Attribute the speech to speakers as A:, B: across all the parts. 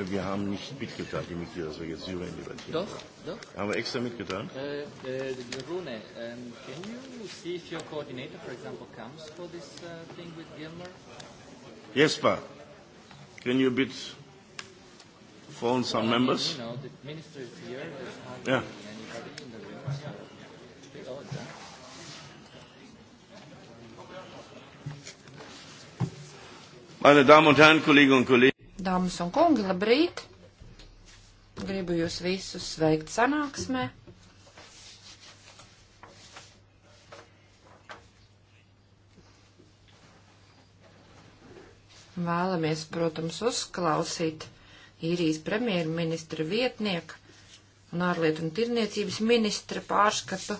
A: Ja, wir haben nicht mitgeteilt, die Mitglieder, dass wir jetzt Syrien debattieren. Doch, doch. Haben wir extra mitgeteilt?
B: Uh, äh, uh, äh, Rune, um, can you see if your coordinator, for example, comes for this uh, thing with Gilmer? Jesper, can you bit phone some well, members? I
C: mean, you know, the minister is here. There's hardly yeah. anybody in the room. So it's a bit odd, huh? Meine Damen und Herren, Kolleginnen und Kollegen,
A: Dāmas un kungi, labrīt! Gribu jūs visus sveikt sanāksmē. Vēlamies, protams, uzklausīt īrijas premjerministra vietnieku un ārlietu un tirniecības ministra pārskatu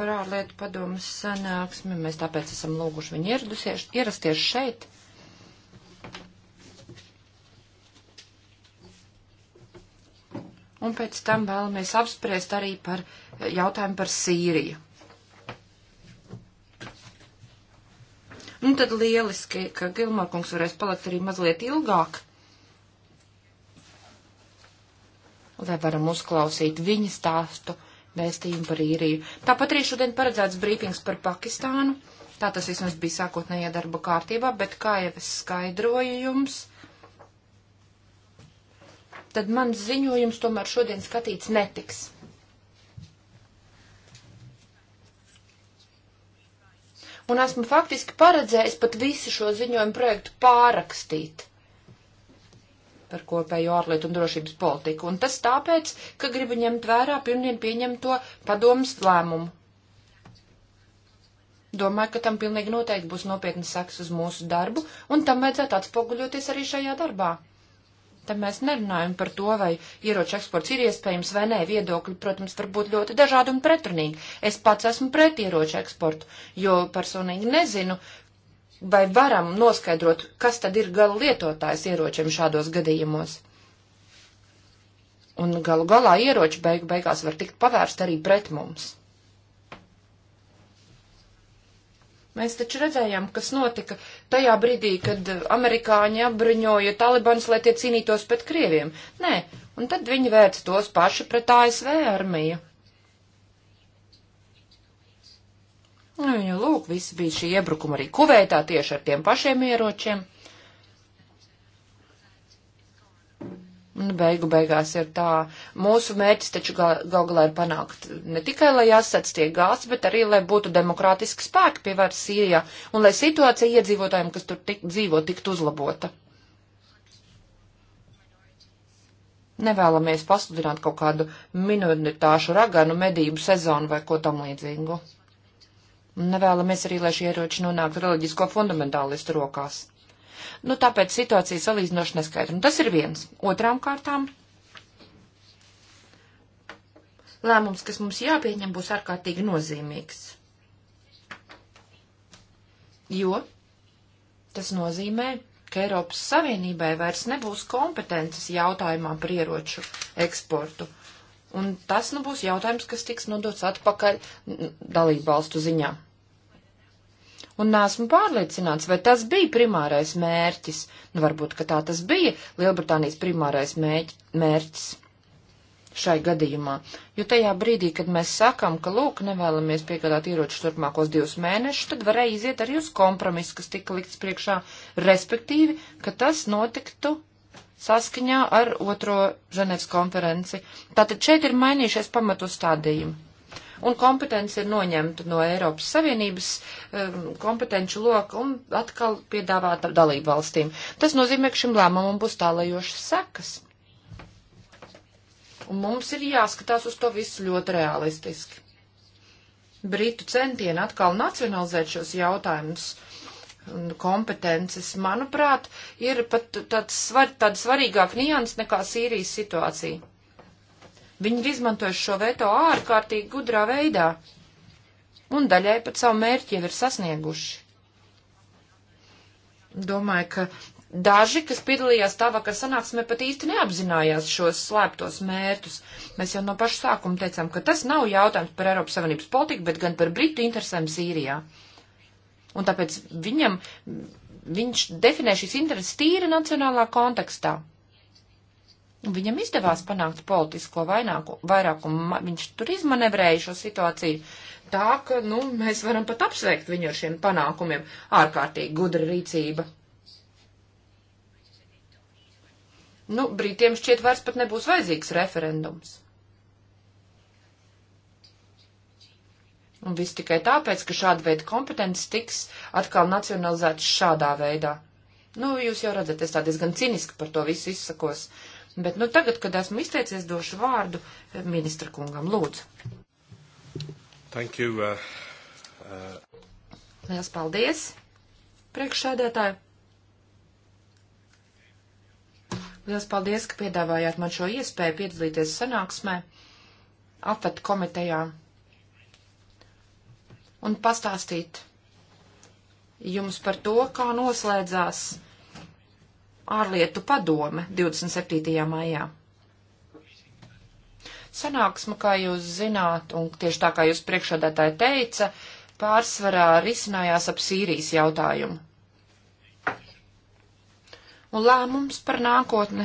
A: par ārlietu padomas sanāksmi. Mēs tāpēc esam lūguši viņu ieradusies, ierasties šeit. un pēc tam vēlamies apspriest arī par eh, jautājumu par Sīriju. Nu, tad lieliski, ka Gilmārkungs varēs palikt arī mazliet ilgāk, lai varam uzklausīt viņa stāstu vēstījumu par īriju. Tāpat arī šodien paredzēts brīpings par Pakistānu. Tā tas vismaz bija sākotnējā darba kārtībā, bet kā jau es skaidroju jums, tad mans ziņojums tomēr šodien skatīts netiks. Un esmu faktiski paredzējis pat visu šo ziņojumu projektu pārakstīt par kopējo ārlietu un drošības politiku. Un tas tāpēc, ka gribu ņemt vērā pirmdien pieņemto padomas lēmumu. Domāju, ka tam pilnīgi noteikti būs nopietnas saks uz mūsu darbu, un tam vajadzētu atspoguļoties arī šajā darbā. Tad mēs nerunājam par to, vai ieroču eksports ir iespējams vai nē. Viedokļi, protams, var būt ļoti dažādi un pretrunīgi. Es pats esmu pret ieroču eksportu, jo personīgi nezinu, vai varam noskaidrot, kas tad ir gala lietotājs ieročiem šādos gadījumos. Un galu galā ieroči beigu beigās var tikt pavērst arī pret mums. Mēs taču redzējām, kas notika tajā brīdī, kad amerikāņi apbruņoja talibans, lai tie cīnītos pret krieviem. Nē, un tad viņi vērc tos paši pret ASV armiju. Nu, lūk, visi bija šī iebrukuma arī kuveitā tieši ar tiem pašiem ieročiem. Nu, beigu beigās ir tā. Mūsu mērķis taču gal, gal galā ir panākt ne tikai, lai asats tiek gāsts, bet arī, lai būtu demokrātiski spēki pie varas Sīrijā un lai situācija iedzīvotājiem, kas tur tik, dzīvo, tiktu uzlabota. Nevēlamies pasludināt kaut kādu minoritāšu raganu medību sezonu vai ko tam līdzīgu. Nevēlamies arī, lai šie ieroči nonāktu reliģisko fundamentālistu rokās. Nu, tāpēc situācija salīdzinoši neskaidra. Un nu, tas ir viens. Otrām kārtām lēmums, kas mums jāpieņem, būs ārkārtīgi nozīmīgs. Jo tas nozīmē, ka Eiropas Savienībai vairs nebūs kompetences jautājumā par ieroču eksportu. Un tas nu būs jautājums, kas tiks nodots atpakaļ dalību valstu ziņā un nesmu pārliecināts, vai tas bija primārais mērķis. Nu, varbūt, ka tā tas bija Lielbritānijas primārais mērķis šai gadījumā, jo tajā brīdī, kad mēs sakam, ka, lūk, nevēlamies piegādāt ieročus turpmākos divus mēnešus, tad varēja iziet arī uz kompromisu, kas tika likts priekšā, respektīvi, ka tas notiktu saskaņā ar otro Ženevas konferenci. Tātad šeit ir mainījušies pamatustādījumi un kompetence ir noņemta no Eiropas Savienības um, kompetenču loka un atkal piedāvāta dalību valstīm. Tas nozīmē, ka šim lēmumam būs tālajošas sekas. Un mums ir jāskatās uz to visu ļoti realistiski. Britu centieni atkal nacionalizēt šos jautājumus kompetences, manuprāt, ir pat tāds svar, tāda svarīgāka nians nekā Sīrijas situācija. Viņi ir izmantojuši šo veto ārkārtīgi gudrā veidā, un daļai pat savu mērķi jau ir sasnieguši. Domāju, ka Daži, kas piedalījās tā vakar sanāksmē, pat īsti neapzinājās šos slēptos mērķus. Mēs jau no paša sākuma teicām, ka tas nav jautājums par Eiropas Savienības politiku, bet gan par Britu interesēm Sīrijā. Un tāpēc viņam, viņš definē šīs intereses tīri nacionālā kontekstā. Viņam izdevās panākt politisko vaināku, vairākumu, viņš tur izmanevrēja šo situāciju tā, ka, nu, mēs varam pat apsveikt viņu ar šiem panākumiem. Ārkārtīgi gudra rīcība. Nu, brītiem šķiet vairs pat nebūs vajadzīgs referendums. Un viss tikai tāpēc, ka šāda veida kompetences tiks atkal nacionalizētas šādā veidā. Nu, jūs jau redzat, es tā diezgan ciniski par to visu izsakos. Uh, Bet, nu, tagad, kad esmu izteicies, došu vārdu eh, ministra kungam. Lūdzu.
C: Thank you. Uh, uh...
A: Liels paldies, priekšsēdētāji. Liels paldies, ka piedāvājāt man šo iespēju piedalīties sanāksmē, apvet komitejā un pastāstīt jums par to, kā noslēdzās ārlietu padome 27. maijā. Sanāksme, kā jūs zināt, un tieši tā kā jūs priekšādātāji teica, pārsvarā risinājās ap Sīrijas jautājumu. Un lēmums par nākotni,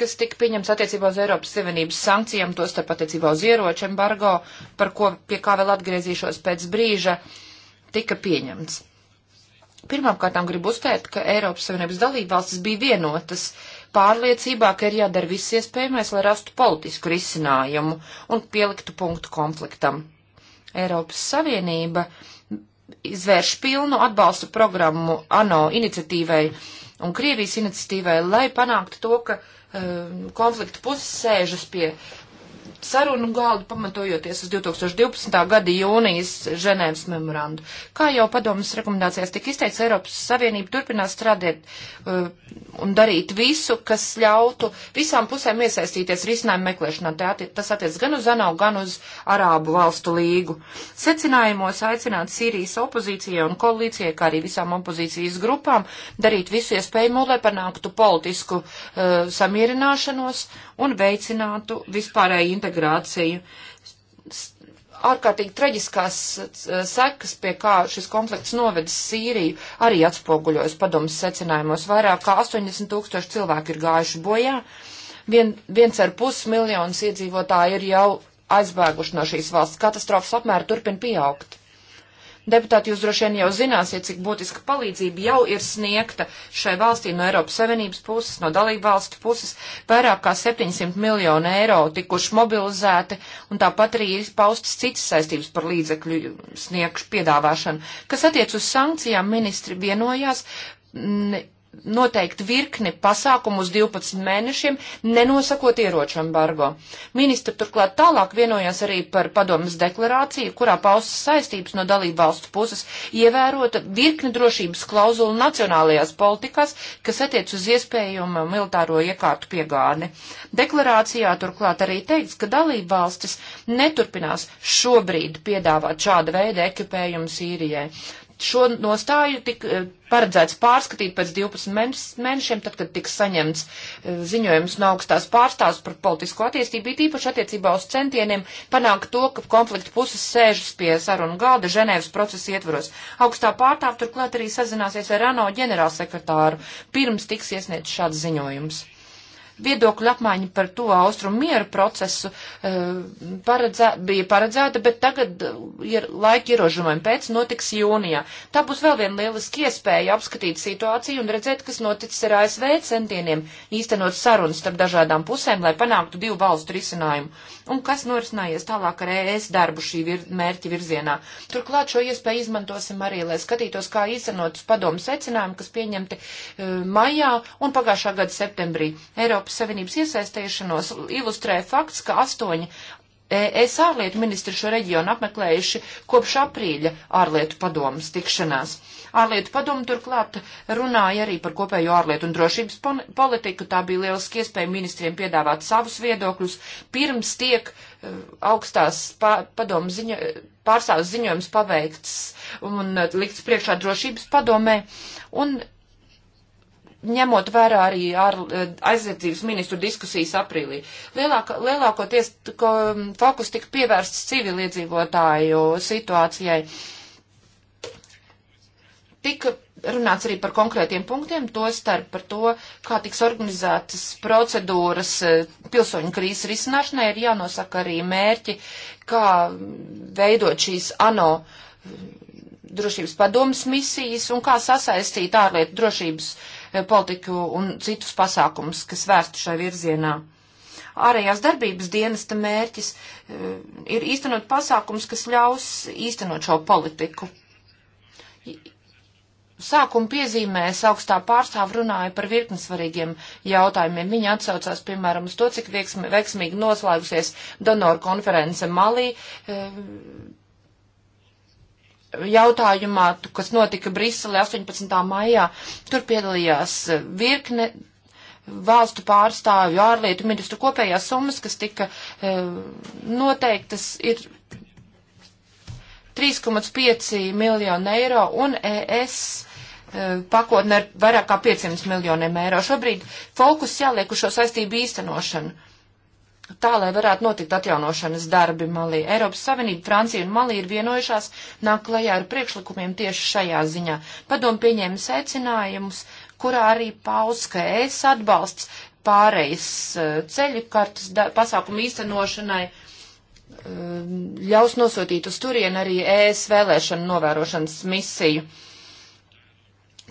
A: kas tika pieņems attiecībā uz Eiropas Savienības sankcijām, tos starp attiecībā uz ieroču embargo, par ko pie kā vēl atgriezīšos pēc brīža, tika pieņemts. Pirmkārt, gribu uzsvērt, ka Eiropas Savienības dalībvalstis bija vienotas pārliecībā, ka ir jādara viss iespējamais, lai rastu politisku risinājumu un pieliktu punktu konfliktam. Eiropas Savienība izvērš pilnu atbalstu programmu ANO iniciatīvai un Krievijas iniciatīvai, lai panāktu to, ka um, konflikta puses sēžas pie uh, sarunu galdu, pamatojoties uz 2012. gada jūnijas Ženēvas memorandu. Kā jau padomas rekomendācijās tika izteikts, Eiropas Savienība turpinās strādāt uh, un darīt visu, kas ļautu visām pusēm iesaistīties risinājumu meklēšanā. Atti tas attiec gan uz ANO, gan uz Arābu valstu līgu. Secinājumos aicināt Sīrijas opozīcijai un koalīcijai, kā arī visām opozīcijas grupām, darīt visu iespējamo, lai panāktu politisku uh, samierināšanos un veicinātu vispārēju integrāciju integrāciju, ārkārtīgi traģiskās uh, sekas, pie kā šis konflikts novedis Sīriju, arī atspoguļojas padomas secinājumos. Vairāk kā 80 tūkstoši cilvēku ir gājuši bojā, Vien, viens ar pus miljonus iedzīvotāji ir jau aizbēguši no šīs valsts. Katastrofas apmēri turpin pieaugt. Deputāti, jūs droši vien jau zināsiet, cik būtiska palīdzība jau ir sniegta šai valstī no Eiropas Savienības puses, no dalību valstu puses. Vairāk kā 700 miljonu eiro tikuši mobilizēti, un tāpat arī paustas citas saistības par līdzekļu sniegšu piedāvāšanu. Kas attiec uz sankcijām, ministri vienojās noteikti virkni pasākumu uz 12 mēnešiem, nenosakot ieroču embargo. Ministri turklāt tālāk vienojās arī par padomas deklarāciju, kurā paustas saistības no dalību valstu puses ievērota virkni drošības klauzulu nacionālajās politikās, kas attiec uz iespējumu militāro iekārtu piegādi. Deklarācijā turklāt arī teikts, ka dalību valstis neturpinās šobrīd piedāvāt šāda veida ekipējumu Sīrijai šo nostāju tik eh, paredzēts pārskatīt pēc 12 mēnešiem, tad, kad tiks saņemts eh, ziņojums no augstās pārstāvs par politisko attīstību, it īpaši attiecībā uz centieniem panākt to, ka konflikta puses sēžas pie sarunu galda Ženēvas procesa ietvaros. Augstā pārstāv turklāt arī sazināsies ar ANO ģenerālsekretāru, pirms tiks iesniegts šāds ziņojums. Viedokļu apmaiņa par to austrumu mieru procesu eh, paredzē, bija paredzēta, bet tagad eh, ir laika ierožumiem pēc notiks jūnijā. Tā būs vēl viena lieliski iespēja apskatīt situāciju un redzēt, kas noticis ar ASV centieniem īstenot sarunas starp dažādām pusēm, lai panāktu divu valstu risinājumu un kas norisinājies tālāk ar ES darbu šī vir mērķa virzienā. Turklāt šo iespēju izmantosim arī, lai skatītos, kā īstenot uz padomu secinājumu, kas pieņemti e, maijā un pagājušā gada septembrī. Eiropas Savienības iesaistēšanos ilustrē fakts, ka astoņi Es ārlietu ministri šo reģionu apmeklējuši kopš aprīļa ārlietu padomas tikšanās. Ārlietu padoma turklāt runāja arī par kopējo ārlietu un drošības politiku. Tā bija lieliski iespēja ministriem piedāvāt savus viedokļus, pirms tiek e, augstās padomas ziņa, pārstāvs ziņojums paveikts un e, likts priekšā drošības padomē. Un ņemot vērā arī ar, aizsardzības ministru diskusijas aprīlī. Lielāko, lielākoties fokus tika pievērsts civiliedzīvotāju situācijai. Tika runāts arī par konkrētiem punktiem, to starp par to, kā tiks organizētas procedūras e, pilsoņu krīzes risināšanai, ir jānosaka arī mērķi, kā veidot šīs ANO drošības padomas misijas un kā sasaistīt ārlietu drošības uh, politiku un citus pasākumus, kas vērstu šai virzienā. Ārējās darbības dienesta mērķis e, ir īstenot pasākums, kas ļaus īstenot šo politiku. Sākuma piezīmēs augstā pārstāv runāja par virkni svarīgiem jautājumiem. Viņa atsaucās, piemēram, uz to, cik veiksmīgi noslēgusies donoru konference Malī. E, jautājumā, kas notika Briselē 18. maijā. Tur piedalījās virkne valstu pārstāvju, ārlietu ministru kopējās summas, kas tika e, noteiktas, ir 3,5 miljonu eiro un ES e, pakotne ar vairāk kā 500 miljoniem eiro. Šobrīd fokus jāliek uz šo saistību īstenošanu tā, lai varētu notikt atjaunošanas darbi Malī. Eiropas Savienība, Francija un Malī ir vienojušās nāk klajā ar priekšlikumiem tieši šajā ziņā. Padom pieņēma secinājumus, kurā arī paus, ka es atbalsts pārejas eh, ceļu kartas pasākumu īstenošanai eh, ļaus nosūtīt uz turien arī ES vēlēšanu novērošanas misiju.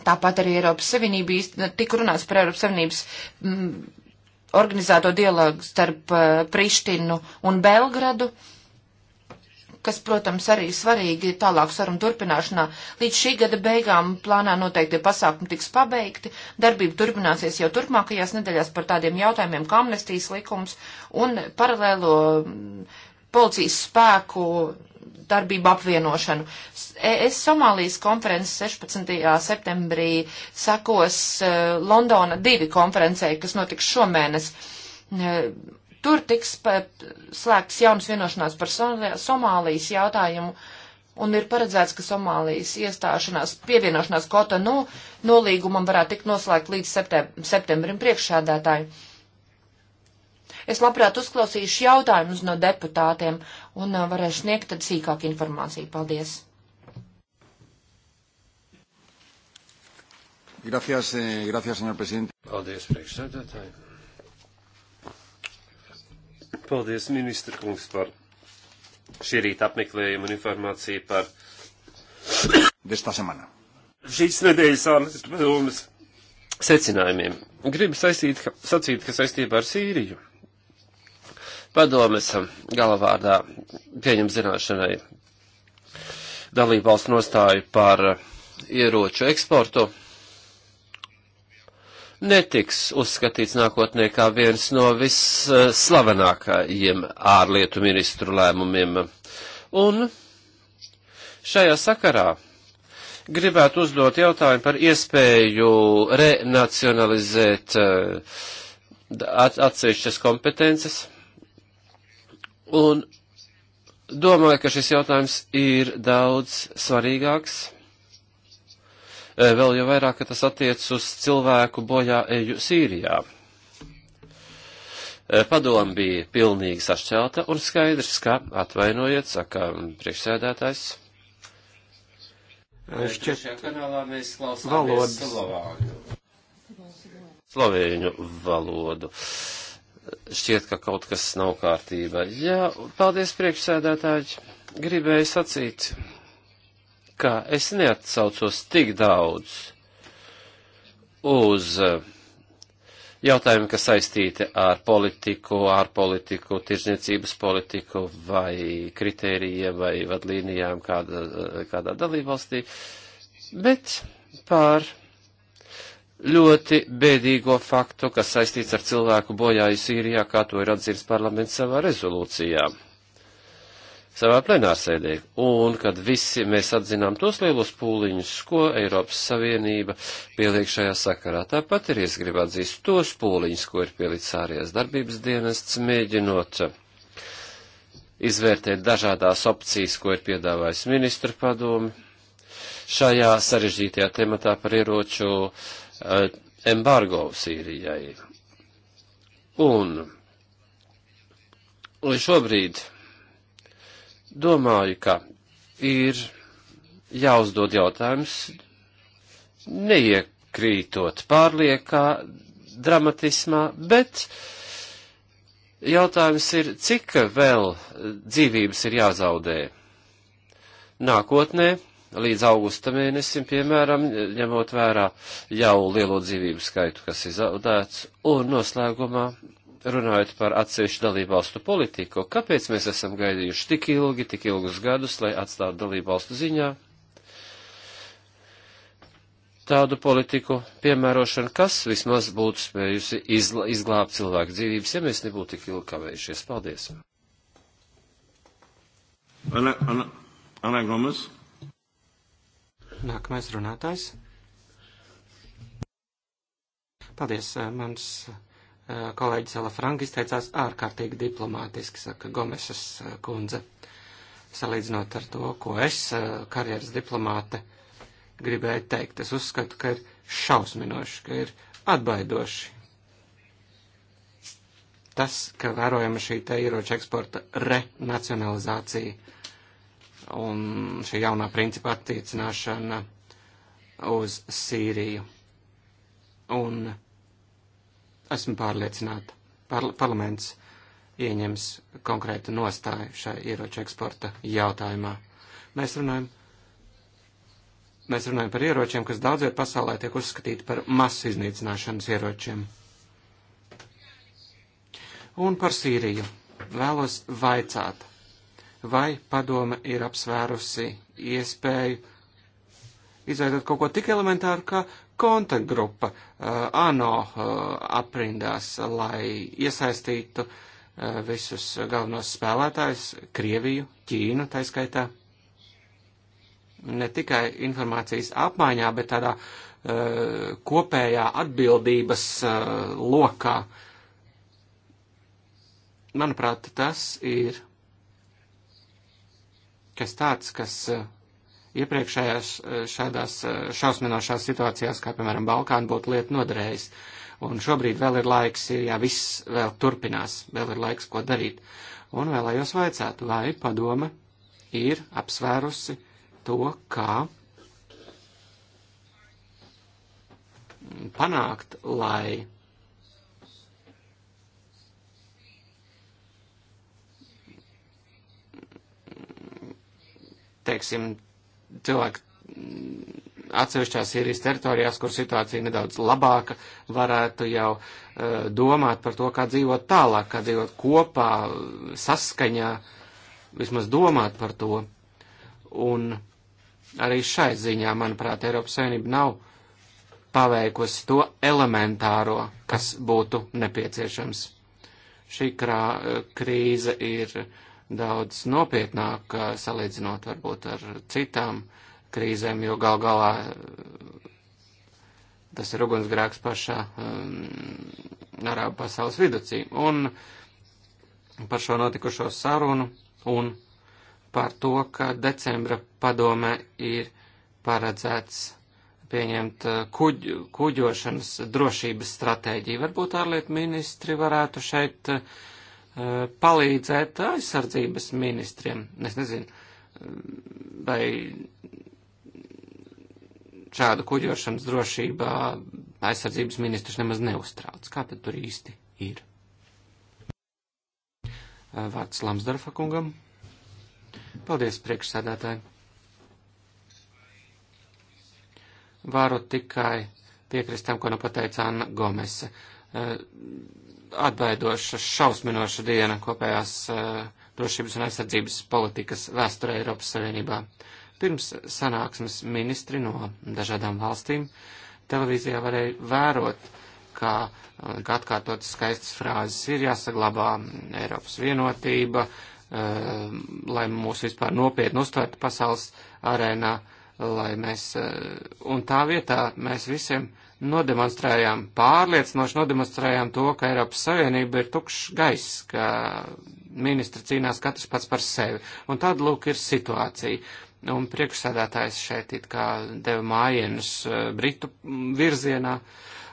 A: Tāpat arī Eiropas Savienība tika runāts par Eiropas Savienības organizēto dialogu starp eh, Prištinu un Belgradu, kas, protams, arī svarīgi tālāk sarunu turpināšanā. Līdz šī gada beigām plānā noteikti pasākumi tiks pabeigti, darbība turpināsies jau turpmākajās nedēļās par tādiem jautājumiem kā amnestijas likums un paralēlo mm, policijas spēku darbību apvienošanu. E, es Somālijas konferences 16. septembrī sakos e, Londona divi konferencei, kas notiks šomēnes. E, tur tiks slēgts jaunas vienošanās par Somālijas jautājumu un ir paredzēts, ka Somālijas iestāšanās pievienošanās kota nu, nolīgumam varētu tikt noslēgt līdz septembrim priekšsādātāju. Es labprāt uzklausīšu jautājumus no deputātiem un uh, varēšu sniegt tad sīkāk informāciju. Paldies!
C: Gracias, eh, gracias, señor presidente.
B: Paldies, priekšsēdētāji. Paldies, ministra kungs, par šī rīta apmeklējumu un informāciju par šīs nedēļas ārlietu padomas secinājumiem. Gribu saistīt, sacīt, ka saistībā ar Sīriju padomes galvārdā pieņem zināšanai dalībvalsts nostāju par ieroču eksportu netiks uzskatīts nākotnē kā viens no visslavenākajiem ārlietu ministru lēmumiem. Un šajā sakarā gribētu uzdot jautājumu par iespēju renacionalizēt eh, atsevišķas kompetences Un domāju, ka šis jautājums ir daudz svarīgāks. E, vēl jau vairāk, ka tas attiec uz cilvēku bojā eju Sīrijā. E, Padoma bija pilnīgi sašķelta un skaidrs, ka atvainojiet, saka priekšsēdētājs.
C: E, šķiet,
B: kanālā mēs klausāmies valodas. Slovēņu valodu šķiet, ka kaut kas nav kārtībā. Jā, paldies priekšsēdētāji. Gribēju sacīt, ka es neatsaucos tik daudz uz eh, jautājumiem, kas saistīti ar politiku, ārpolitiku, tirzniecības politiku vai kritērijiem vai vadlīnijām kāda, eh, kādā dalībvalstī, bet pār ļoti bēdīgo faktu, kas saistīts ar cilvēku bojāju Sīrijā, kā to ir atzīts parlaments savā rezolūcijā, savā plenārsēdē. Un kad visi mēs atzinām tos lielos pūliņus, ko Eiropas Savienība pieliek šajā sakarā, tāpat arī es gribu atzīst tos pūliņus, ko ir pielicis ārējās darbības dienests, mēģinot izvērtēt dažādās opcijas, ko ir piedāvājis ministru padomi. Šajā sarežģītajā tematā par ieroču uh, Eh, embargo Sīrijai. Un šobrīd domāju, ka ir jāuzdod jautājums, neiekrītot pārliekā dramatismā, bet jautājums ir, cik vēl dzīvības ir jāzaudē nākotnē, līdz augusta mēnesim, piemēram, ņemot vērā jau lielo dzīvību skaitu, kas ir zaudēts, un noslēgumā runājot par atsevišķu dalībvalstu politiku, kāpēc mēs esam gaidījuši tik ilgi, tik ilgus gadus, lai atstātu dalībvalstu ziņā tādu politiku piemērošanu, kas vismaz būtu spējusi izl izglābt cilvēku dzīvības, ja mēs nebūtu tik ilgi kavējušies. Paldies!
C: Ana, Ana,
A: Ana Gomes.
C: Nākamais runātājs. Paldies, eh, mans eh, kolēģis Ela Franka izteicās ārkārtīgi diplomātiski, saka Gomešas eh, kundze. Salīdzinot ar to, ko es, karjeras diplomāte, gribēju teikt, es uzskatu, ka ir šausminoši, ka ir atbaidoši. Tas, ka vērojama šī te ieroča eksporta renacionalizācija un šī jaunā principa attiecināšana uz Sīriju. Un esmu pārliecināta, par, parlaments ieņems konkrētu nostāju šai ieroču eksporta jautājumā. Mēs runājam, mēs runājam par ieročiem, kas daudzviet pasaulē tiek uzskatīti par masu iznīcināšanas ieročiem. Un par Sīriju vēlos vaicāt, vai padome ir apsvērusi iespēju izveidot kaut ko tik elementāru, kā kontaktgrupa uh, eh, ANO uh, aprindās, lai iesaistītu uh, visus galvenos spēlētājus - Krieviju, Ķīnu taiskaitā. Ne tikai informācijas apmaiņā, bet tādā uh, kopējā atbildības uh, lokā. Manuprāt, tas ir kas tāds, kas eh, iepriekšējās eh, šādās eh, šausminošās situācijās, kā piemēram Balkāna, būtu lieta noderējis. Un šobrīd vēl ir laiks, ja viss vēl turpinās, vēl ir laiks, ko darīt. Un vēlējos vaicāt, vai padome ir apsvērusi to, kā panākt, lai teiksim, cilvēki mm, atsevišķās Sīrijas teritorijās, kur situācija nedaudz labāka, varētu jau uh, domāt par to, kā dzīvot tālāk, kā dzīvot kopā, saskaņā, vismaz domāt par to. Un arī šai ziņā, manuprāt, Eiropas Savienība nav paveikusi to elementāro, kas būtu nepieciešams. Šī krā, e, krīze ir daudz nopietnāk salīdzinot varbūt ar citām krīzēm, jo gal galā eh, tas ir ugunsgrēks pašā um, arābu pasaules viducī. Un par šo notikušo sarunu un par to, ka decembra padomē ir paredzēts pieņemt eh, kuģ, kuģošanas drošības stratēģiju. Varbūt ārlietu ministri varētu šeit uh, Uh, palīdzēt aizsardzības ministriem. Es nezinu, uh, vai šāda kuģošanas drošībā aizsardzības ministrs nemaz neuztrauc. Kā tad tur īsti ir? Uh, vārds Lamsdarfa kungam. Paldies, priekšsēdētāji. Varu tikai piekrist tam, ko nu pateica Anna Gomese atbaidoša, šausminoša diena kopējās uh, drošības un aizsardzības politikas vēsturē Eiropas Savienībā. Pirms sanāksmes ministri no dažādām valstīm televīzijā varēja vērot, kā, eh, kā atkārtotas skaistas frāzes ir jāsaglabā mm, Eiropas vienotība, uh, lai mūs vispār nopietni uztvērtu pasaules arēnā, lai mēs, uh, un tā vietā mēs visiem uh, nodemonstrējām, pārliecinoši nodemonstrējām to, ka Eiropas Savienība ir tukšs gaiss, ka ministri cīnās katrs pats par sevi. Un tāda, lūk, ir situācija. Un priekšsēdētājs šeit it kā deva mājienus eh, Britu virzienā.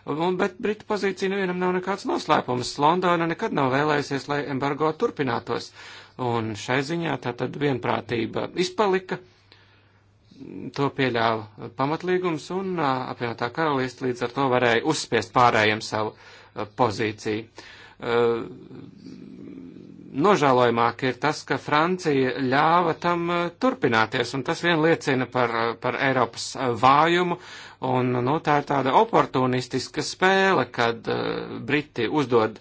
C: Un, bet Britu pozīcija nevienam nav nekāds noslēpums. Londona nekad nav vēlējusies, lai embargo turpinātos. Un šai ziņā tā tad vienprātība izpalika. Uh, to pieļāva pamatlīgums un apvienotā karalista līdz ar to varēja uzspiest pārējiem savu pozīciju. Nožēlojamāk ir tas, ka Francija ļāva tam turpināties, un tas vien liecina par, par Eiropas vājumu, un nu, tā ir tāda oportunistiska spēle, kad Briti uzdod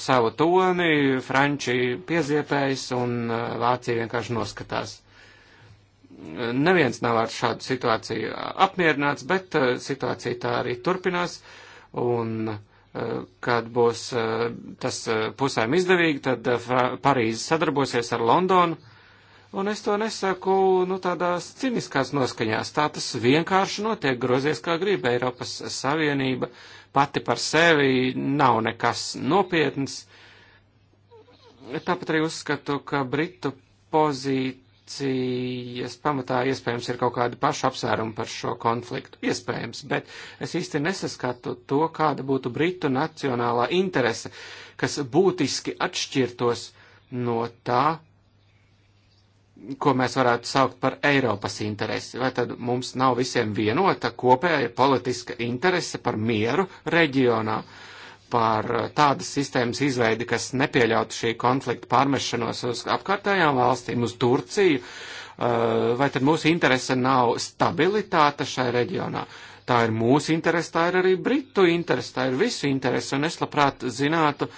C: savu toni, Franči pieziepējas, un Vācija vienkārši noskatās. Neviens nav ar šādu situāciju apmierināts, bet eh, situācija tā arī turpinās. Un, eh, kad būs eh, tas pusēm izdevīgi, tad Parīze sadarbosies ar Londonu. Un es to nesaku nu, tādās ciniskās noskaņās. Tā tas vienkārši notiek, grozies kā grib. Eiropas Savienība pati par sevi nav nekas nopietns. Tāpat arī uzskatu, ka Britu pozīcija reakcijas pamatā iespējams ir kaut kāda paša apsvēruma par šo konfliktu. Iespējams, bet es īsti nesaskatu to, kāda būtu Britu nacionālā interese, kas būtiski atšķirtos no tā, ko mēs varētu saukt par Eiropas interesi. Vai tad mums nav visiem vienota kopēja politiska interese par mieru reģionā? Uh, par eh, tādas sistēmas izveidi, kas nepieļautu šī konflikta pārmešanos uz apkārtējām valstīm, uz Turciju, eh, vai tad mūsu interese nav stabilitāte šai reģionā? Tā ir mūsu interese, tā ir arī Britu interese, tā ir visu interese, un es labprāt zinātu,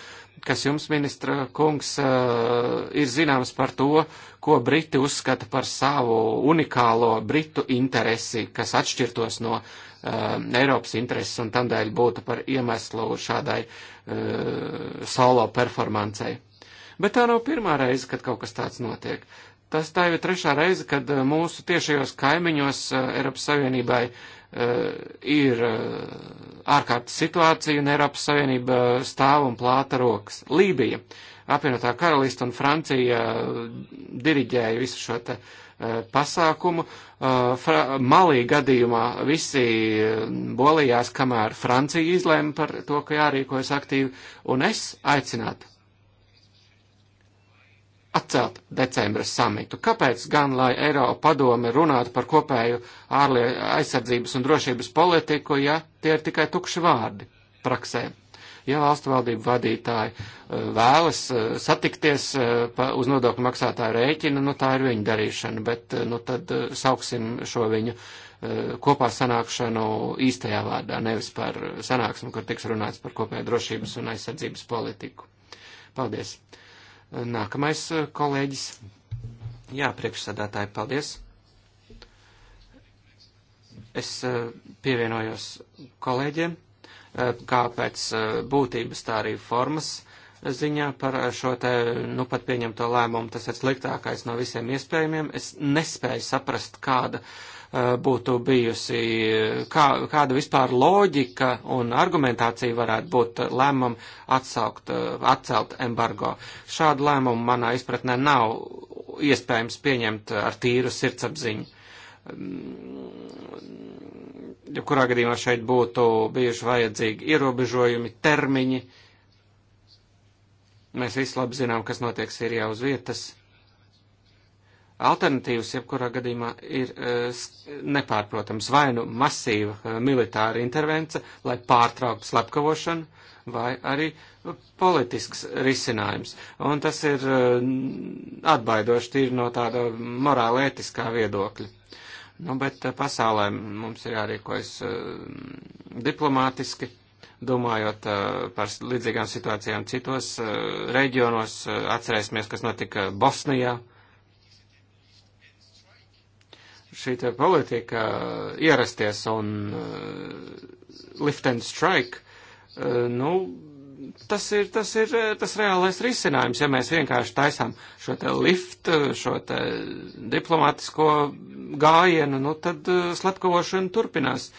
C: kas jums, ministra kungs, eh, ir zināms par to, ko Briti uzskata par savu unikālo Britu interesi, kas atšķirtos no um, Eiropas intereses un tādēļ būtu par iemeslu šādai uh, solo performancei. Bet tā nav pirmā reize, kad kaut kas tāds notiek. Tas tā jau ir trešā reize, kad uh, mūsu tiešajos kaimiņos uh, Eiropas Savienībai uh, ir ārkārtas situācija un Eiropas Savienība stāv un plāta rokas. Lībija, apvienotā karalista un Francija diriģēja visu šo te uh, Eh, pasākumu. Eh, Malī gadījumā visi eh, bolījās, kamēr Francija izlēma par to, ka jārīkojas aktīvi, un es aicinātu atcelt decembra samitu. Kāpēc gan, lai Eiropa padome runātu par kopēju ārlie aizsardzības un drošības politiku, ja tie ir tikai tukši vārdi praksēm? Ja valstu valdību vadītāji eh, vēlas eh, satikties eh, uz nodokļu maksātāju rēķina, nu tā ir viņa darīšana, bet nu tad sauksim šo viņu kopā sanākšanu īstajā vārdā, nevis par sanāksmu, kur tiks runāts par kopējo drošības un aizsardzības politiku. Paldies. Nākamais kolēģis. Jā, priekšsādātāji, paldies. Es pievienojos kolēģiem. Eh, kā pēc eh, būtības, tā arī formas ziņā par eh, šo te, nu pat pieņemto lēmumu. Tas ir sliktākais no visiem iespējamiem. Es nespēju saprast, kāda būtu bijusi, kā, kāda vispār loģika un argumentācija varētu būt lēmumam atsaukt, atcelt embargo. Šādu lēmumu manā izpratnē nav iespējams pieņemt ar tīru sirdsapziņu mm, jebkurā gadījumā šeit būtu bijuši vajadzīgi ierobežojumi, termiņi. Mēs visi labi zinām, kas notiek Sīrijā uz vietas. Alternatīvas, jebkurā gadījumā, ir e, nepārprotams vai nu masīva e, militāra intervence, lai pārtrauktu slepkavošanu, vai arī politisks risinājums. Un tas ir e, atbaidoši tīri no tāda morāla ētiskā viedokļa. Nu, bet eh, pasaulē mums ir jārīkojas eh, diplomātiski, domājot eh, par līdzīgām situācijām citos reģionos. Atcerēsimies, kas notika Bosnijā. Šī te politika ierasties un lift and strike, nu, tas ir, tas ir tas reālais risinājums, ja mēs vienkārši taisām šo te liftu, šo te diplomatisko gājienu, nu tad eh, slepkavošana turpinās.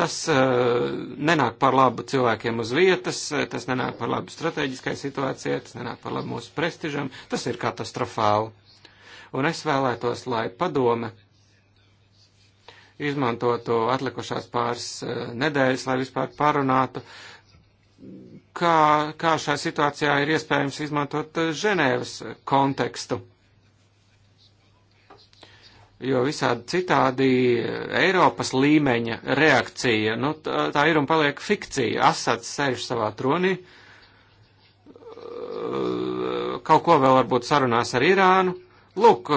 C: Tas uh, nenāk par labu cilvēkiem uz vietas, tas nenāk par labu strateģiskai situācijai, tas nenāk par labu mūsu prestižam, tas ir katastrofāli. Un es vēlētos, lai padome izmantotu atlikušās pāris uh, nedēļas, lai vispār parunātu kā, kā šajā situācijā ir iespējams izmantot eh, Ženēvas eh, kontekstu. Jo visādi citādi eh, Eiropas līmeņa reakcija, nu, tā, tā ir un paliek fikcija. Asats sēž savā tronī, kaut ko vēl varbūt sarunās ar Irānu. Lūk,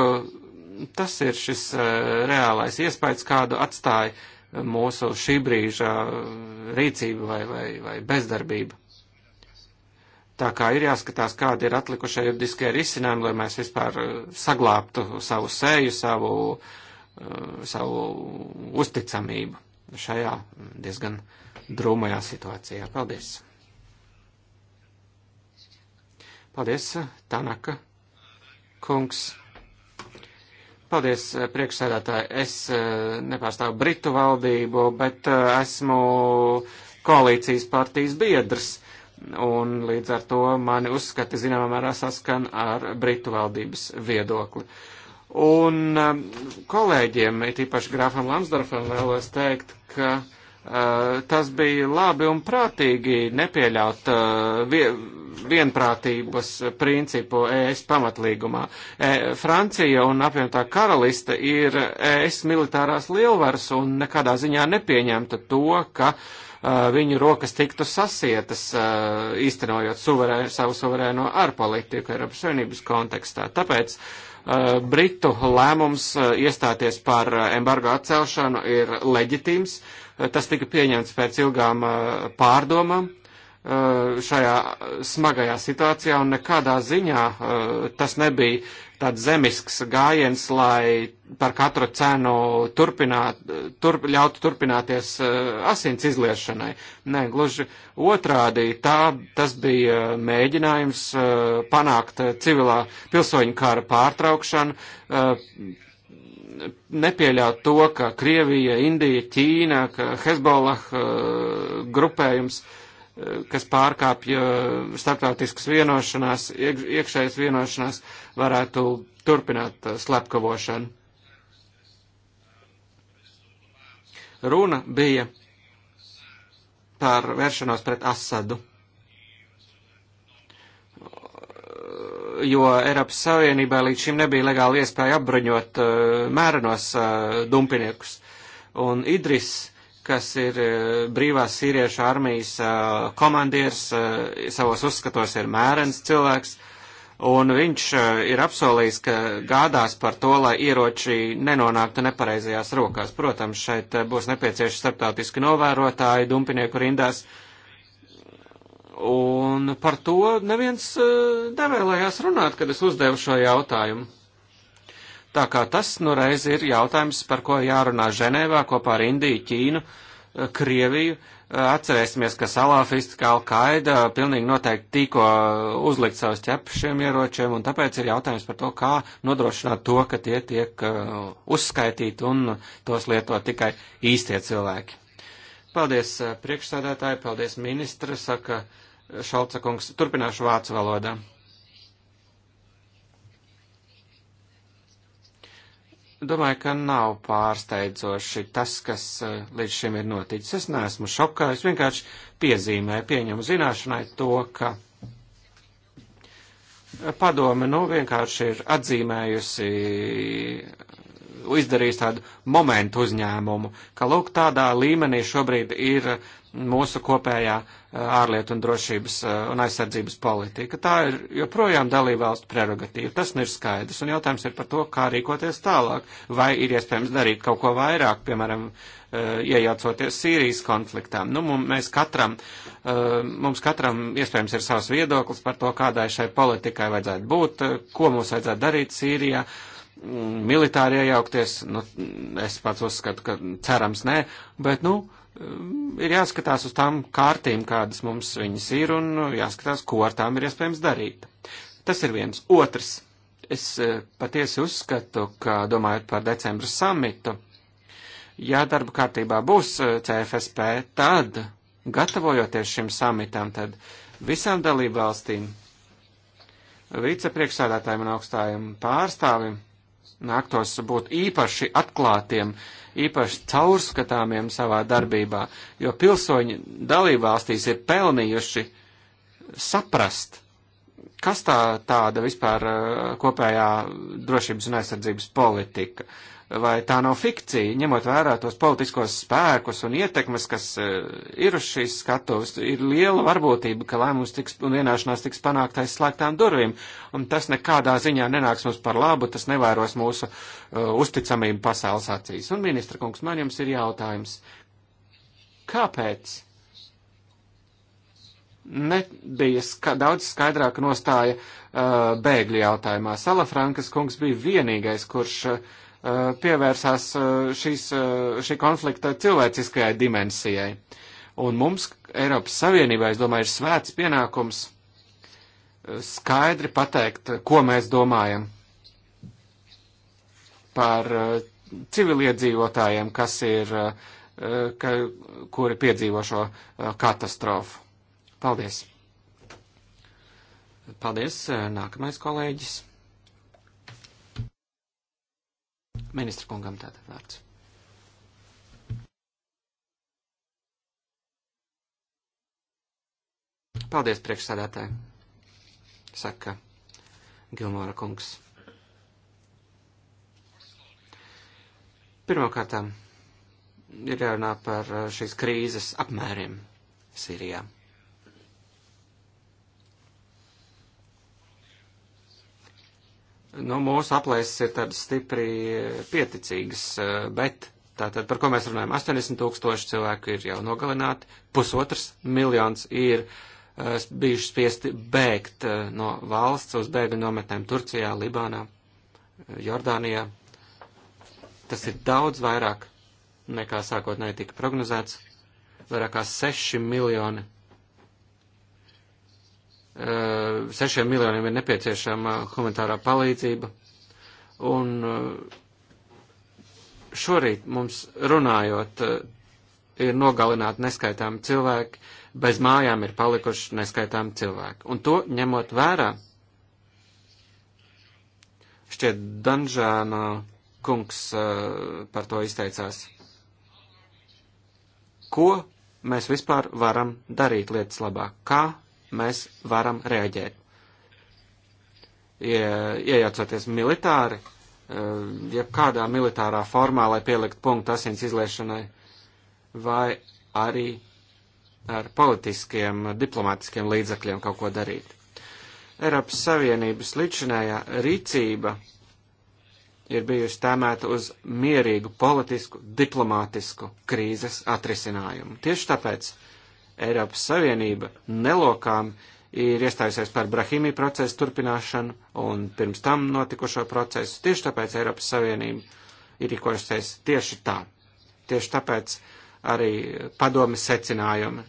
C: tas ir šis reālais iespējas, kādu atstāja mūsu šī brīža rīcība vai, vai, vai bezdarbība. Tā kā ir jāskatās, kādi ir atlikušie juridiskie risinājumi, lai mēs vispār eh, saglābtu savu sēju, savu, eh, savu uzticamību šajā diezgan drūmajā situācijā. Paldies! Paldies, Tanaka kungs! Paldies, eh, priekšsēdētāji. Es nepārstāvu Britu valdību, bet esmu koalīcijas partijas biedrs un līdz ar to mani uzskati zināmā mērā saskan ar Britu valdības viedokli. Un um, kolēģiem, it īpaši grāfam Lamsdorfam, vēlos teikt, ka uh, tas bija labi un prātīgi nepieļaut uh, vienprātības principu ES pamatlīgumā. E, Francija un apvienotā karaliste ir ES militārās lielvaras un nekādā ziņā nepieņemta to, ka uh, viņu rokas tiktu sasietas, īstenojot suverē, savu suverēno ārpolitiku Eiropas Savienības kontekstā. Tāpēc Britu lēmums iestāties par embargo atcelšanu ir leģitīms. Tas tika pieņemts pēc ilgām pārdomām šajā smagajā situācijā un nekādā ziņā tas nebija tāds zemisks gājiens, lai par katru cenu turpināt, turp, ļautu turpināties eh, asins izliešanai. Nē, gluži otrādi, tā, tas bija mēģinājums eh, panākt civilā pilsoņu kara pārtraukšanu, eh, nepieļaut to, ka Krievija, Indija, Ķīna, ka Hezbollah grupējums uh, kas pārkāpja starptautiskas vienošanās, iekš, iekšējas vienošanās, varētu turpināt uh, slepkavošanu. Runa bija par vēršanos pret Asadu, jo Eiropas Savienībā līdz šim nebija legāli iespēja apbruņot uh, mērenos uh, dumpiniekus. Un Idris kas ir eh, brīvās sīriešu armijas eh, komandieris, eh, savos uzskatos ir mērens cilvēks, un viņš ir apsolījis, ka gādās par to, lai ieroči nenonāktu nepareizajās rokās. Protams, šeit būs nepieciešami starptautiski novērotāji, dumpinieku rindās. Un par to neviens nevēlējās runāt, kad es uzdevu šo jautājumu. Tā kā tas nu reiz ir jautājums, par ko jārunā Ženēvā kopā ar Indiju, Ķīnu, eh, Krieviju. Eh, atcerēsimies, ka salāfisti kā Alkaida pilnīgi noteikti tikko eh, uzlikt savus ķepus šiem ieročiem, un tāpēc ir jautājums par to, kā nodrošināt to, ka tie tiek uzskaitīti un tos lieto tikai īstie cilvēki. Paldies priekšsēdētāji, paldies ministra, saka Šalcakungs. Turpināšu vācu valodā. Domāju, ka nav pārsteidzoši tas, kas eh, līdz šim ir noticis. Es neesmu šokā, es vienkārši piezīmēju, pieņemu zināšanai to, ka padome nu vienkārši ir atzīmējusi, izdarījusi tādu momentu uzņēmumu, ka lūk tādā līmenī šobrīd ir mūsu kopējā uh, ārlietu un drošības eh, un aizsardzības politika. Tā ir joprojām dalībvalstu prerogatīva. Tas nu ir skaidrs. Un jautājums ir par to, kā rīkoties tālāk. Vai ir iespējams darīt kaut ko vairāk, piemēram, eh, iejaucoties Sīrijas konfliktām. Nu, mums katram, eh, mums katram iespējams ir savs viedoklis par to, kādai šai politikai vajadzētu būt, ko mums vajadzētu darīt Sīrijā mm, militāri iejaukties, nu, es pats uzskatu, ka cerams nē, bet, nu, Ehm, ir jāskatās uz tām kārtīm, kādas mums viņas ir, un jāskatās, ko ar tām ir iespējams darīt. Tas ir viens. Otrs. Es e, patiesi uzskatu, ka domājot par decembra samitu, ja darba kārtībā būs e, CFSP, tad, gatavojoties šim samitam, tad visām dalību valstīm, vicepriekšsādātājiem un augstājiem pārstāvim, nāktos būt īpaši atklātiem, īpaši caurskatāmiem savā darbībā, jo pilsoņi dalībvalstīs ir pelnījuši saprast, kas tā tāda vispār eh, kopējā drošības un aizsardzības politika ir vai tā nav fikcija, ņemot vērā tos politiskos spēkus un ietekmes, kas e, ir uz šīs skatuves, ir liela varbūtība, ka lēmums tiks un vienāšanās tiks panākt aiz slēgtām durvīm, un tas nekādā ziņā nenāks mums par labu, tas nevēros mūsu uh, uzticamību pasaules acīs. Un, ministra kungs, man jums ir jautājums. Kāpēc? nebija ska daudz skaidrāka nostāja uh, bēgļu jautājumā. Salafrankas kungs bija vienīgais, kurš uh, Eh, pievērsās eh, šīs, eh, šī konflikta cilvēciskajai dimensijai. Un mums, Eiropas Savienībā, es domāju, ir svēts pienākums skaidri pateikt, ko mēs domājam par civiliedzīvotājiem, kas ir, ka, kuri piedzīvo šo katastrofu. Paldies! Paldies, nākamais kolēģis! Ministra kungam tātad vārds. Paldies priekšsādātāji, saka Gilmora kungs. Pirmkārtām ir jārunā par eh, šīs krīzes apmēriem Sīrijā. Nu, mūsu aplēses ir tādas stipri pieticīgas, eh, bet tātad par ko mēs runājam? 80 tūkstoši cilvēku ir jau nogalināti, pusotrs miljons ir uh, bijuši spiesti bēgt uh, no valsts uz bēgļu nometnēm Turcijā, Libānā, Jordānijā. Tas ir daudz vairāk nekā sākotnēji tika prognozēts. Vairāk kā 6 miljoni Eh, sešiem miljoniem ir nepieciešama humanitārā palīdzība. Un eh, šorīt mums runājot eh, ir nogalināti neskaitāmi cilvēki, bez mājām ir palikuši neskaitāmi cilvēki. Un to ņemot vērā, šķiet Danžāna kungs par to izteicās. Ko mēs vispār varam darīt lietas labāk? Kā mēs varam reaģēt. Ie, iejaucoties militāri, eh, jebkādā militārā formā, lai pielikt punktu asins izliešanai, vai arī ar politiskiem, diplomātiskiem līdzakļiem kaut ko darīt. Eiropas Savienības līdzinējā rīcība ir bijusi tēmēta uz mierīgu politisku, diplomātisku krīzes atrisinājumu. Tieši tāpēc Eiropas Savienība nelokām ir iestājusies par Brahīmī procesu turpināšanu un pirms tam notikušo procesu. Tieši tāpēc Eiropas Savienība ir rīkojusies tieši tā. Tieši tāpēc arī padomis secinājumi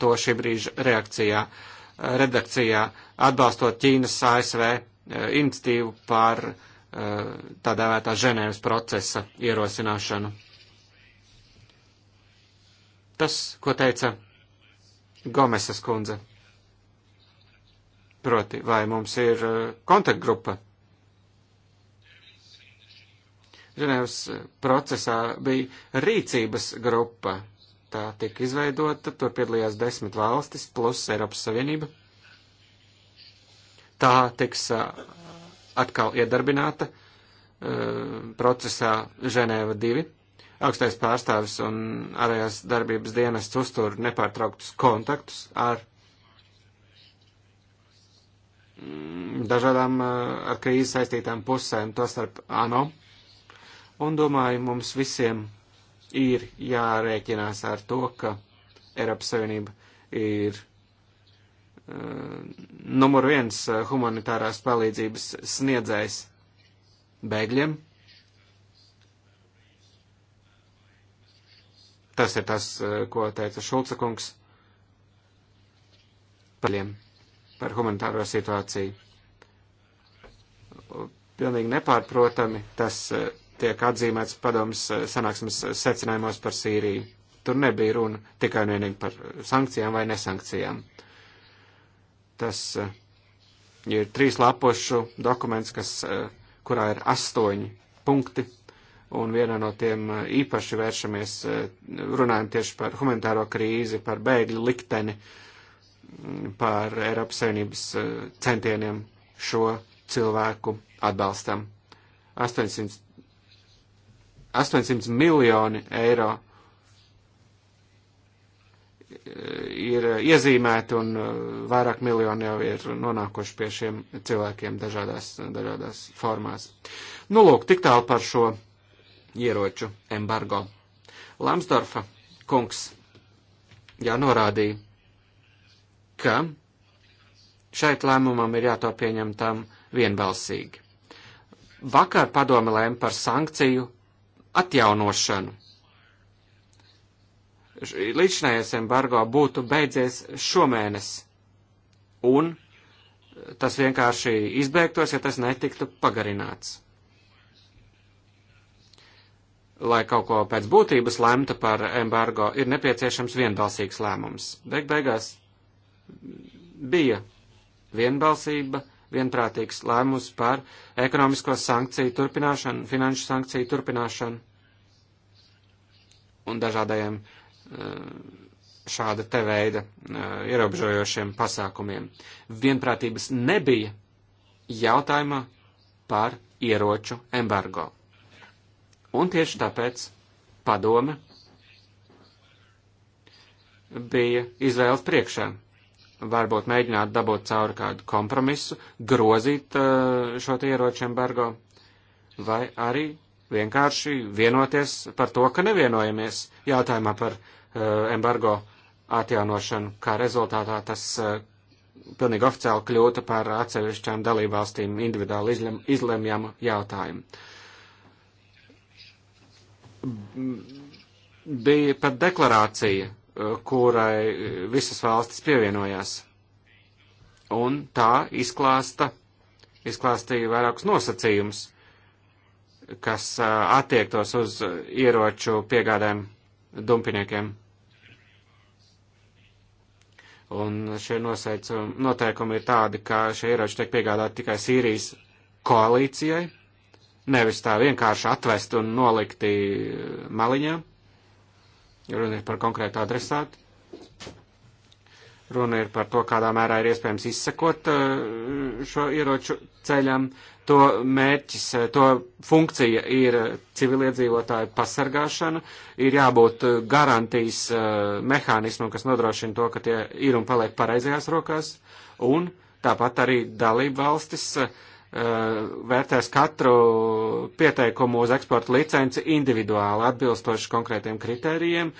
C: to šī brīža reakcijā, redakcijā, atbalstot Ķīnas ASV eh, iniciatīvu par eh, tādā vētā Ženēvas procesa ierosināšanu tas, ko teica Gomesas kundze. Proti, vai mums ir uh, kontaktgrupa? Ženēvas uh, procesā bija rīcības grupa. Tā tika izveidota, tur piedalījās desmit valstis plus Eiropas Savienība. Tā tiks uh, atkal iedarbināta procesā Ženēva 2 augstais pārstāvis un ārējās darbības dienests uztur nepārtrauktus kontaktus ar mm, dažādām eh, ar krīzi saistītām pusēm, to starp ANO. Un domāju, mums visiem ir jārēķinās ar to, ka Eiropas Savienība ir eh, numur viens eh, humanitārās palīdzības sniedzējs bēgļiem, Tas ir tas, eh, ko teica Šulca kungs paļiem par humanitāro situāciju. Pilnīgi nepārprotami tas eh, tiek atzīmēts padomas eh, sanāksmes secinājumos par Sīriju. Tur nebija runa tikai un vienīgi par sankcijām vai nesankcijām. Tas ir trīs lapošu dokuments, kas, kurā ir astoņi punkti un vienā no tiem uh, īpaši vēršamies, uh, runājam tieši par humanitāro krīzi, par bēgļu likteni, mm, par Eiropas Savienības uh, centieniem šo cilvēku atbalstam. 800, 800 miljoni eiro ir iezīmēti un vairāk miljoni jau ir nonākuši pie šiem cilvēkiem dažādās, dažādās formās. Nu, lūk, tik tālu par šo ieroču embargo. Lamsdorfa kungs jānorādīja, ka šeit lēmumam ir jātopieņem tam vienbalsīgi. Vakar padome lēma par sankciju atjaunošanu. Līdzinājais embargo būtu beidzies šomēnes, un tas vienkārši izbeigtos, ja tas netiktu pagarināts lai kaut ko pēc būtības lemtu par embargo, ir nepieciešams vienbalsīgs lēmums. Beig beigās bija vienbalsība, vienprātīgs lēmums par ekonomisko sankciju turpināšanu, finanšu sankciju turpināšanu un dažādajiem eh, šāda te veida eh, ierobežojošiem pasākumiem. Vienprātības nebija jautājumā par ieroču embargo. Un tieši tāpēc padome bija izvēles priekšā. Varbūt mēģināt dabūt cauri kādu kompromisu, grozīt eh, šo ieroču embargo, vai arī vienkārši vienoties par to, ka nevienojamies jautājumā par eh, embargo atjaunošanu, kā rezultātā tas eh, pilnīgi oficiāli kļūtu par atsevišķām dalībvalstīm individuāli izlemjamu jautājumu bija pat deklarācija, kurai visas valstis pievienojās. Un tā izklāsta, izklāstīja vairākus nosacījumus, kas attiektos uz ieroču piegādēm dumpiniekiem. Un šie noteikumi ir tādi, ka šie ieroči tiek piegādāti tikai Sīrijas koalīcijai, Nevis tā vienkārši atvest un nolikti maliņā. Runa ir par konkrētu adresātu. Runa ir par to, kādā mērā ir iespējams izsekot eh, šo ieroču ceļam. To mērķis, eh, to funkcija ir civiliedzīvotāju pasargāšana, ir jābūt garantijas eh, mehānismam, kas nodrošina to, ka tie ir un paliek pareizajās rokās, un tāpat arī dalību valstis uh, Eh, vērtēs katru pieteikumu uz eksporta licenci individuāli atbilstoši konkrētiem kritērijiem,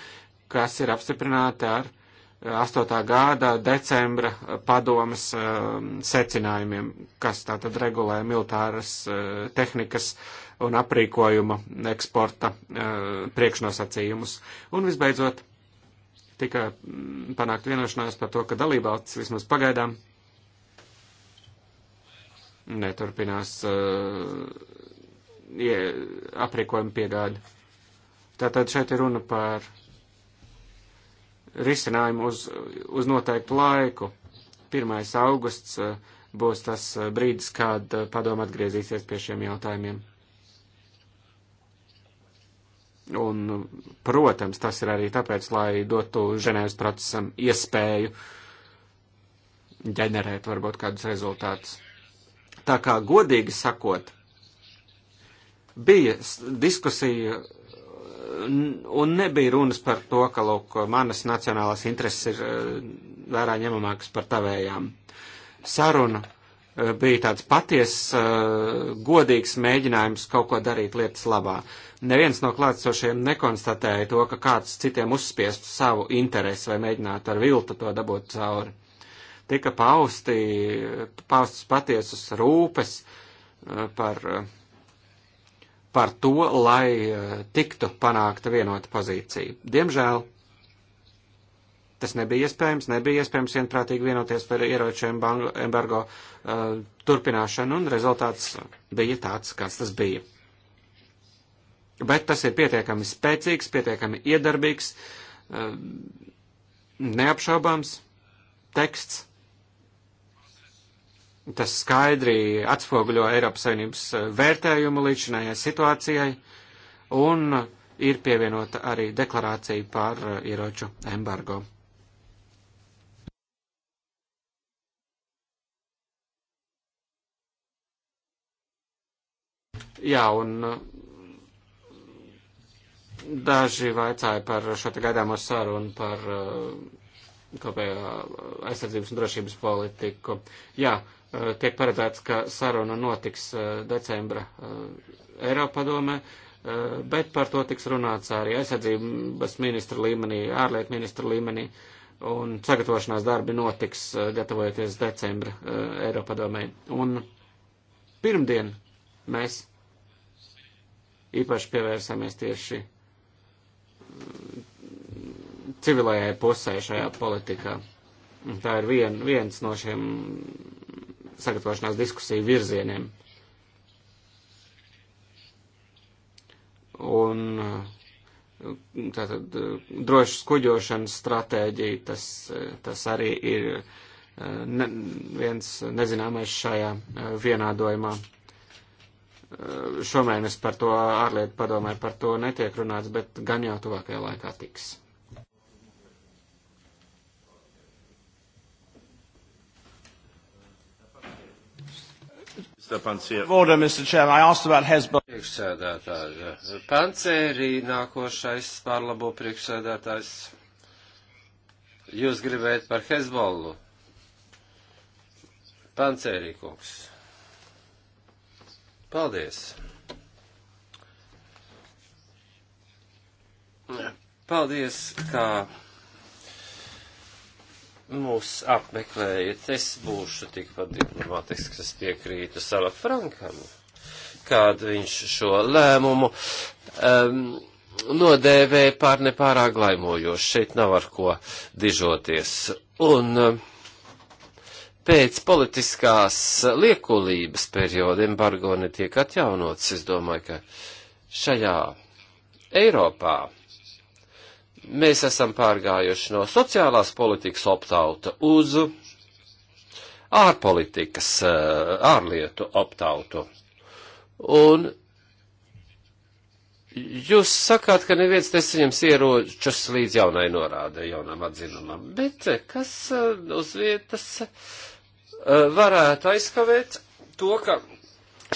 C: kas ir apstiprināti ar 8. Eh, gada decembra padomas eh, secinājumiem, kas tātad regulē militāras tehnikas un aprīkojuma eksporta priekšnosacījumus. Un visbeidzot, tika mm, panākt vienošanās par to, ka dalībvalsts vismaz pagaidām neturpinās ja, uh, aprīkojuma piegādi. Tātad šeit ir runa par risinājumu uz, uz noteiktu laiku. 1. augusts uh, būs tas uh, brīdis, kad padoma atgriezīsies pie šiem jautājumiem. Un, protams, tas ir arī tāpēc, lai dotu Ženēvas procesam iespēju ģenerēt varbūt kādus rezultātus. Tā kā godīgi sakot, bija diskusija un nebija runas par to, ka, lūk, manas nacionālās intereses ir eh, vērā ņemamākas par tavējām. Saruna eh, bija tāds patiesa, eh, godīgs mēģinājums kaut ko darīt lietas labā. Neviens no klātsošiem nekonstatēja to, ka kāds citiem uzspiestu savu interesi vai mēģinātu ar viltu to dabūt cauri tika pausti, paustas patiesas rūpes eh, par, eh, par to, lai eh, tiktu panākta vienota pozīcija. Diemžēl Tas nebija iespējams, nebija iespējams vienprātīgi vienoties par ieroču embargo uh, turpināšanu, un rezultāts bija tāds, kāds tas bija. Bet tas ir pietiekami spēcīgs, pietiekami iedarbīgs, uh, neapšaubāms teksts, Tas skaidri atspoguļo Eiropas Savienības eh, vērtējumu līdzinājai situācijai un ir pievienota arī deklarācija par eh, ieroču embargo. Jā, un eh, daži vaicāja par šo te gaidāmo sarunu par kopējā aizsardzības un drošības politiku. Jā, Eh, tiek paredzēts, ka saruna notiks eh, decembra eh, Eiropadomē, bet par to tiks runāts arī aizsardzības ministra līmenī, ārlietu ministra līmenī, un sagatavošanās darbi notiks gatavojoties decembra Eiropadomē. Un pirmdien mēs īpaši pievērsāmies tieši mm, civilajai pusē šajā politikā. Tā ir vien, viens no šiem sagatavošanās diskusiju virzieniem. Un eh, tātad eh, drošas kuģošanas stratēģija, tas, eh, tas arī ir ne, viens nezināmais šajā vienādojumā. Šomēnes par to ārlietu padomē par to netiek runāts, bet gan jau tuvākajā laikā tiks.
B: Order,
A: Mr. Chairman, I asked about Hezbollah.
B: Priekšsēdētāji, pancērī nākošais pārlabo priekšsēdētājs. Jūs gribējat par Hezbollu? Pancērī kungs. Paldies. Paldies, kā. Ka mūs apmeklējat. Es būšu tikpat diplomātisks, es piekrītu Sala Frankam, kad viņš šo lēmumu um, nodēvēja pār nepārāk laimojoši. Šeit nav ar ko dižoties. Un um, pēc politiskās liekulības perioda embargo netiek atjaunots, es domāju, ka šajā Eiropā mēs esam pārgājuši no sociālās politikas optauta uz ārpolitikas, eh, ārlietu optautu. Un jūs sakāt, ka neviens nesaņems ieročus līdz jaunai norādē, jaunam atzinumam, bet eh, kas eh, uz vietas varētu aizkavēt to, ka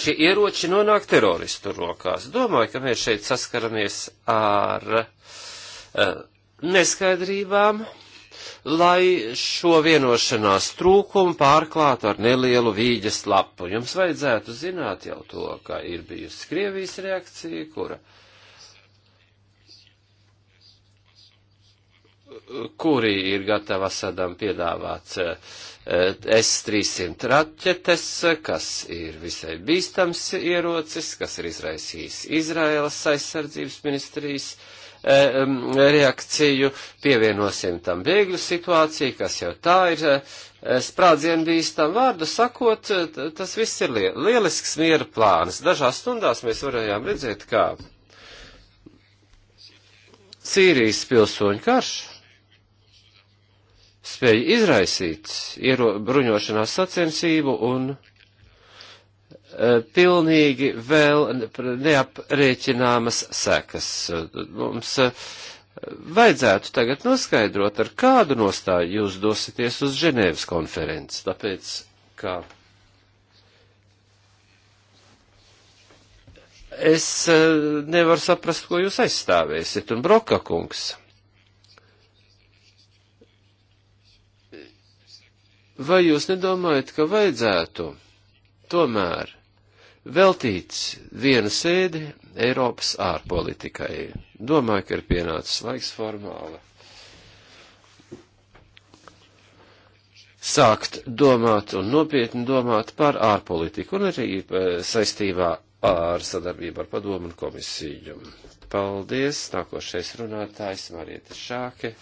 B: šie ieroči nonāk teroristu rokās. Domāju, ka mēs šeit saskaramies ar uh, Eh, neskaidrībām, lai šo vienošanās trūkumu pārklātu ar nelielu vīģes lapu. Jums vajadzētu zināt jau to, ka ir bijusi Krievijas reakcija, kura, kuri ir gatava sadam piedāvāt eh, S-300 raķetes, kas ir visai bīstams ierocis, kas ir izraisījis Izraēlas aizsardzības ministrijas uh, E, reakciju, pievienosim tam bēgļu situāciju, kas jau tā ir e, e, sprādzienu bīstam vārdu sakot, tas viss ir lielisks miera plāns. Dažās stundās mēs varējām redzēt, kā Sīrijas pilsoņu karš spēja izraisīt bruņošanās sacensību un Eh, pilnīgi vēl neaprēķināmas sekas. Mums eh, vajadzētu tagad noskaidrot, ar kādu nostāju jūs dosieties uz Ženēvas konferenci, tāpēc kā. Es eh, nevaru saprast, ko jūs aizstāvēsiet, un Broka kungs. Vai jūs nedomājat, ka vajadzētu tomēr veltīts viena sēde Eiropas ārpolitikai. Domāju, ka ir pienācis laiks formāli. Sākt domāt un nopietni domāt par ārpolitiku un arī eh, saistībā ar sadarbību ar padomu un komisiju. Paldies, nākošais runātājs Marieta Šāke.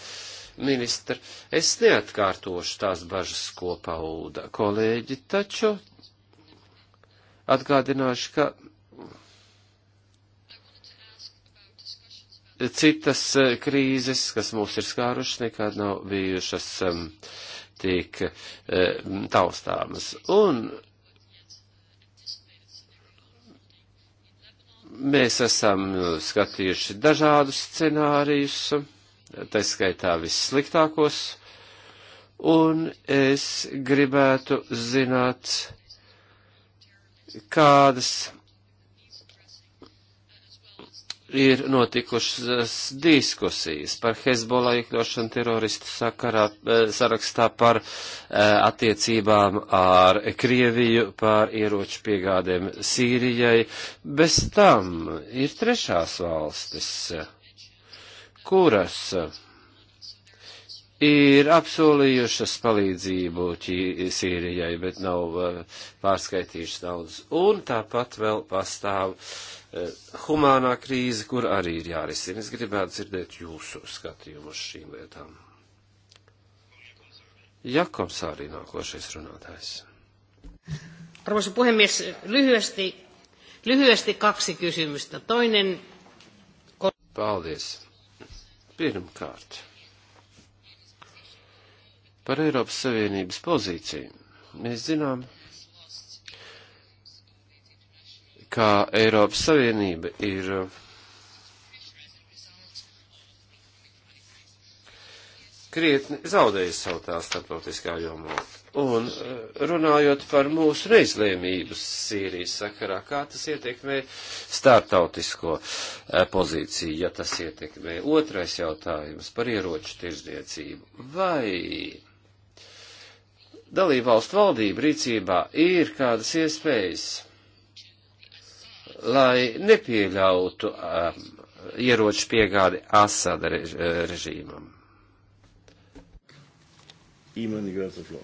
B: Ministra, es neatkārtošu tās bažas, ko pauda kolēģi, taču Atgādināšu, ka citas e, krīzes, kas mūs ir skārušas, nekad nav bijušas um, tik e, taustāmas. Un mēs esam skatījuši dažādus scenārijus, tā skaitā vissliktākos, un es gribētu zināt, kādas ir notikušas diskusijas par Hezbollah iekļaušanu teroristu sakarā, eh, sarakstā par eh, attiecībām ar Krieviju, par ieroču piegādēm Sīrijai. Bez tam ir trešās valstis, kuras ir apsolījušas palīdzību Sīrijai, bet nav eh, pārskaitījušas naudas. Un tāpat vēl pastāv eh, humānā krīze, kur arī ir jārisina. Es gribētu dzirdēt jūsu skatījumu uz šīm lietām. Jakobs arī nākošais runātājs.
A: Arvoisa puhemies, lyhyesti, lyhyesti kaksi kysymystä. Toinen.
B: Paldies. Pirmkārt Par Eiropas Savienības pozīciju. Mēs zinām, ka Eiropas Savienība ir krietni zaudējis savu tā starptautiskā jomā. Un eh, runājot par mūsu neizlēmības Sīrijas sakarā, kā tas ietekmē starptautisko eh, pozīciju, ja tas ietekmē otrais jautājums par ieroču tirdzniecību. Vai dalībvalstu valdību rīcībā ir kādas iespējas, lai nepieļautu um, ieroču piegādi Asada rež, režīmam. Iman, you have the floor.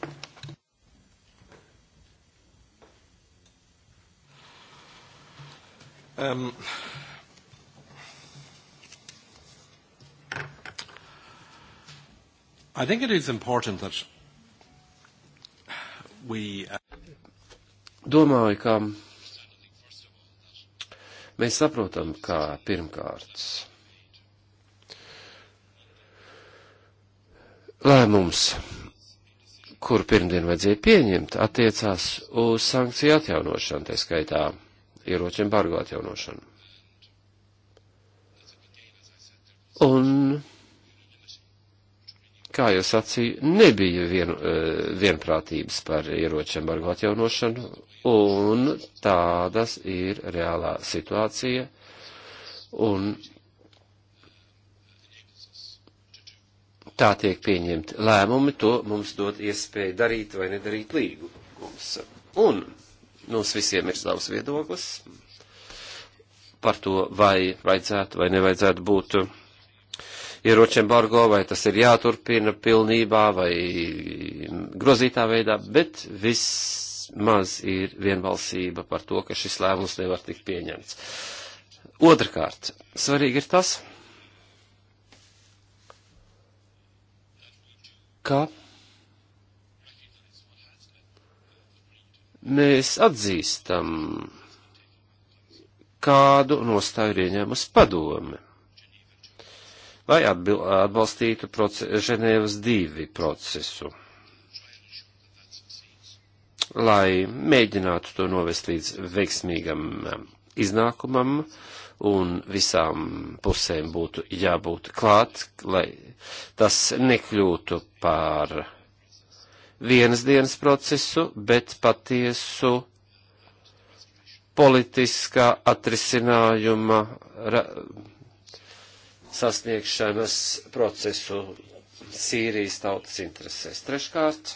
B: Um, I think it is important that we... Uh, Domāju, ka mēs saprotam, kā pirmkārt lēmums, kur pirmdien vajadzēja pieņemt, attiecās uz sankciju atjaunošanu, tā skaitā ieroču embargo atjaunošanu. Un kā jau sacīju, nebija vien, e, vienprātības par ieroču embargo atjaunošanu, un tādas ir reālā situācija, un tā tiek pieņemti lēmumi, to mums dod iespēju darīt vai nedarīt līgums. Un mums visiem ir savs viedoklis par to, vai vajadzētu vai nevajadzētu būt ieroču embargo, vai tas ir jāturpina pilnībā vai grozītā veidā, bet vismaz ir vienbalsība par to, ka šis lēmums nevar tikt pieņemts. Otrakārt, svarīgi ir tas, ka mēs atzīstam, kādu nostāju ir ieņēmusi padome lai atbalstītu Ženēvas divi procesu, lai mēģinātu to novest līdz veiksmīgam um, iznākumam un visām pusēm būtu jābūt klāt, lai tas nekļūtu par vienas dienas procesu, bet patiesu politiskā atrisinājuma sasniegšanas procesu Sīrijas tautas interesēs. Treškārt,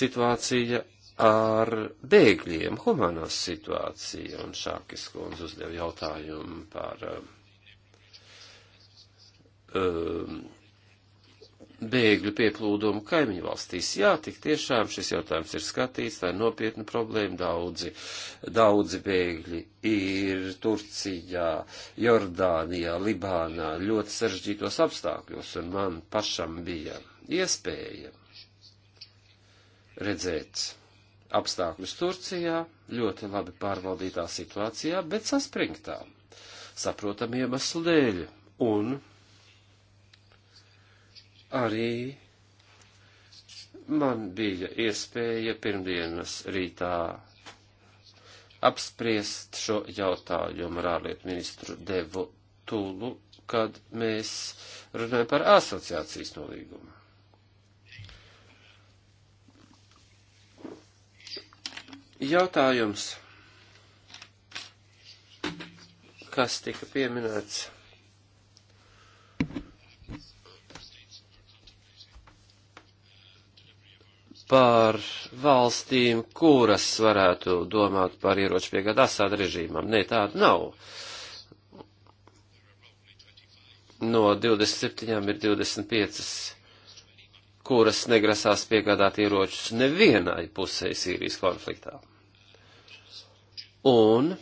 B: situācija ar bēgļiem, humanās situācija, un Šākis Kondz uzdev jautājumu par um, bēgļu pieplūdumu kaimiņu valstīs. Jā, tik tiešām šis jautājums ir skatīts, tā ir nopietna problēma. Daudzi, daudzi bēgļi ir Turcijā, Jordānijā, Libānā ļoti sarežģītos apstākļos, un man pašam bija iespēja redzēt apstākļus Turcijā, ļoti labi pārvaldītā situācijā, bet saspringtā, saprotam iemeslu dēļ. Un Arī man bija iespēja pirmdienas rītā apspriest šo jautājumu ar ārlietu ministru Devu Tulu, kad mēs runājam par asociācijas nolīgumu. Jautājums, kas tika pieminēts par valstīm, kuras varētu domāt par ieroču piegādu Asāda režīmam. Nē, tāda nav. No 27 ir 25, kuras negrasās piegādāt ieročus nevienai pusē Sīrijas konfliktā. Un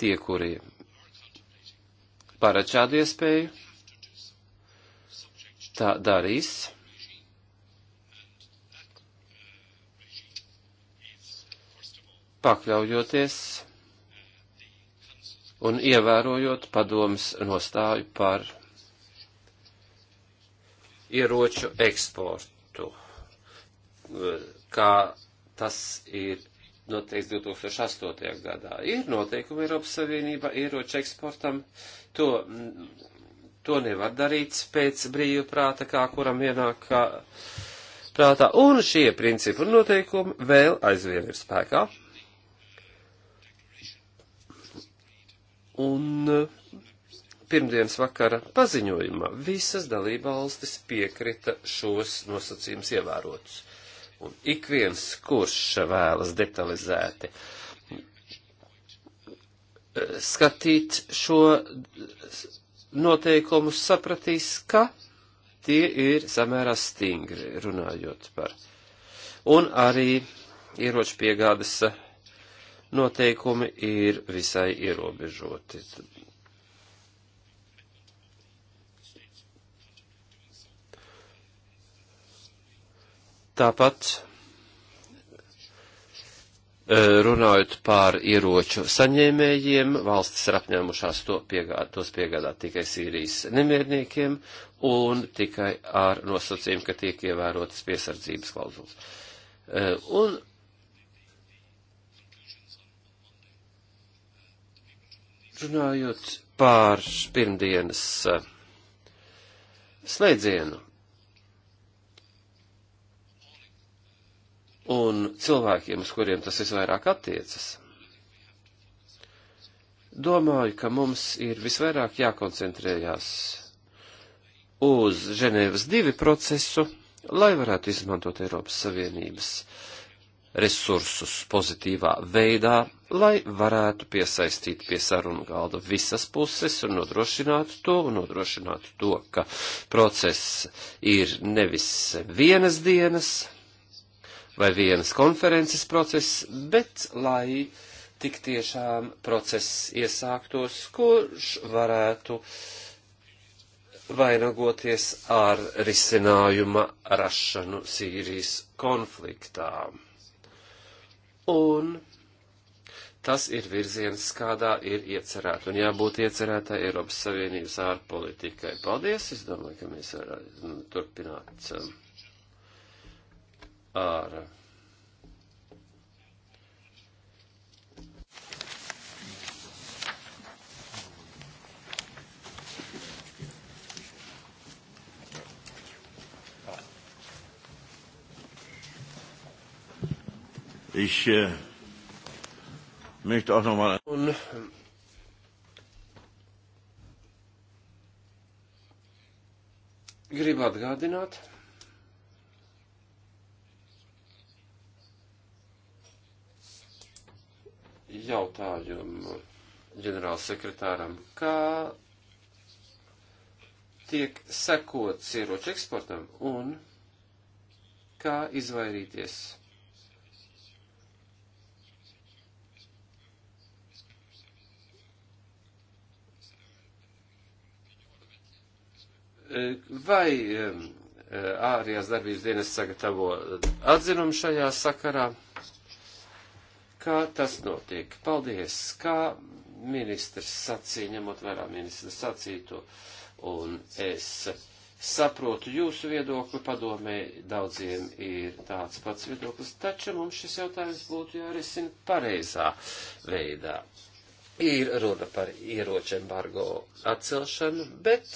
B: tie, kuri paredz šādu iespēju, tā darīs pakļaujoties un ievērojot padomas nostāju par ieroču eksportu, kā tas ir noteikts 2008. gadā. Ir noteikumi Eiropas Savienībā ieroču eksportam, to, to nevar darīt pēc brīvu prāta, kā kuram ienāk kā prātā, un šie principi un noteikumi vēl aizvien ir spēkā Un eh, pirmdienas vakara paziņojumā visas dalībvalstis piekrita šos nosacījumus ievērotus. Un ik viens, kurš vēlas detalizēti eh, skatīt šo noteikumus, sapratīs, ka tie ir samērā stingri runājot par. Un arī ieroču piegādes noteikumi ir visai ierobežoti. Tāpat e, runājot par ieroču saņēmējiem, valstis ir apņēmušās to piegād, tos piegādāt tikai Sīrijas nemierniekiem un tikai ar nosacījumu, ka tiek ievērotas piesardzības klauzulas. E, un Runājot pār pirmdienas eh, slēdzienu un cilvēkiem, uz kuriem tas visvairāk attiecas, domāju, ka mums ir visvairāk jākoncentrējās uz Ženēvas divi procesu, lai varētu izmantot Eiropas Savienības resursus pozitīvā veidā, lai varētu piesaistīt pie sarunu galda visas puses un nodrošinātu to, un nodrošinātu to, ka process ir nevis vienas dienas vai vienas konferences process, bet lai tik tiešām process iesāktos, kurš varētu vainagoties ar risinājuma rašanu Sīrijas konfliktā. Un tas ir virziens, kādā ir iecerēta un jābūt iecerētai Eiropas Savienības ārpolitikai. Paldies! Es domāju, ka mēs varam turpināt um, ar.
A: Ich äh, uh möchte auch nochmal.
B: Un... Gribu atgādināt, jautājumu ģenerālsekretāram, kā tiek sekots ieroču eksportam un kā izvairīties Vai e, ārējās darbības dienas sagatavo atzinumu šajā sakarā. Kā tas notiek? Paldies! Kā ministrs sacīja, ņemot vērā ministra sacīto, un es saprotu jūsu viedokli, padomē daudziem ir tāds pats viedoklis, taču mums šis jautājums būtu jārisina pareizā veidā. Ir runa par ieroču embargo atcelšanu, bet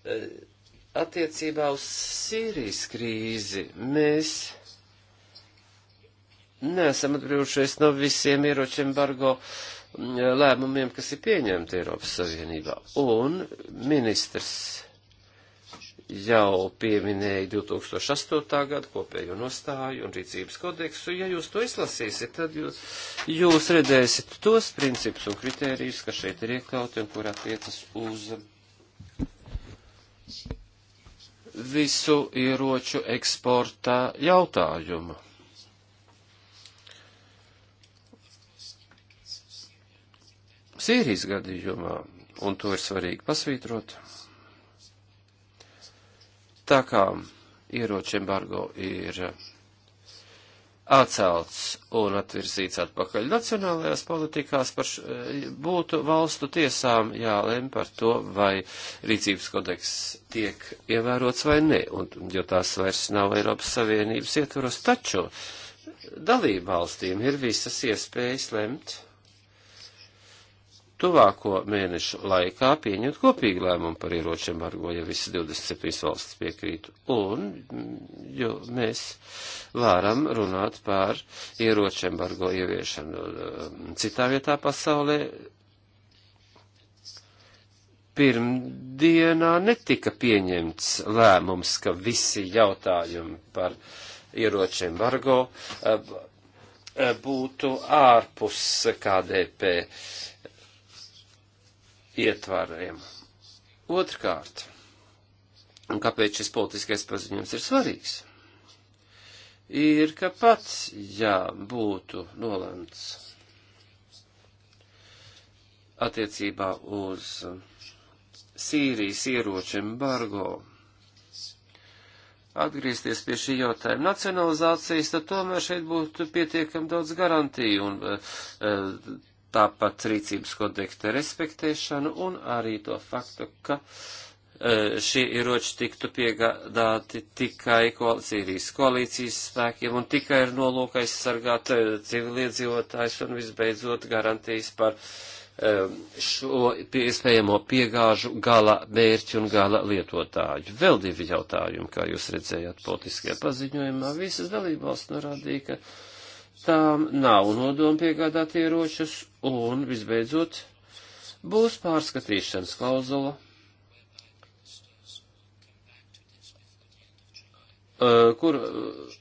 B: Eh, attiecībā uz Sīrijas krīzi mēs neesam atbrīvojušies no visiem ieroču embargo mm, lēmumiem, kas ir pieņemti Eiropas Savienībā. Un ministrs jau pieminēja 2008. gadu kopējo nostāju un rīcības kodeksu. Ja jūs to izlasīsiet, tad jūs, jūs redzēsiet tos principus un kritērijus, kas šeit ir iekļauti un kur attiecas uz. Um, visu ieroču eksporta jautājumu. Sīrijas gadījumā, un to ir svarīgi pasvītrot, tā kā ieroču embargo ir atcelts un atvirzīts atpakaļ nacionālajās politikās, par š, eh, būtu valstu tiesām jālem par to, vai rīcības kodeks tiek ievērots vai ne, un, jo tās vairs nav Eiropas Savienības ietvaros, taču dalību valstīm ir visas iespējas lemt tuvāko mēnešu laikā pieņemt kopīgu lēmumu par ieroču embargo, ja visas 27 valstis piekrītu. Un, mm, jo mēs varam runāt par ieroču embargo ieviešanu mm, citā vietā pasaulē. Pirmdienā netika pieņemts lēmums, ka visi jautājumi par ieroču embargo eh, eh, būtu ārpus KDP. Uh, ietvariem. Otrkārt, un kāpēc šis politiskais paziņojums ir svarīgs, ir, ka pats, ja būtu nolēmts attiecībā uz Sīrijas ieroču embargo, atgriezties pie šī jautājuma nacionalizācijas, tad tomēr šeit būtu pietiekami daudz garantiju un uh, tāpat rīcības kodekta respektēšanu un arī to faktu, ka e, šie ieroči tiktu piegādāti tikai Sīrijas koalīcijas spēkiem un tikai ar nolūku aizsargāt e, civiliedzīvotājs un visbeidzot garantijas par e, šo iespējamo piegāžu gala mērķu un gala lietotāju. Vēl divi jautājumi, kā jūs redzējāt politiskajā paziņojumā. Visas dalībvalsts norādīja, ka tām nav nodoma piegādāt ieročus, un visbeidzot būs pārskatīšanas klauzula, eh, kur eh,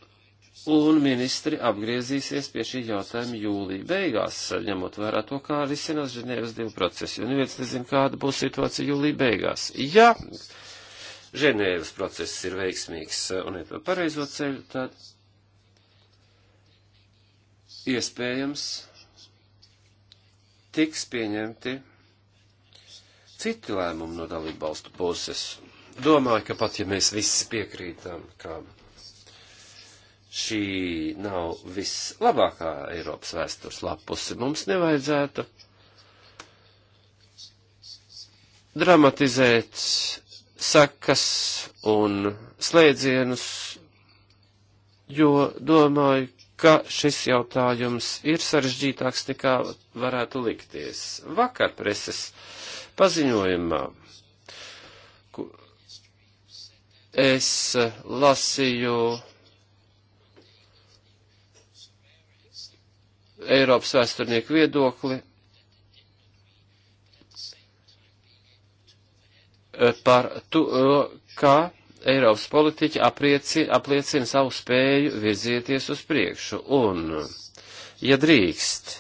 B: un ministri apgriezīsies pie šī jautājuma jūlija beigās, ņemot vērā to, kā risinās Ženēvas divu procesu, jo neviens nezin, kāda būs situācija jūlija beigās. Ja Ženēvas process ir veiksmīgs eh, un iet pa pareizo ceļu, tad iespējams tiks pieņemti citi lēmumi no dalību valstu puses. Domāju, ka pat ja mēs visi piekrītam, ka šī nav vislabākā Eiropas vēstures lapusi, mums nevajadzētu dramatizēt sakas un slēdzienus, jo domāju, ka šis jautājums ir sarežģītāks nekā varētu likties. Vakar preses paziņojumā es lasīju Eiropas vēsturnieku viedokli par to, ka Eiropas politiķi aprieci, apliecina savu spēju virzieties uz priekšu, un, ja drīkst,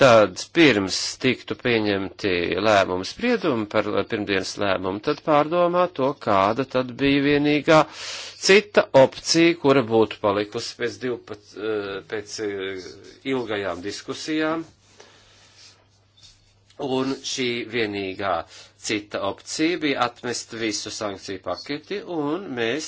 B: tad pirms tiktu pieņemti lēmumu spriedumi par pirmdienas lēmumu, tad pārdomā to, kāda tad bija vienīgā cita opcija, kura būtu palikusi pēc, 12, eh, pēc eh, ilgajām diskusijām. Un šī vienīgā cita opcija bija atmest visu sankciju paketi, un mēs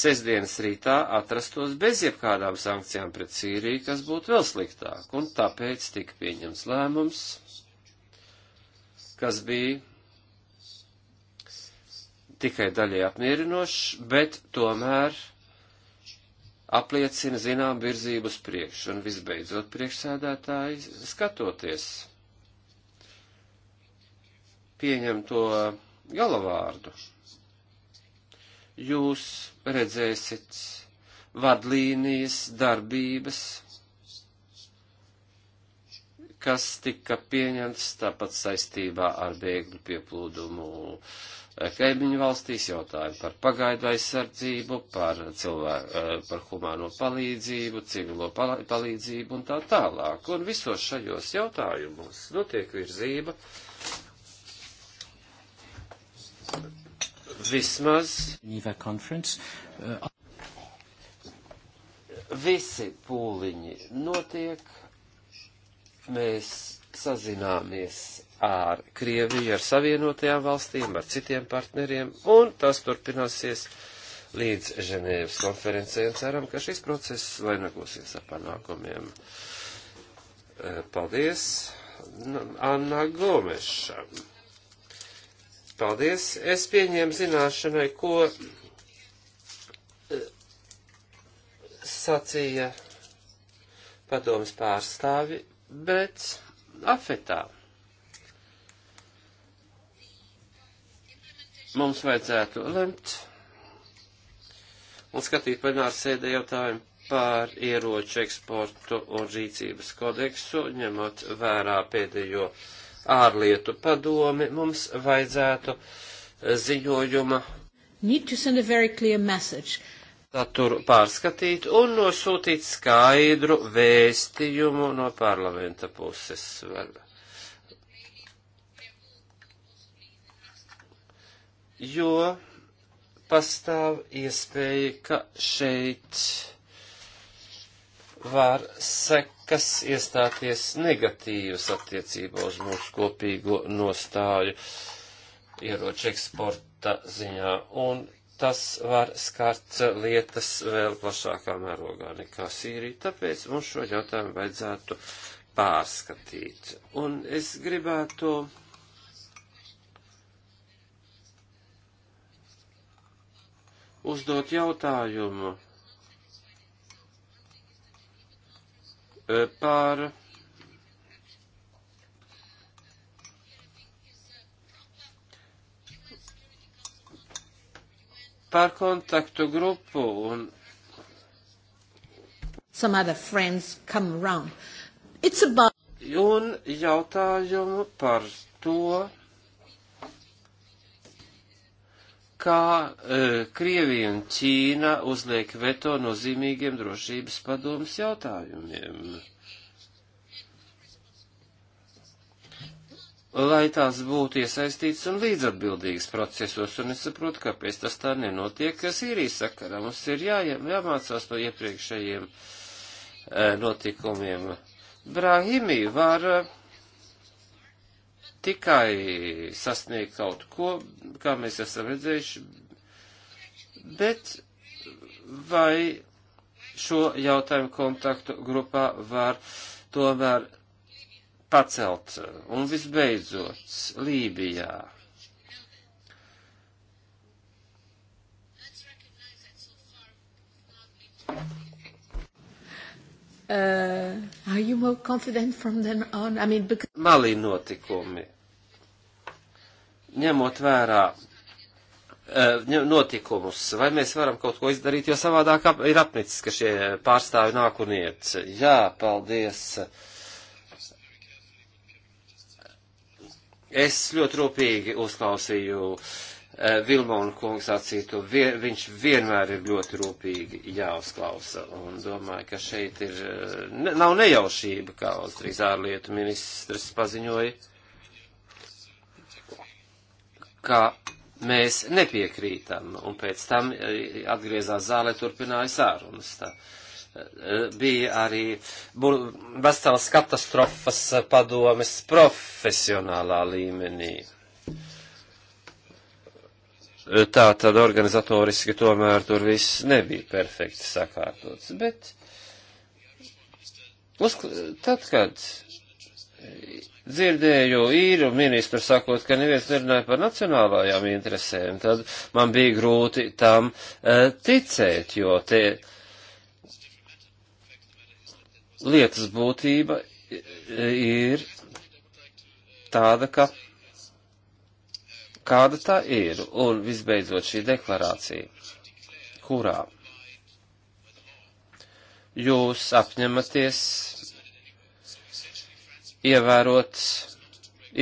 B: sestdienas rītā atrastos bez jebkādām sankcijām pret Sīriju, kas būtu vēl sliktāk. Un tāpēc tika pieņems lēmums, kas bija tikai daļai apmierinošs, bet tomēr apliecina zinām virzību uz priekšu. Un visbeidzot, priekšsēdētāji, skatoties pieņemto galavārdu, jūs redzēsiet vadlīnijas, darbības, kas tika pieņemts tāpat saistībā ar bēgļu pieplūdumu kaimiņu valstīs, jautājumu par pagaidu aizsardzību, par, cilvēku, eh, par humāno palīdzību, civilo palīdzību un tā tālāk. Un visos šajos jautājumos notiek virzība. Nu, vismaz
C: uh,
B: visi pūliņi notiek, mēs sazināmies ar Krieviju, ar Savienotajām valstīm, ar citiem partneriem, un tas turpināsies līdz Ženēvas konferencē, un ceram, ka šis process vainagosies ar panākumiem. Uh, paldies! Anna Gomeša. Paldies. Es pieņēmu zināšanai, ko eh, sacīja padomas pārstāvi, bet afetā. Mums vajadzētu lemt un skatīt plenāru sēdē jautājumu par ieroču eksportu un rīcības kodeksu, ņemot vērā pēdējo uh, ārlietu padomi, mums vajadzētu eh, ziņojuma saturu pārskatīt un nosūtīt skaidru vēstījumu no parlamenta puses. Jo pastāv iespēja, ka šeit var sekt kas iestāties negatīvas attiecībā uz mūsu kopīgo nostāju ieroču eksporta ziņā, un tas var skart lietas vēl plašākā mērogā nekā Sīrija, tāpēc mums šo jautājumu vajadzētu pārskatīt. Un es gribētu uzdot jautājumu Eh, par par kontaktu grupu un Some other friends come around. It's about... Un jautājumu par to, kā e, Krievija un Ķīna uzliek veto nozīmīgiem drošības padomas jautājumiem. Lai tās būtu iesaistītas un līdzatbildīgas procesos, un es saprotu, kāpēc tas tā nenotiek, kas ir īsakarā. Mums ir jā, jāmācās no iepriekšējiem e, notikumiem. Brahimī var. E, tikai sasniegt kaut ko, kā mēs esam redzējuši, bet vai šo jautājumu kontaktu grupā var tomēr pacelt. Un visbeidzot, Lībijā.
A: Thank you. Uh, are you more confident from then on? I mean, because... Malī
B: notikumi. Ņemot vērā uh, notikumus, vai mēs varam kaut ko izdarīt, jo savādāk ap, ir apnicis, ka šie pārstāvi nāk un iet. Jā, paldies. Es ļoti rūpīgi uzklausīju uh, Eh, Vilmona kungs sacīto, vie, viņš vienmēr ir ļoti rūpīgi jāuzklausa, un domāju, ka šeit ir, eh, ne, nav nejaušība, kā Austrijas ārlietu ministrs paziņoja, ka mēs nepiekrītam, un pēc tam eh, atgriezās zālē turpināja sārunas. Tā bija arī veselas katastrofas padomes profesionālā līmenī tā tad organizatoriski tomēr tur viss nebija perfekti sakārtots. Bet uz, tad, kad dzirdēju īru ministru sakot, ka neviens nerunāja par nacionālajām interesēm, tad man bija grūti tam uh, ticēt, jo te lietas būtība e, ir tāda, ka kāda tā ir, un visbeidzot šī deklarācija, kurā jūs apņematies ievērot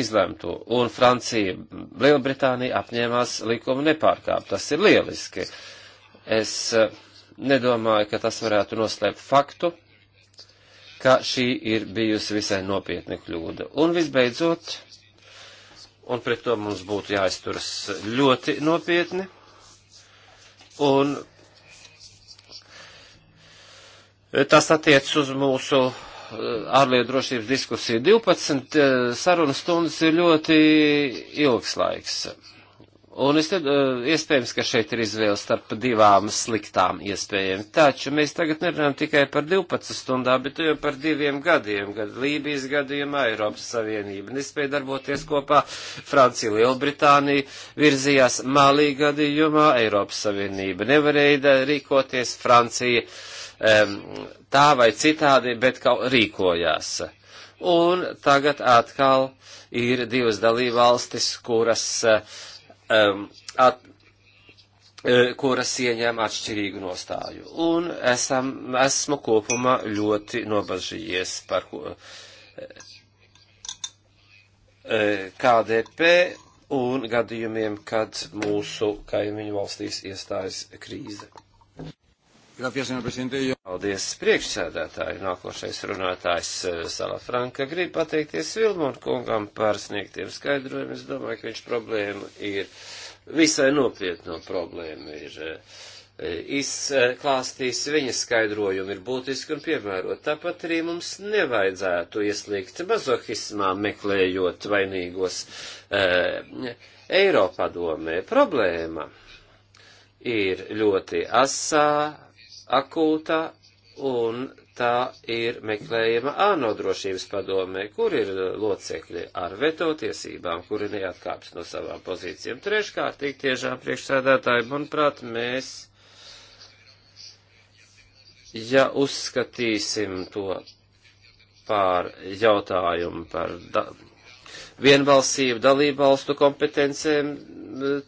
B: izlemto, un Francija, Lielbritānija apņēmās likumu nepārkāpt. Tas ir lieliski. Es eh, nedomāju, ka tas varētu noslēpt faktu, ka šī ir bijusi visai nopietna kļūda. Un visbeidzot, un pret to mums būtu jāizturas ļoti nopietni. Un tas attiec uz mūsu eh, ārlietu drošības diskusiju. 12 eh, sarunu stundas ir ļoti ilgs laiks. Un es te, eh, iespējams, ka šeit ir izvēle starp divām sliktām iespējām. Taču mēs tagad nerunājam tikai par 12 stundām, bet jau par diviem gadiem. Gad Lībijas gadījumā Eiropas Savienība nespēja darboties kopā, Francija, Lielbritānija virzījās Malī gadījumā, Eiropas Savienība nevarēja rīkoties, Francija um, tā vai citādi, bet kaut rīkojās. Un tagad atkal ir divas dalībvalstis, kuras uh, um, at, uh, kuras ieņem atšķirīgu nostāju. Un esam, esmu kopumā ļoti nobažījies par ko, uh, KDP un gadījumiem, kad mūsu kaimiņu valstīs iestājas krīze. Paldies, priekšsēdētāji. Nākošais runātājs eh, Sala Franka grib pateikties Vilmon kungam par sniegtiem skaidrojumiem. Es domāju, ka viņš problēma ir visai nopietna problēma ir eh, izklāstījis. Viņa skaidrojumi ir būtiski un piemērot. Tāpat arī mums nevajadzētu ieslīgt mazohismā meklējot vainīgos eh, Eiropadomē. Problēma ir ļoti asā, akūtā un tā ir meklējama ANO drošības padomē, kur ir uh, locekļi ar veto tiesībām, kuri neatkāps no savām pozīcijām. Treškārt, tik tiešām priekšsēdētāji, manuprāt, mēs, ja uzskatīsim to pār jautājumu par da vienbalsību dalību valstu kompetencēm,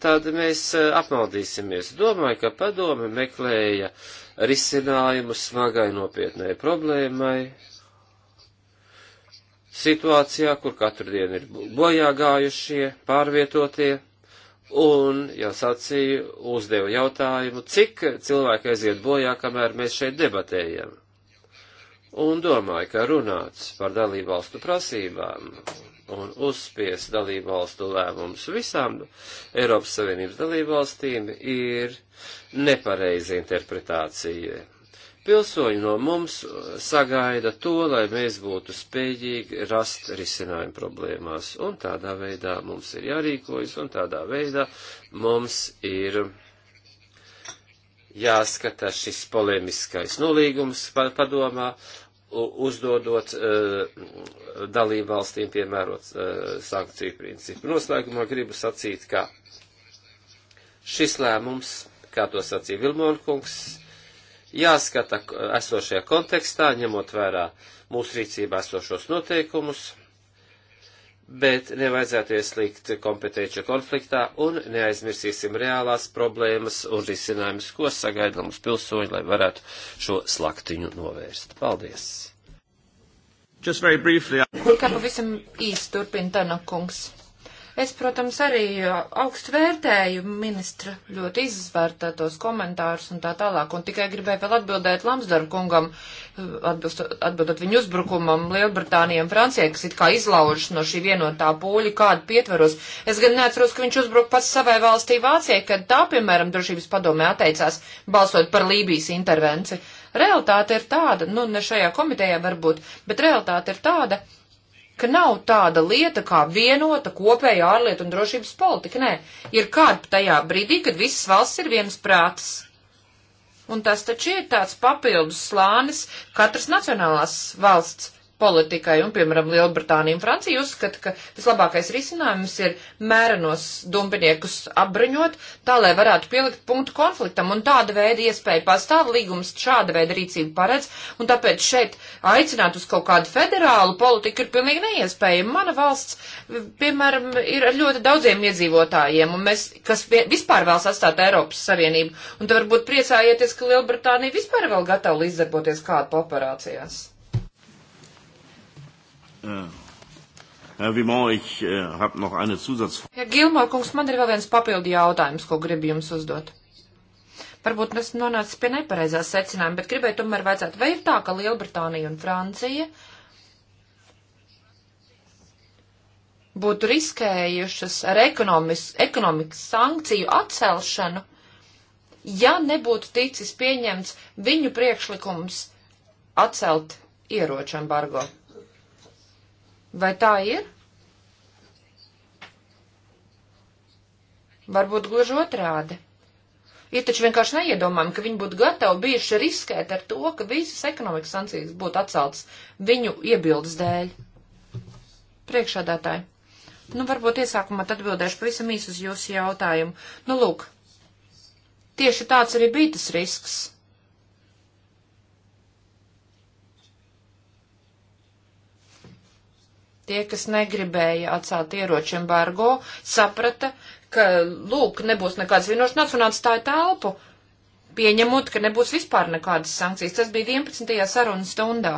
B: tad mēs uh, apmaldīsimies. Domāju, ka padome meklēja uh, risinājumu smagai nopietnai problēmai, situācijā, kur katru dienu ir bojā gājušie, pārvietotie, un, jau sacīju, uzdevu jautājumu, cik cilvēki aiziet bojā, kamēr mēs šeit debatējam. Un domāju, ka runāts par dalībvalstu prasībām un uzspies dalībvalstu lēmumus visām Eiropas Savienības dalībvalstīm ir nepareiza interpretācija. Pilsoņi no mums sagaida to, lai mēs būtu spējīgi rast risinājumu problēmās, un tādā veidā mums ir jārīkojas, un tādā veidā mums ir jāskata šis polemiskais nolīgums padomā uzdodot eh, dalību valstīm piemērot eh, sankciju principu. Noslēgumā gribu sacīt, ka šis lēmums, kā to sacīja Vilmonkungs, jāskata esošajā kontekstā, ņemot vērā mūsu rīcībā esošos noteikumus, bet nevajadzētu ieslikt kompetenču konfliktā un neaizmirsīsim reālās problēmas un risinājumus, ko sagaida mums pilsoņi, lai varētu šo slaktiņu novērst. Paldies!
C: Just very briefly.
A: Kā pavisam īsti turpina Tanakungs. Es, protams, arī uh, augstu vērtēju ministra ļoti izvērtētos komentārus un tā tālāk, un tikai gribēju vēl atbildēt Lamsdaru kungam, uh, atbildot, atbildot viņu uzbrukumam Lielbritānijam, Francijai, kas it kā izlaužas no šī vienotā pūļa, kādu pietveros. Es gan neatceros, ka viņš uzbruka pats savai valstī Vācijai, kad tā, piemēram, drošības padomē atteicās balsot par Lībijas intervenciju. Realtāte ir tāda, nu ne šajā komitejā varbūt, bet realtāte ir tāda, ka nav tāda lieta kā vienota kopēja ārlietu un drošības politika. Nē, ir kāda tajā brīdī, kad visas valsts ir vienas prātas. Un tas taču ir tāds papildus slānis katras nacionālās valsts politikai, un, piemēram, Lielbritānija un Francija uzskata, ka vislabākais risinājums ir mērenos dumpiniekus apbruņot, tā, lai varētu pielikt punktu konfliktam, un tāda veida iespēja pastāv, līgums šāda veida rīcību paredz, un tāpēc šeit aicināt uz kaut kādu federālu politiku ir pilnīgi neiespējami. Mana valsts, piemēram, ir ar ļoti daudziem iedzīvotājiem, un mēs, kas vispār vēlas atstāt Eiropas Savienību, un te varbūt priecājieties, ka Lielbritānija vispār vēl gatava izdarboties kādu operācijās.
B: Äh, Herr Vimon, ich äh, habe noch eine Zusatzfrage.
A: Ja, Gilmore, kungs, man ir vēl viens papildu jautājums, ko gribu jums uzdot. Varbūt esmu nonācis pie nepareizās secinājuma, bet gribēju tomēr vajadzētu. Vai ir tā, ka Lielbritānija un Francija būtu riskējušas ar ekonomikas sankciju atcelšanu, ja nebūtu ticis pieņemts viņu priekšlikums atcelt ieroču embargo? Vai tā ir? Varbūt gluži otrādi. Ir taču vienkārši neiedomājami, ka viņi būtu gatavi bijuši riskēt ar to, ka visas ekonomikas sankcijas būtu atceltas viņu iebildes dēļ. Priekšādātāji, nu varbūt iesākumā atbildēšu pavisam īsi uz jūsu jautājumu. Nu lūk, tieši tāds arī bija tas risks Tie, kas negribēja atcelt ieroču embargo, saprata, ka, lūk, nebūs nekādas vienošanās un atstāja telpu, pieņemot, ka nebūs vispār nekādas sankcijas. Tas bija 11. sarunas stundā.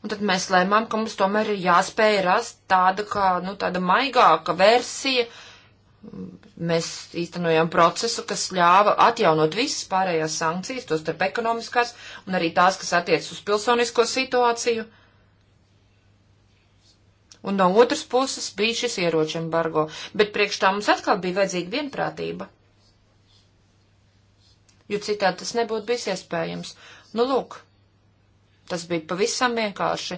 A: Un tad mēs lēmām, ka mums tomēr ir jāspēj rast tāda, kā, nu, tāda maigāka versija, uh, mēs īstenojām procesu, kas ļāva atjaunot visas pārējās sankcijas, tos starp ekonomiskās un arī tās, kas attiecas uz pilsonisko situāciju. Un no otras puses bija šis ieroču embargo, bet priekš tā mums atkal bija vajadzīga vienprātība. Jo citādi tas nebūtu bijis iespējams. Nu, lūk, tas bija pavisam vienkārši.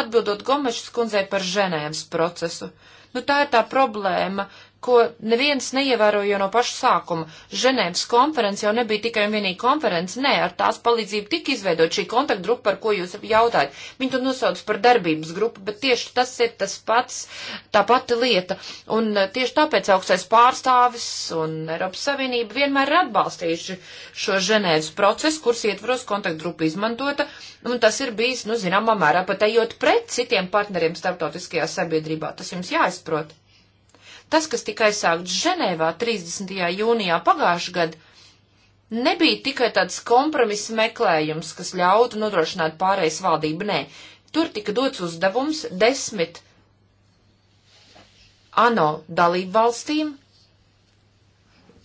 A: Atbildot Gomešas kundzei par Ženēvas procesu, nu tā ir tā problēma, ko neviens neievēroja jau no paša sākuma. Ženēvas konference jau nebija tikai un vienīgi konference, nē, ar tās palīdzību tika izveidot šī kontaktgrupa, par ko jūs jautājat. Viņi to nosauc par darbības grupu, bet tieši tas ir tas pats, tā pati lieta. Un eh, tieši tāpēc augstais pārstāvis un Eiropas Savienība vienmēr ir atbalstījuši šo Ženēvas procesu, kuras ietvaros kontaktgrupa izmantota, un tas ir bijis, nu, zināmā mērā pat ejot pret citiem partneriem starptautiskajā sabiedrībā. Tas jums jāizprot. Tas, kas tika aizsākts Ženēvā 30. jūnijā pagājušajā gadā, nebija tikai tāds kompromiss meklējums, kas ļautu nodrošināt pārējais valdību, nē. Tur tika dots uzdevums desmit ANO dalību valstīm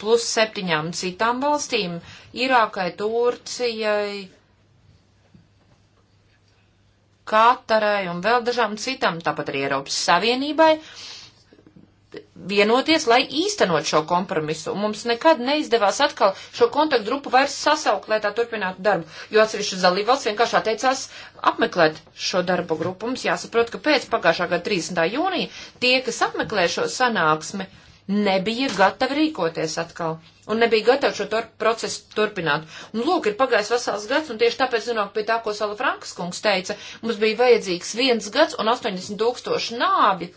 A: plus septiņām citām valstīm - Irākai, Turcijai, Katarai un vēl dažām citām, tāpat arī Eiropas Savienībai vienoties, lai īstenot šo kompromisu. Mums nekad neizdevās atkal šo kontaktgrupu vairs sasaukt, lai tā turpinātu darbu, jo atsevišķi dalībvalsts vienkārši atteicās apmeklēt šo darbu grupu. Mums jāsaprot, ka pēc pagājušā gada 30. jūnija tie, kas apmeklē šo sanāksmi, nebija gatavi rīkoties atkal un nebija gatavi šo tur, procesu turpināt. Un lūk, ir pagājis vesels gads, un tieši tāpēc nonāk pie tā, ko Sala Frankas kungs teica, mums bija vajadzīgs viens gads un 80 tūkstoši nābi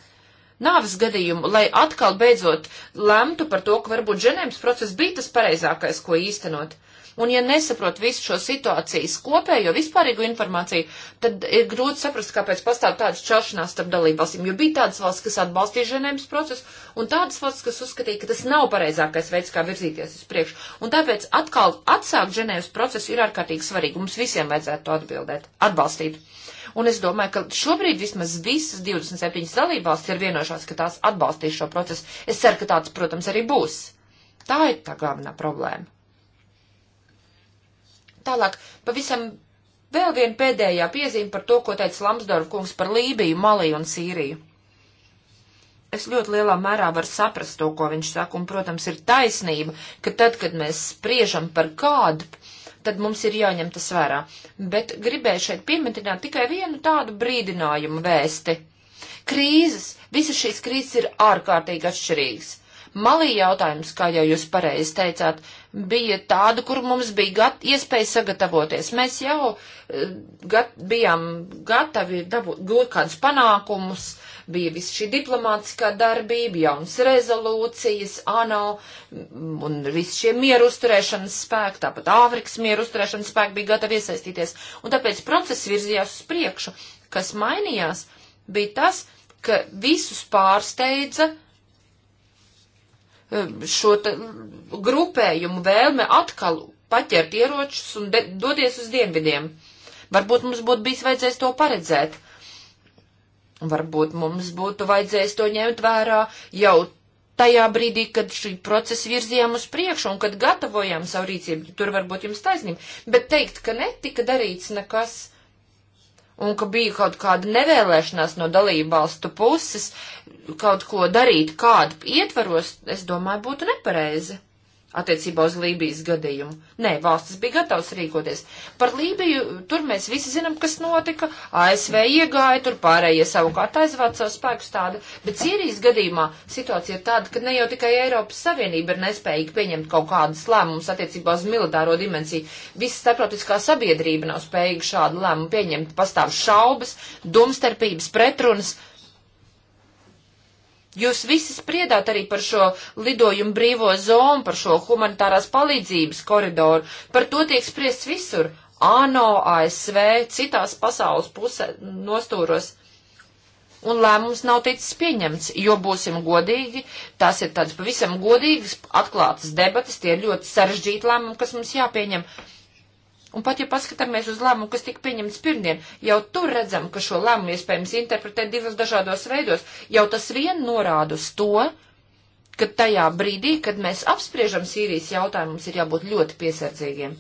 A: nāves gadījumu, lai atkal beidzot lemtu par to, ka varbūt ženēmas process bija tas pareizākais, ko īstenot. Un ja nesaprot visu šo situācijas kopējo vispārīgu informāciju, tad ir grūti saprast, kāpēc pastāv tādas šķelšanās starp dalībvalstīm. Jo bija tādas valsts, kas atbalstīja ženēmas procesu, un tādas valsts, kas uzskatīja, ka tas nav pareizākais veids, kā virzīties uz priekšu. Un tāpēc atkal atsākt ženēmas procesu ir ārkārtīgi svarīgi. Mums visiem vajadzētu to atbildēt, atbalstīt. Un es domāju, ka šobrīd vismaz visas 27 dalībvalstis ir vienojušās, ka tās atbalstīs šo procesu. Es ceru, ka tāds, protams, arī būs. Tā ir tā galvenā problēma. Tālāk, pavisam vēl viena pēdējā piezīme par to, ko teica Lamsdorf kungs par Lībiju, Maliju un Sīriju es ļoti lielā mērā varu saprast to, ko viņš saka, un, protams, ir taisnība, ka tad, kad mēs spriežam par kādu tad mums ir jāņem tas vērā. Bet gribēju šeit pieminēt tikai vienu tādu brīdinājumu vēsti. Krīzes, visas šīs krīzes ir ārkārtīgi atšķirīgas. Malī jautājums, kā jau jūs pareizi teicāt, bija tāda, kur mums bija gat, iespēja sagatavoties. Mēs jau eh, gat, bijām gatavi dabūt gūt kādus panākumus, uh, bija viss šī diplomātiskā darbība, jaunas rezolūcijas, ANO un viss šie mieru uzturēšanas spēki, tāpat Āfrikas mieru uzturēšanas spēki bija gatavi iesaistīties. Un tāpēc process virzījās uz priekšu. Kas mainījās, bija tas, ka visus pārsteidza eh, šo grupējumu vēlme atkal paķert ieročus un doties uz dienvidiem. Varbūt mums būtu bijis vajadzējis to paredzēt. Uh, Varbūt mums būtu vajadzējis to ņemt vērā jau tajā brīdī, kad šī procesa virzījām uz priekšu un kad gatavojām savu rīcību. Tur varbūt jums taisnība. Bet teikt, ka netika darīts nekas un ka bija kaut kāda nevēlēšanās no dalībvalstu puses kaut ko darīt kādu ietvaros, es domāju, būtu nepareizi attiecībā uz Lībijas gadījumu. Nē, valstis bija gatavs rīkoties. Par Lībiju tur mēs visi zinām, kas notika. ASV iegāja, tur pārējie savukārt aizvāca savus spēkus tādu. Bet Sīrijas gadījumā situācija ir tāda, ka ne jau tikai Eiropas Savienība ir nespējīga pieņemt kaut kādas lēmumus attiecībā uz militāro dimensiju. Visa starptautiskā sabiedrība nav spējīga šādu lēmumu pieņemt. Pastāv šaubas, domstarpības, pretrunas. Jūs visi spriedāt arī par šo lidojumu brīvo zonu, par šo humanitārās palīdzības koridoru. Par to tiek spriests visur. ANO, ASV, citās pasaules pusē nostūros. Un lēmums nav ticis pieņemts, jo būsim godīgi, tās ir tādas pavisam godīgas, atklātas debatas, tie ir ļoti sarežģīti lēmumi, kas mums jāpieņem. Uh, Un pat ja paskatāmies uz lēmumu, kas tika pieņemts pirmdien, jau tur redzam, ka šo lēmumu iespējams interpretēt divos dažādos veidos. Jau tas vien norāda uz to, ka tajā brīdī, kad mēs apspriežam Sīrijas jautājumu, mums ir jābūt ļoti piesardzīgiem.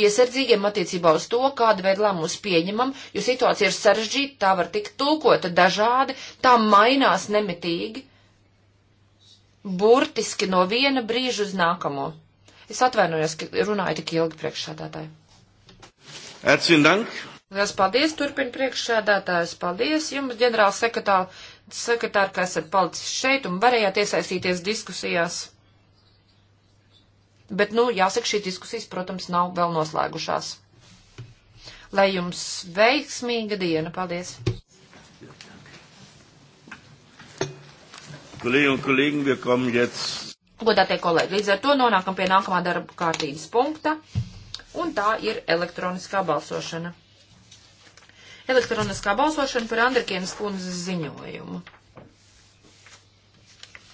A: Piesardzīgiem attiecībā uz to, kādu veidu lēmumus pieņemam, jo situācija ir sarežģīta, tā var tikt tulkota dažādi, tā mainās nemitīgi, burtiski no viena brīža uz nākamo. Es atvainojos, ka runāju tik ilgi priekšsādātāju. Herzlichen Dank! Liels paldies, turpina priekšsēdētājs. Paldies jums, ģenerāls sekretārs, sekretār, ka esat palicis šeit un varējāt iesaistīties diskusijās. Bet, nu, jāsaka, šīs diskusijas, protams, nav vēl noslēgušās. Lai jums veiksmīga diena. Paldies!
C: Kolēģi un kolēģi, wir kommen jetzt.
A: Godātie kolēģi, līdz ar to nonākam pie nākamā darba kārtības punkta un tā ir elektroniskā balsošana. Elektroniskā balsošana par Andrikienas kundzes ziņojumu.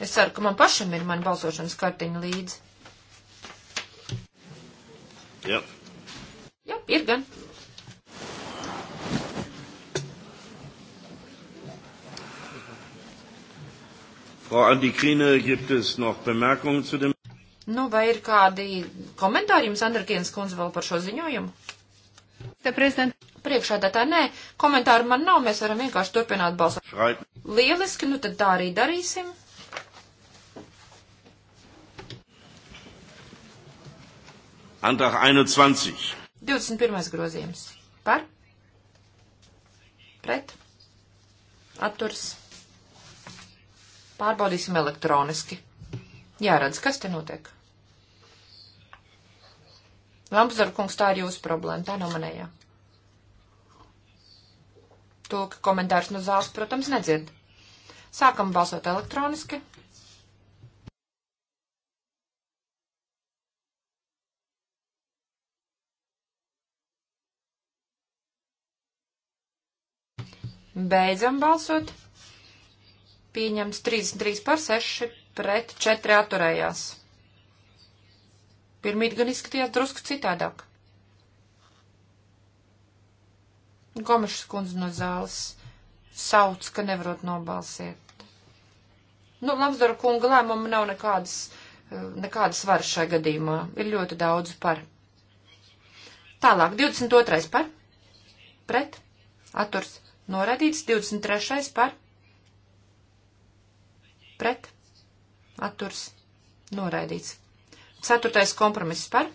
A: Es ceru, ka man pašam ir mana balsošanas kartiņa līdzi. Jā. Jā, ir gan.
B: Frau Andikrine, gibt es noch Bemerkungen zu dem?
A: Nu, vai ir kādi komentāri jums, Andrikienas kundze, vēl par šo ziņojumu? Te prezident. Priekšādātā nē, komentāru man nav, mēs varam vienkārši turpināt balsot. Right. Lieliski, nu tad tā arī darīsim.
C: Antrag 21.
A: 21. grozījums. Par? Pret? Atturs? Pārbaudīsim elektroniski jāredz, kas te notiek. Lambsdorf kungs, tā ir jūsu problēma, tā nav manējā. To, ka komentārs no zāles, protams, nedzird. Sākam balsot elektroniski. Beidzam balsot. Pieņemts 33 par 6 pret 4 atturējās. Pirmīt gan izskatījās drusku citādāk. Gomešas kundze no zāles sauc, ka nevarot nobalsiet. Nu, Lamsdora kunga lēmuma nav nekādas, nekādas varas šai gadījumā. Ir ļoti daudz par. Tālāk, 22. par. Pret. Aturs. Noradīts. 23. par. Pret atturs noraidīts. Ceturtais kompromiss par,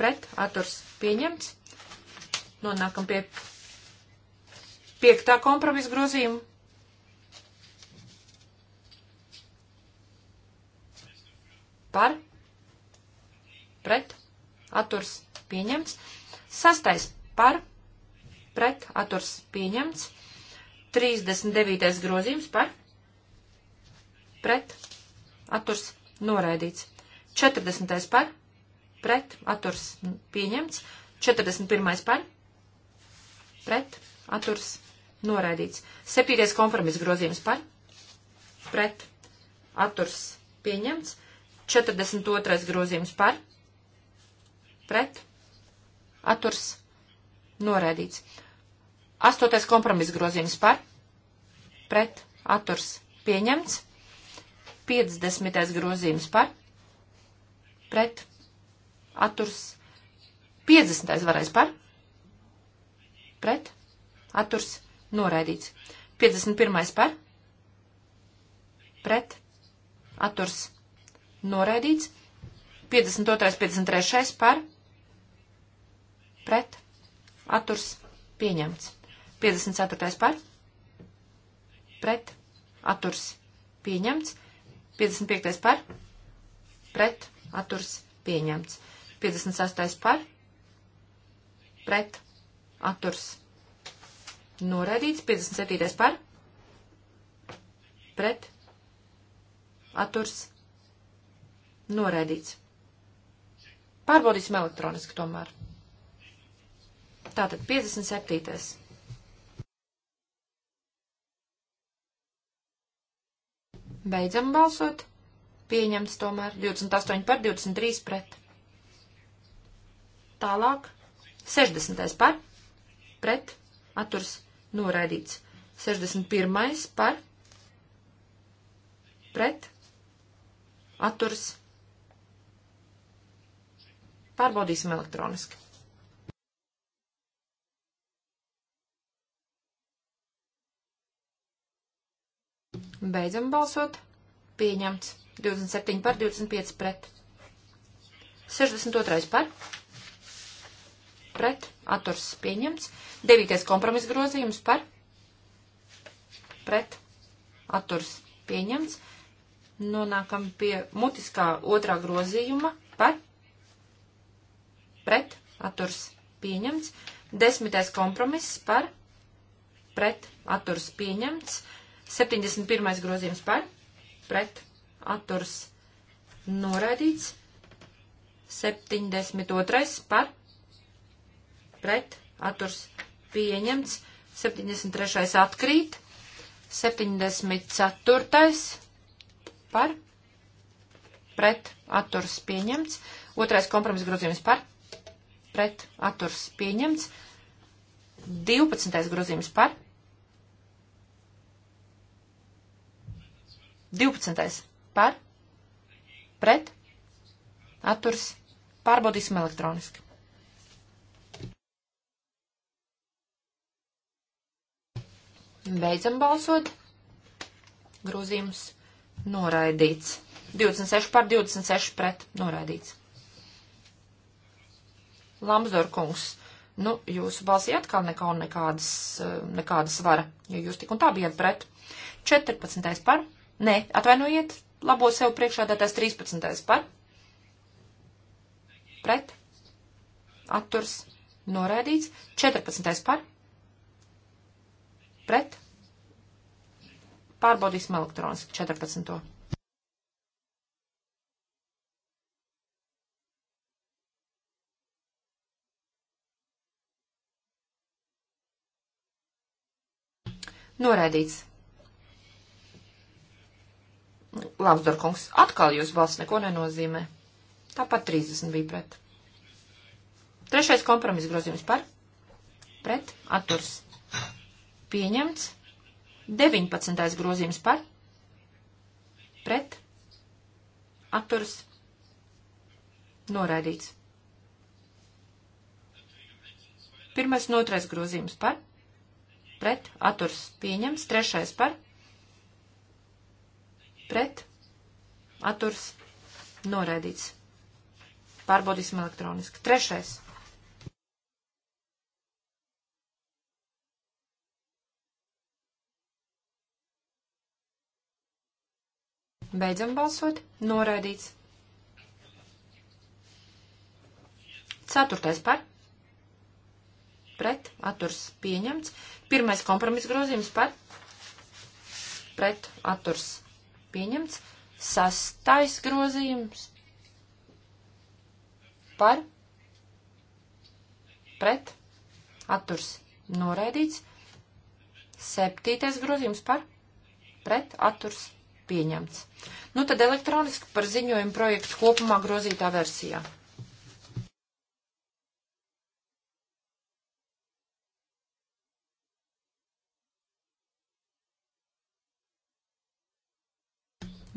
A: pret, atturs pieņemts. Nonākam pie piektā kompromisa grozījuma. Par, pret, atturs pieņemts. Sastais par, pret, atturs pieņemts. 39. grozījums par, pret, atturs noraidīts. 40. par, pret, atturs pieņemts. 41. par, pret, atturs noraidīts. 7. kompromis grozījums par, pret, atturs pieņemts. 42. grozījums par, pret, atturs noraidīts. 8. kompromis grozījums par, pret, atturs pieņemts. 50. grozījums par, pret, atturs, 50. varēs par, pret, atturs, noraidīts. 51. par, pret, atturs, noraidīts. 52. 53. par, pret, atturs, pieņemts. 54. par, pret, atturs, pieņemts. 55. par, pret, atturs, pieņemts. 56. par, pret, atturs, noraidīts. 57. par, pret, atturs, noraidīts. Pārbaudīsim elektroniski tomēr. Tātad 57. Beidzam balsot. Pieņemts tomēr 28 par 23 pret. Tālāk 60. par pret atturs noraidīts. 61. par pret atturs. Pārbaudīsim elektroniski. Beidzam balsot. Pieņemts. 27 par, 25 pret. 62 par. Pret. Atturs pieņemts. 9. kompromis grozījums par. Pret. Atturs pieņemts. Nonākam pie mutiskā otrā grozījuma par. Pret. Atturs pieņemts. 10. kompromiss par. Pret. Atturs pieņemts. 71. grozījums par, pret, atturs noraidīts. 72. par, pret, atturs pieņemts. 73. atkrīt. 74. par, pret, atturs pieņemts. Otrais kompromiss grozījums par, pret, atturs pieņemts. 12. grozījums par, 12. par, pret, atturs, pārbaudīsim elektroniski. Beidzam balsot. Grūzījums noraidīts. 26 par 26 pret noraidīts. Lamsdor kungs, nu, jūsu balsī atkal nekā nekādas, eh, nekādas vara, jo jūs tik un tā bijat pret. 14 par Nē, atvainojiet, labo sev priekšā datās 13. par. Pret. Atturs. Noraidīts. 14. par. Pret. Pārbaudīsim elektroniski 14. Noraidīts. Lamsdorkungs, atkal jūs balss neko nenozīmē. Tāpat 30 bija pret. Trešais kompromiss grozījums par. Pret. Atturs. Pieņemts. 19. grozījums par. Pret. Atturs. Noraidīts. Pirmais un otrais grozījums par. Pret. Atturs. Pieņemts. Trešais par pret, atturs, noraidīts. Pārbaudīsim elektroniski. Trešais. Beidzam balsot. Noraidīts. Ceturtais par. Pret. Atturs pieņemts. Pirmais kompromiss grozījums par. Pret. Atturs pieņemts. Sastais grozījums par pret atturs noraidīts. Septītais grozījums par pret atturs pieņemts. Nu tad elektroniski par ziņojumu projektu kopumā grozītā versijā.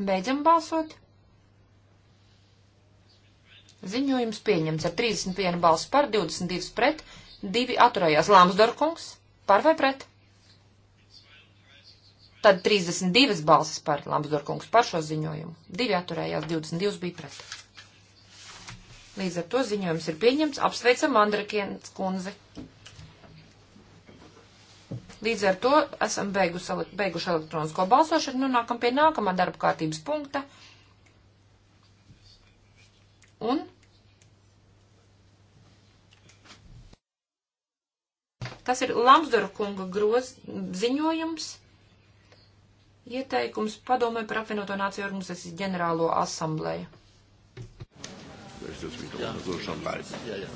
A: Beidzam balsot. Ziņojums pieņemts ar 31 balsu par, 22 pret, 2 atturējās Lāmsdorkungs, par vai pret? Tad 32 balsis par Lāmsdorkungs par šo ziņojumu, 2 atturējās, 22 bija pret. Līdz ar to ziņojums ir pieņemts, apsveicam Andrekienas kundzi. Līdz ar to esam beigus, beiguši elektronisko balsošanu, nu nākam pie nākamā darba kārtības punkta. Un tas ir Lamsdoru kunga groz ziņojums, ieteikums padomē par apvienoto nāciju organizācijas ģenerālo asambleju.
C: Ja. Ja, ja.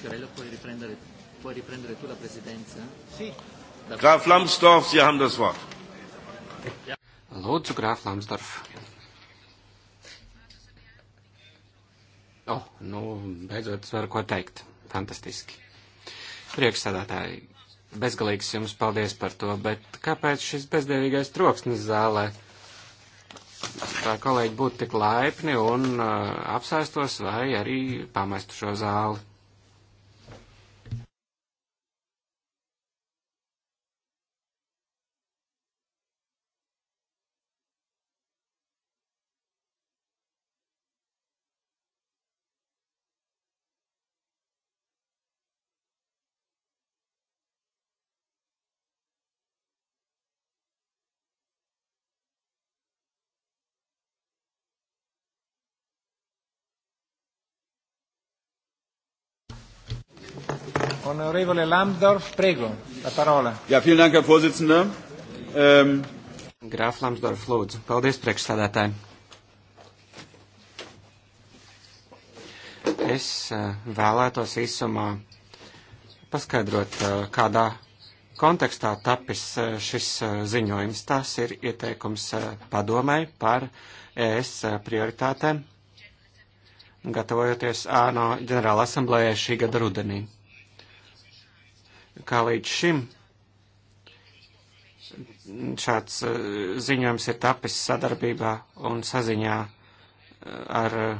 C: Fiorello, puoi riprendere, puoi riprendere tu la presidenza? Sì. Graf Lambsdorff, Sie haben das Wort. Lūdzu, Graf Lambsdorff. Oh, nu, beidzot, es varu ko teikt. Fantastiski. Priekšsēdētāji, bezgalīgs jums paldies par to, bet kāpēc šis bezdevīgais troksnis zālē? Tā kolēģi būtu tik laipni un uh, apsēstos vai arī pamestu šo zāli.
B: Onorevole Lambdorf, prego, la parola.
C: Jā, vielen dank, Herr Vorsitzender. Um... Ähm, Grāf Lambsdorf, lūdzu. Paldies, priekšsādātāji. Es eh, vēlētos īsumā paskaidrot, eh, kādā kontekstā tapis eh, šis ziņojums. Tas ir ieteikums padomai par ES prioritātēm, gatavojoties ANO ģenerāla asamblējai šī gada rudenī kā līdz šim. Šāds eh, ziņojums ir tapis sadarbībā un saziņā eh, ar eh,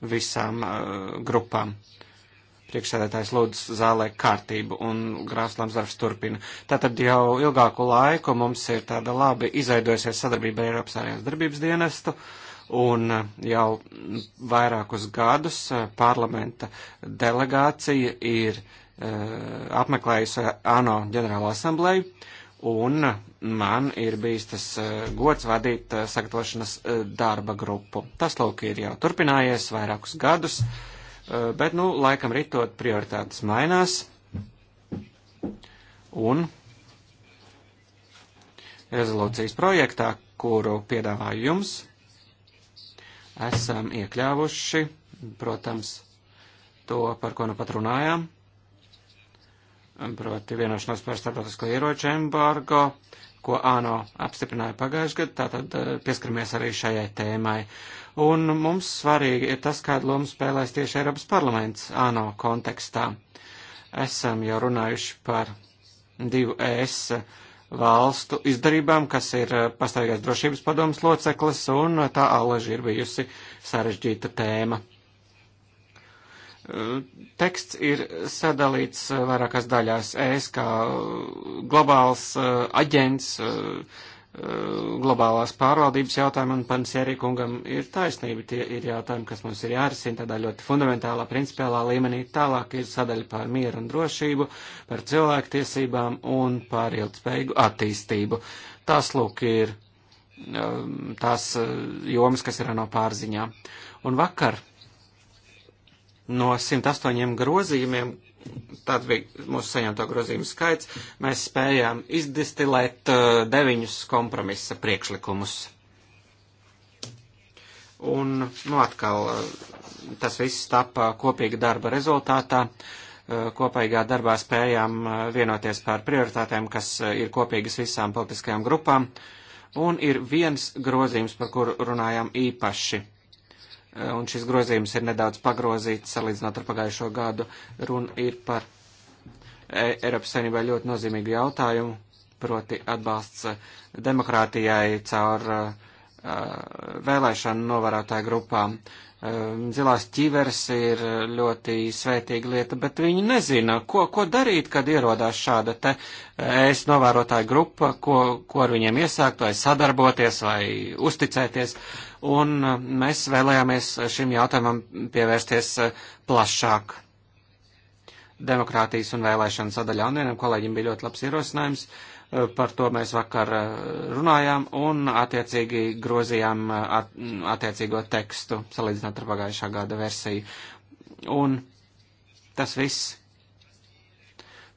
C: visām grupām. Priekšsēdētājs lūdz zālē kārtību un Grāslams darbs turpina. Tātad jau ilgāku laiku mums ir tāda labi izveidojusies sadarbība ar Eiropas ārējās darbības dienestu un jau vairākus gadus parlamenta delegācija ir Eh, apmeklējusi eh, ANO ģenerālo asambleju, un man ir bijis tas eh, gods vadīt sagatavošanas darba grupu. Tas, lūk, ir jau turpinājies vairākus gadus, bet, nu, laikam ritot prioritātes mainās, un rezolūcijas projektā, kuru piedāvāju jums, esam iekļāvuši, protams, to, par ko nu pat runājām proti vienošanos par starptautisko ieroču embargo, ko ANO apstiprināja pagājušajā gadā, tātad eh, pieskaramies arī šajai tēmai. Un mums svarīgi ir tas, kādu lomu spēlēs tieši Eiropas parlaments ANO kontekstā. Esam jau runājuši par divu ES valstu izdarībām, kas ir eh, pastāvīgās drošības padomas loceklis, un tā alaži ir bijusi sarežģīta tēma. Teksts ir sadalīts eh, vairākās daļās. Es kā eh, globāls eh, aģents globālās pārvaldības jautājumu, un pan Sierikungam ir taisnība, tie ir jautājumi, kas mums ir jārisina tādā ļoti fundamentālā, principiālā līmenī. Tālāk ir sadaļa par mieru un drošību, par cilvēktiesībām un par ilgspējīgu attīstību. Tas, lūk, ir ehm, tās jomas, kas ir no pārziņā. Un vakar no 108 grozījumiem, tāds bija mūsu saņemto grozījumu skaits, mēs spējām izdistilēt uh, deviņus kompromisa priekšlikumus. Un, nu, atkal, uh, tas viss tapa uh, kopīga darba rezultātā. Kopīgā darbā spējām vienoties par prioritātēm, kas ir kopīgas visām politiskajām grupām. Un ir viens grozījums, par kuru runājām īpaši Eh, un šis grozījums ir nedaudz pagrozīts salīdzinot ar pagājušo gadu. Runa ir par eh, Eiropas Savienībā ļoti nozīmīgu jautājumu, proti atbalsts eh, demokrātijai caur vēlēšanu novērotāju grupām. Zilās ķiveres ir ļoti svētīga lieta, bet viņi nezina, ko, ko darīt, kad ierodās šāda te es novērotāju grupa, ko, ko ar viņiem iesākt, vai sadarboties, vai uzticēties. Uh, un uh, mēs vēlējāmies šim jautājumam pievērsties uh, plašāk demokrātijas un vēlēšana sadaļā. Un vienam kolēģim bija ļoti labs ierosinājums, uh, par to mēs vakar runājām un attiecīgi grozījām attiecīgo tekstu, salīdzinot ar pagājušā gada versiju. Un tas viss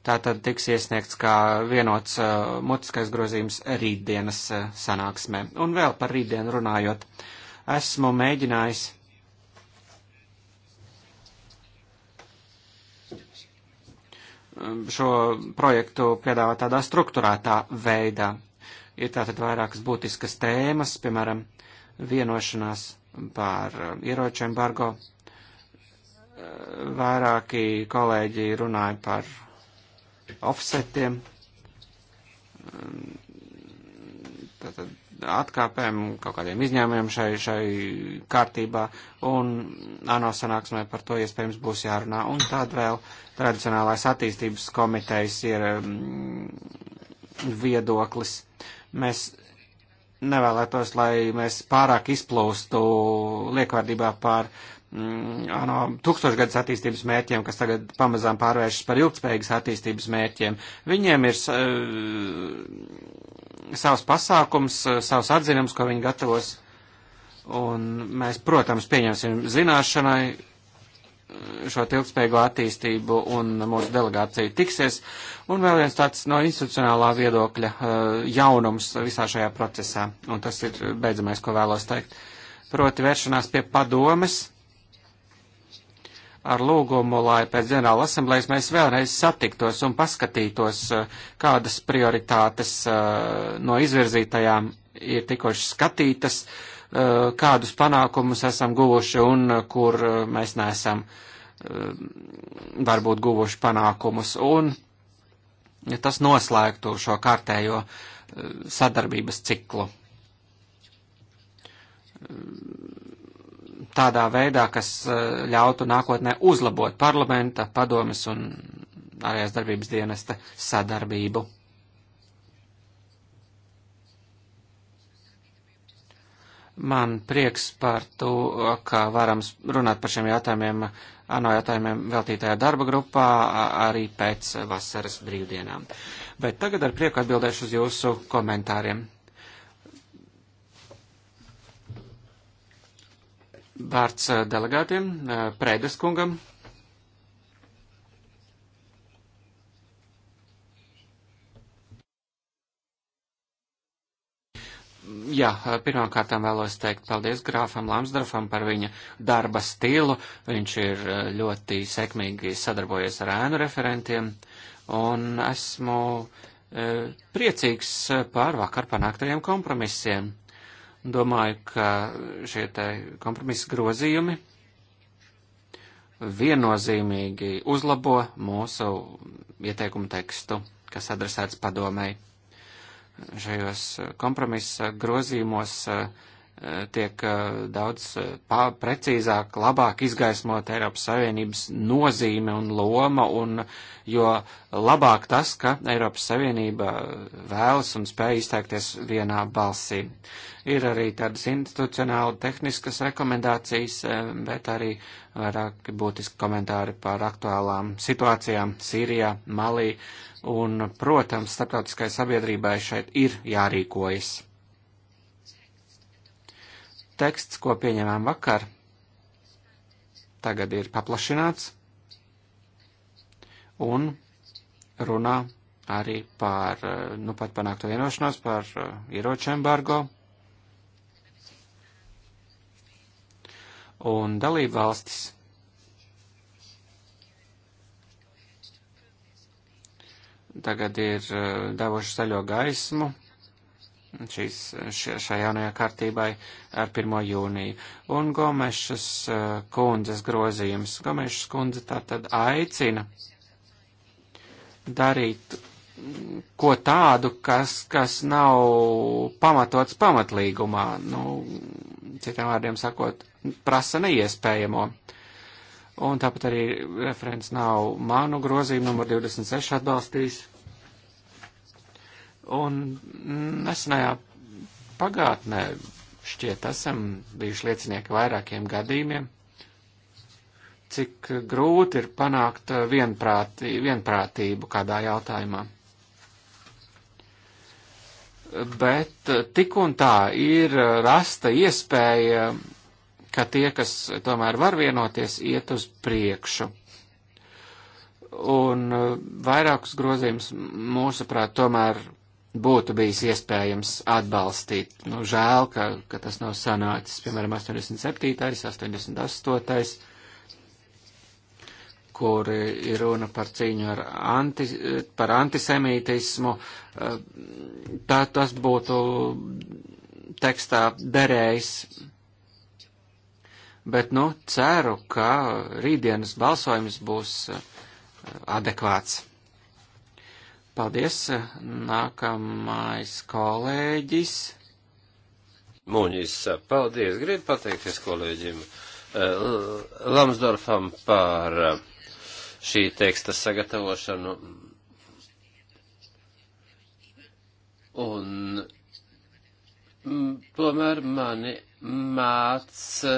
C: Tā tad tiks iesniegts kā vienots uh, mutiskais grozījums rītdienas uh, sanāksmē. Un vēl par rītdienu runājot, esmu mēģinājis šo projektu piedāvāt tādā struktūrētā veidā. Ir tātad vairākas būtiskas tēmas, piemēram, vienošanās par uh, ieroču embargo. Uh, vairāki kolēģi runāja par offsetiem, tātad atkāpēm, kaut kādiem izņēmumiem šai, šai kārtībā, un ANO sanāksmē par to iespējams būs jārunā. Un tad vēl tradicionālais attīstības komitejas ir mm, viedoklis. Mēs nevēlētos, lai mēs pārāk izplūstu liekvārdībā pār Mm, no tūkstošgadus attīstības mērķiem, kas tagad pamazām pārvēršas par ilgspējīgas attīstības mērķiem. Viņiem ir eh, savs pasākums, eh, savs atzinums, ko viņi gatavos. Un mēs, protams, pieņemsim zināšanai eh, šo ilgspējīgo attīstību un mūsu delegācija tiksies. Un vēl viens tāds no institucionālā viedokļa jaunums visā šajā procesā, un tas ir beidzamais, ko vēlos teikt, proti vēršanās pie padomes ar lūgumu, lai pēc ģenerāla asamblejas mēs vēlreiz satiktos un paskatītos, eh, kādas prioritātes eh, no izvirzītajām ir tikuši skatītas, eh, kādus panākumus esam guvuši un kur mēs neesam varbūt guvuši panākumus. Un ja tas noslēgtu šo kārtējo sadarbības ciklu tādā veidā, kas eh, ļautu nākotnē uzlabot parlamenta, padomes un ārējās darbības dienesta sadarbību. Man prieks par to, ka varam runāt par šiem jautājumiem, ANO jautājumiem veltītajā darba grupā, arī pēc vasaras brīvdienām. Bet tagad ar prieku atbildēšu uz jūsu komentāriem. Vārds delegātiem, Prēdes kungam. Jā, pirmkārt vēlos teikt paldies grāfam Lamsdorfam par viņa darba stilu. Viņš ir ļoti sekmīgi sadarbojies ar ēnu referentiem, un esmu priecīgs par vakar panāktajiem kompromisiem. Domāju, ka šie te kompromisa grozījumi viennozīmīgi uzlabo mūsu ieteikumu tekstu, kas adresēts padomēji. Šajos kompromisa grozījumos uh, tiek daudz pā, precīzāk, labāk izgaismot Eiropas Savienības nozīme un loma, un jo labāk tas, ka Eiropas Savienība vēlas un spēj izteikties vienā balsī. Ir arī tādas institucionāli tehniskas rekomendācijas, bet arī vairāk būtiski komentāri par aktuālām situācijām Sīrijā, Malī, un, protams, starptautiskai sabiedrībai šeit ir jārīkojas Teksts, ko pieņemām vakar, tagad ir paplašināts un runā arī par, eh, nu pat panākto vienošanos par eh, ieroču embargo. Un dalību valstis tagad ir eh, devuši zaļo gaismu šīs, šai jaunajā kārtībai ar 1. jūniju. Un Gomešas eh, kundzes grozījums. Gomešas kundze tātad aicina darīt mm, ko tādu, kas, kas nav pamatots pamatlīgumā. Nu, citiem vārdiem sakot, prasa neiespējamo. Un tāpat arī referents nav manu grozījumu numur 26 atbalstījis. Un nesenajā pagātnē šķiet esam bijuši liecinieki vairākiem gadījumiem, cik grūti ir panākt vienprātī, vienprātību kādā jautājumā. Bet tik un tā ir rasta iespēja, ka tie, kas tomēr var vienoties, iet uz priekšu. Un vairākus grozījumus, mūsuprāt, tomēr būtu bijis iespējams atbalstīt. Nu, žēl, ka, ka tas nav sanācis, piemēram, 87., 88., kur ir runa par cīņu ar anti, par antisemītismu. Tā tas būtu tekstā derējis. Bet, nu, ceru, ka rītdienas balsojums būs adekvāts. Paldies. Nākamais kolēģis.
B: Muņis, paldies. Gribu pateikties kolēģim eh, Lamsdorfam par eh, šī teksta sagatavošanu. Un mm, tomēr mani māca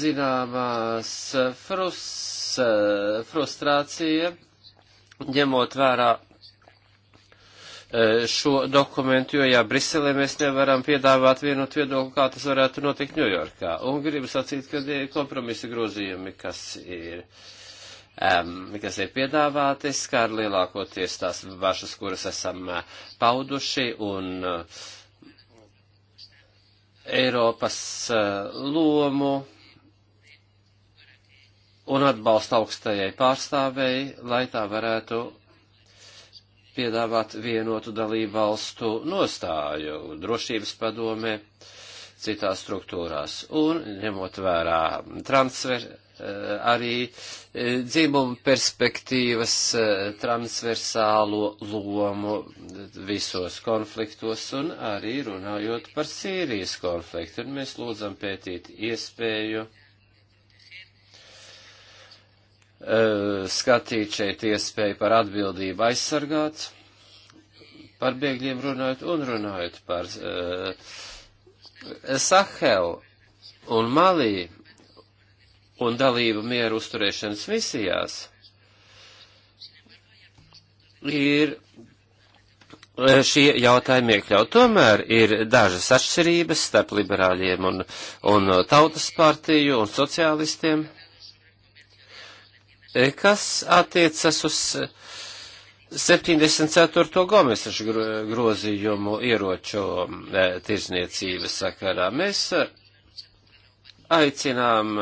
B: zināmās frus, eh, frustrācija ņemot vērā e, šo dokumentu, jo, ja Briselē mēs nevaram piedāvāt vienot viedokli, kā tas varētu notikt Ņujorkā. Un gribu sacīt, ka ir kompromisa grozījumi, kas ir, um, kas ir piedāvāti, skār lielākoties tās vašas, kuras esam e, pauduši, un uh, Eiropas uh, lomu un atbalstu augstajai pārstāvēji, lai tā varētu piedāvāt vienotu dalību valstu nostāju drošības padomē citās struktūrās. Un, ņemot vērā transfer, eh, arī eh, dzimumu perspektīvas eh, transversālo lomu visos konfliktos un arī runājot par Sīrijas konfliktu. Un mēs lūdzam pētīt iespēju Eh, skatīt šeit iespēju par atbildību aizsargāt, par bēgļiem runājot un runājot par uh, eh, Sahelu un Malī un dalību mieru uzturēšanas misijās ir eh, šie jautājumi iekļaut. Tomēr ir dažas atšķirības starp liberāļiem un, un tautas partiju un sociālistiem. E, kas attiecas uz 74. E, gomesašu grozījumu ieroču mm, e, tirzniecības sakarā. Mēs aicinām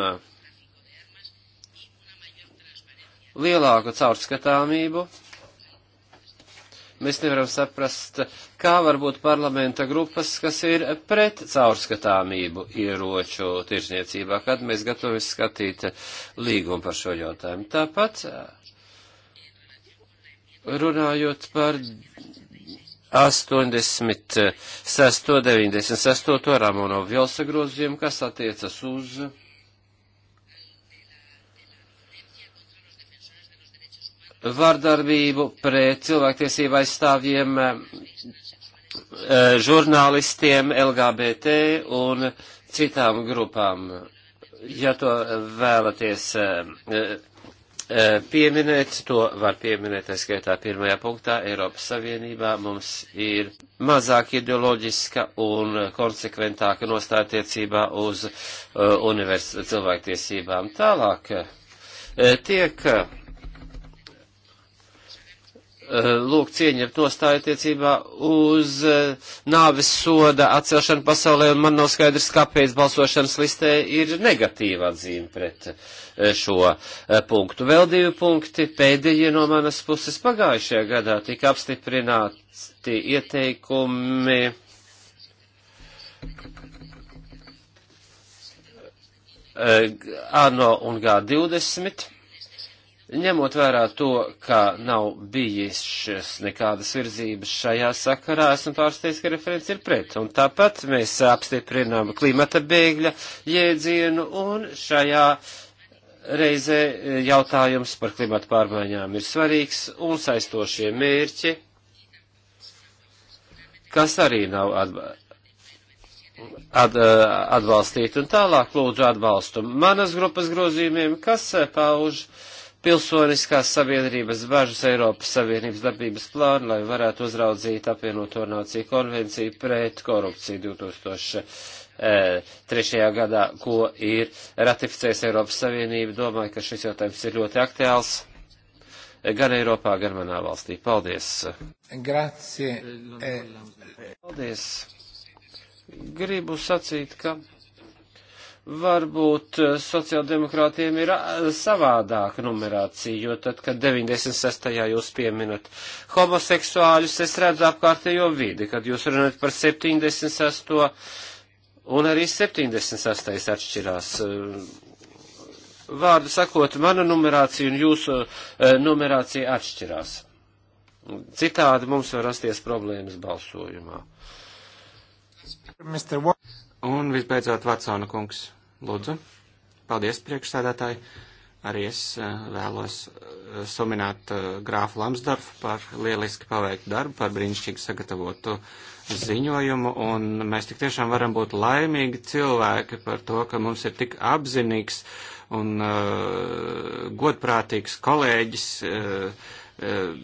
B: lielāku caurskatāmību Mēs nevaram saprast, kā var būt parlamenta grupas, kas ir pret caurskatāmību ieroču tirzniecībā, kad mēs gatavamies skatīt līgumu par šo jautājumu. Tāpat runājot par 86, 98 Ramonovu Vilsa grozījumu, kas attiecas uz vardarbību pret cilvēktiesību aizstāvjiem, eh, žurnālistiem, LGBT un citām grupām. Ja to vēlaties eh, eh, pieminēt, to var pieminēt, es skaitā pirmajā punktā, Eiropas Savienībā mums ir mazāk ideoloģiska un konsekventāka nostātiecībā uz uh, univers cilvēktiesībām. Tālāk tiek Eh, lūgt cieņemt nostāju attiecībā uz eh, nāves soda atcelšanu pasaulē, un man nav skaidrs, kāpēc balsošanas listē ir negatīva atzīme pret eh, šo punktu. Vēl divi punkti pēdējie no manas puses pagājušajā gadā tika apstiprināti ieteikumi. ANO un G20 Ņemot vērā to, ka nav bijušas nekādas virzības šajā sakarā, esmu pārsteigts, ka referents ir pret. Un tāpat mēs apstiprinām klimata bēgļa jēdzienu un šajā reizē e, jautājums par klimata pārmaiņām ir svarīgs un saistošie mērķi, kas arī nav atbalstīts at, e, atbalstīt. Un tālāk lūdzu atbalstu manas grupas grozījumiem, kas e, pauž pilsoniskās sabiedrības bažas Eiropas Savienības darbības plānu, lai varētu uzraudzīt apvienoto nāciju konvenciju pret korupciju 2003. Eh, gadā, ko ir ratificējis Eiropas Savienība. Domāju, ka šis jautājums ir ļoti aktuāls eh, gan Eiropā, gan manā valstī. Paldies! Grazie! Paldies! Gribu sacīt, ka varbūt eh, sociāldemokrātiem ir eh, savādāka numerācija, jo tad, kad 96. jūs pieminat homoseksuāļus, es redzu apkārtējo vidi, kad jūs runājat par 76. un arī 76. atšķirās. Eh, vārdu sakot, mana numerācija un jūsu numerācija atšķirās. Citādi mums var
C: rasties problēmas balsojumā. Un visbeidzot, Vatsona kungs, lūdzu. Paldies, priekšsēdētāji. Arī es eh, vēlos eh, suminēt eh, grāfu Lamsdorfu par lieliski paveiktu darbu, par brīnišķīgi sagatavotu ziņojumu, un mēs tik tiešām varam būt laimīgi cilvēki par to, ka mums ir tik apzinīgs un uh, godprātīgs kolēģis. Uh, uh,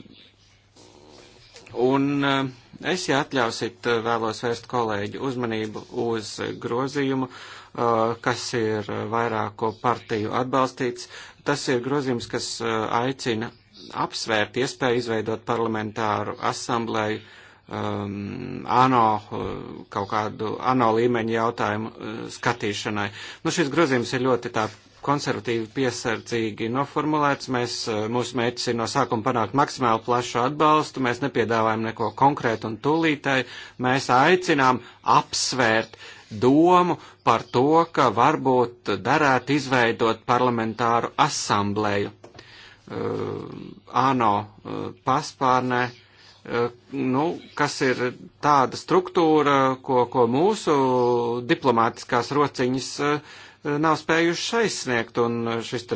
C: un, uh, Es, ja atļausit, eh, vēlos vērst kolēģi uzmanību uz grozījumu, eh, kas ir vairāko partiju atbalstīts. Tas ir grozījums, kas eh, aicina apsvērt iespēju izveidot parlamentāru asamblēju um, ANO kaut kādu ANO līmeņu jautājumu skatīšanai. Nu, šis grozījums ir ļoti tā konservatīvi piesardzīgi noformulēts. Mēs, eh, mūsu mērķis ir no sākuma panākt maksimāli plašu atbalstu, mēs nepiedāvājam neko konkrētu un tūlītēji, mēs aicinām apsvērt domu par to, ka varbūt darētu izveidot parlamentāru asamblēju uh, eh, ANO uh, paspārnē, uh, nu, kas ir tāda struktūra, ko, ko mūsu diplomātiskās rociņas uh, nav spējuši aizsniegt, un šis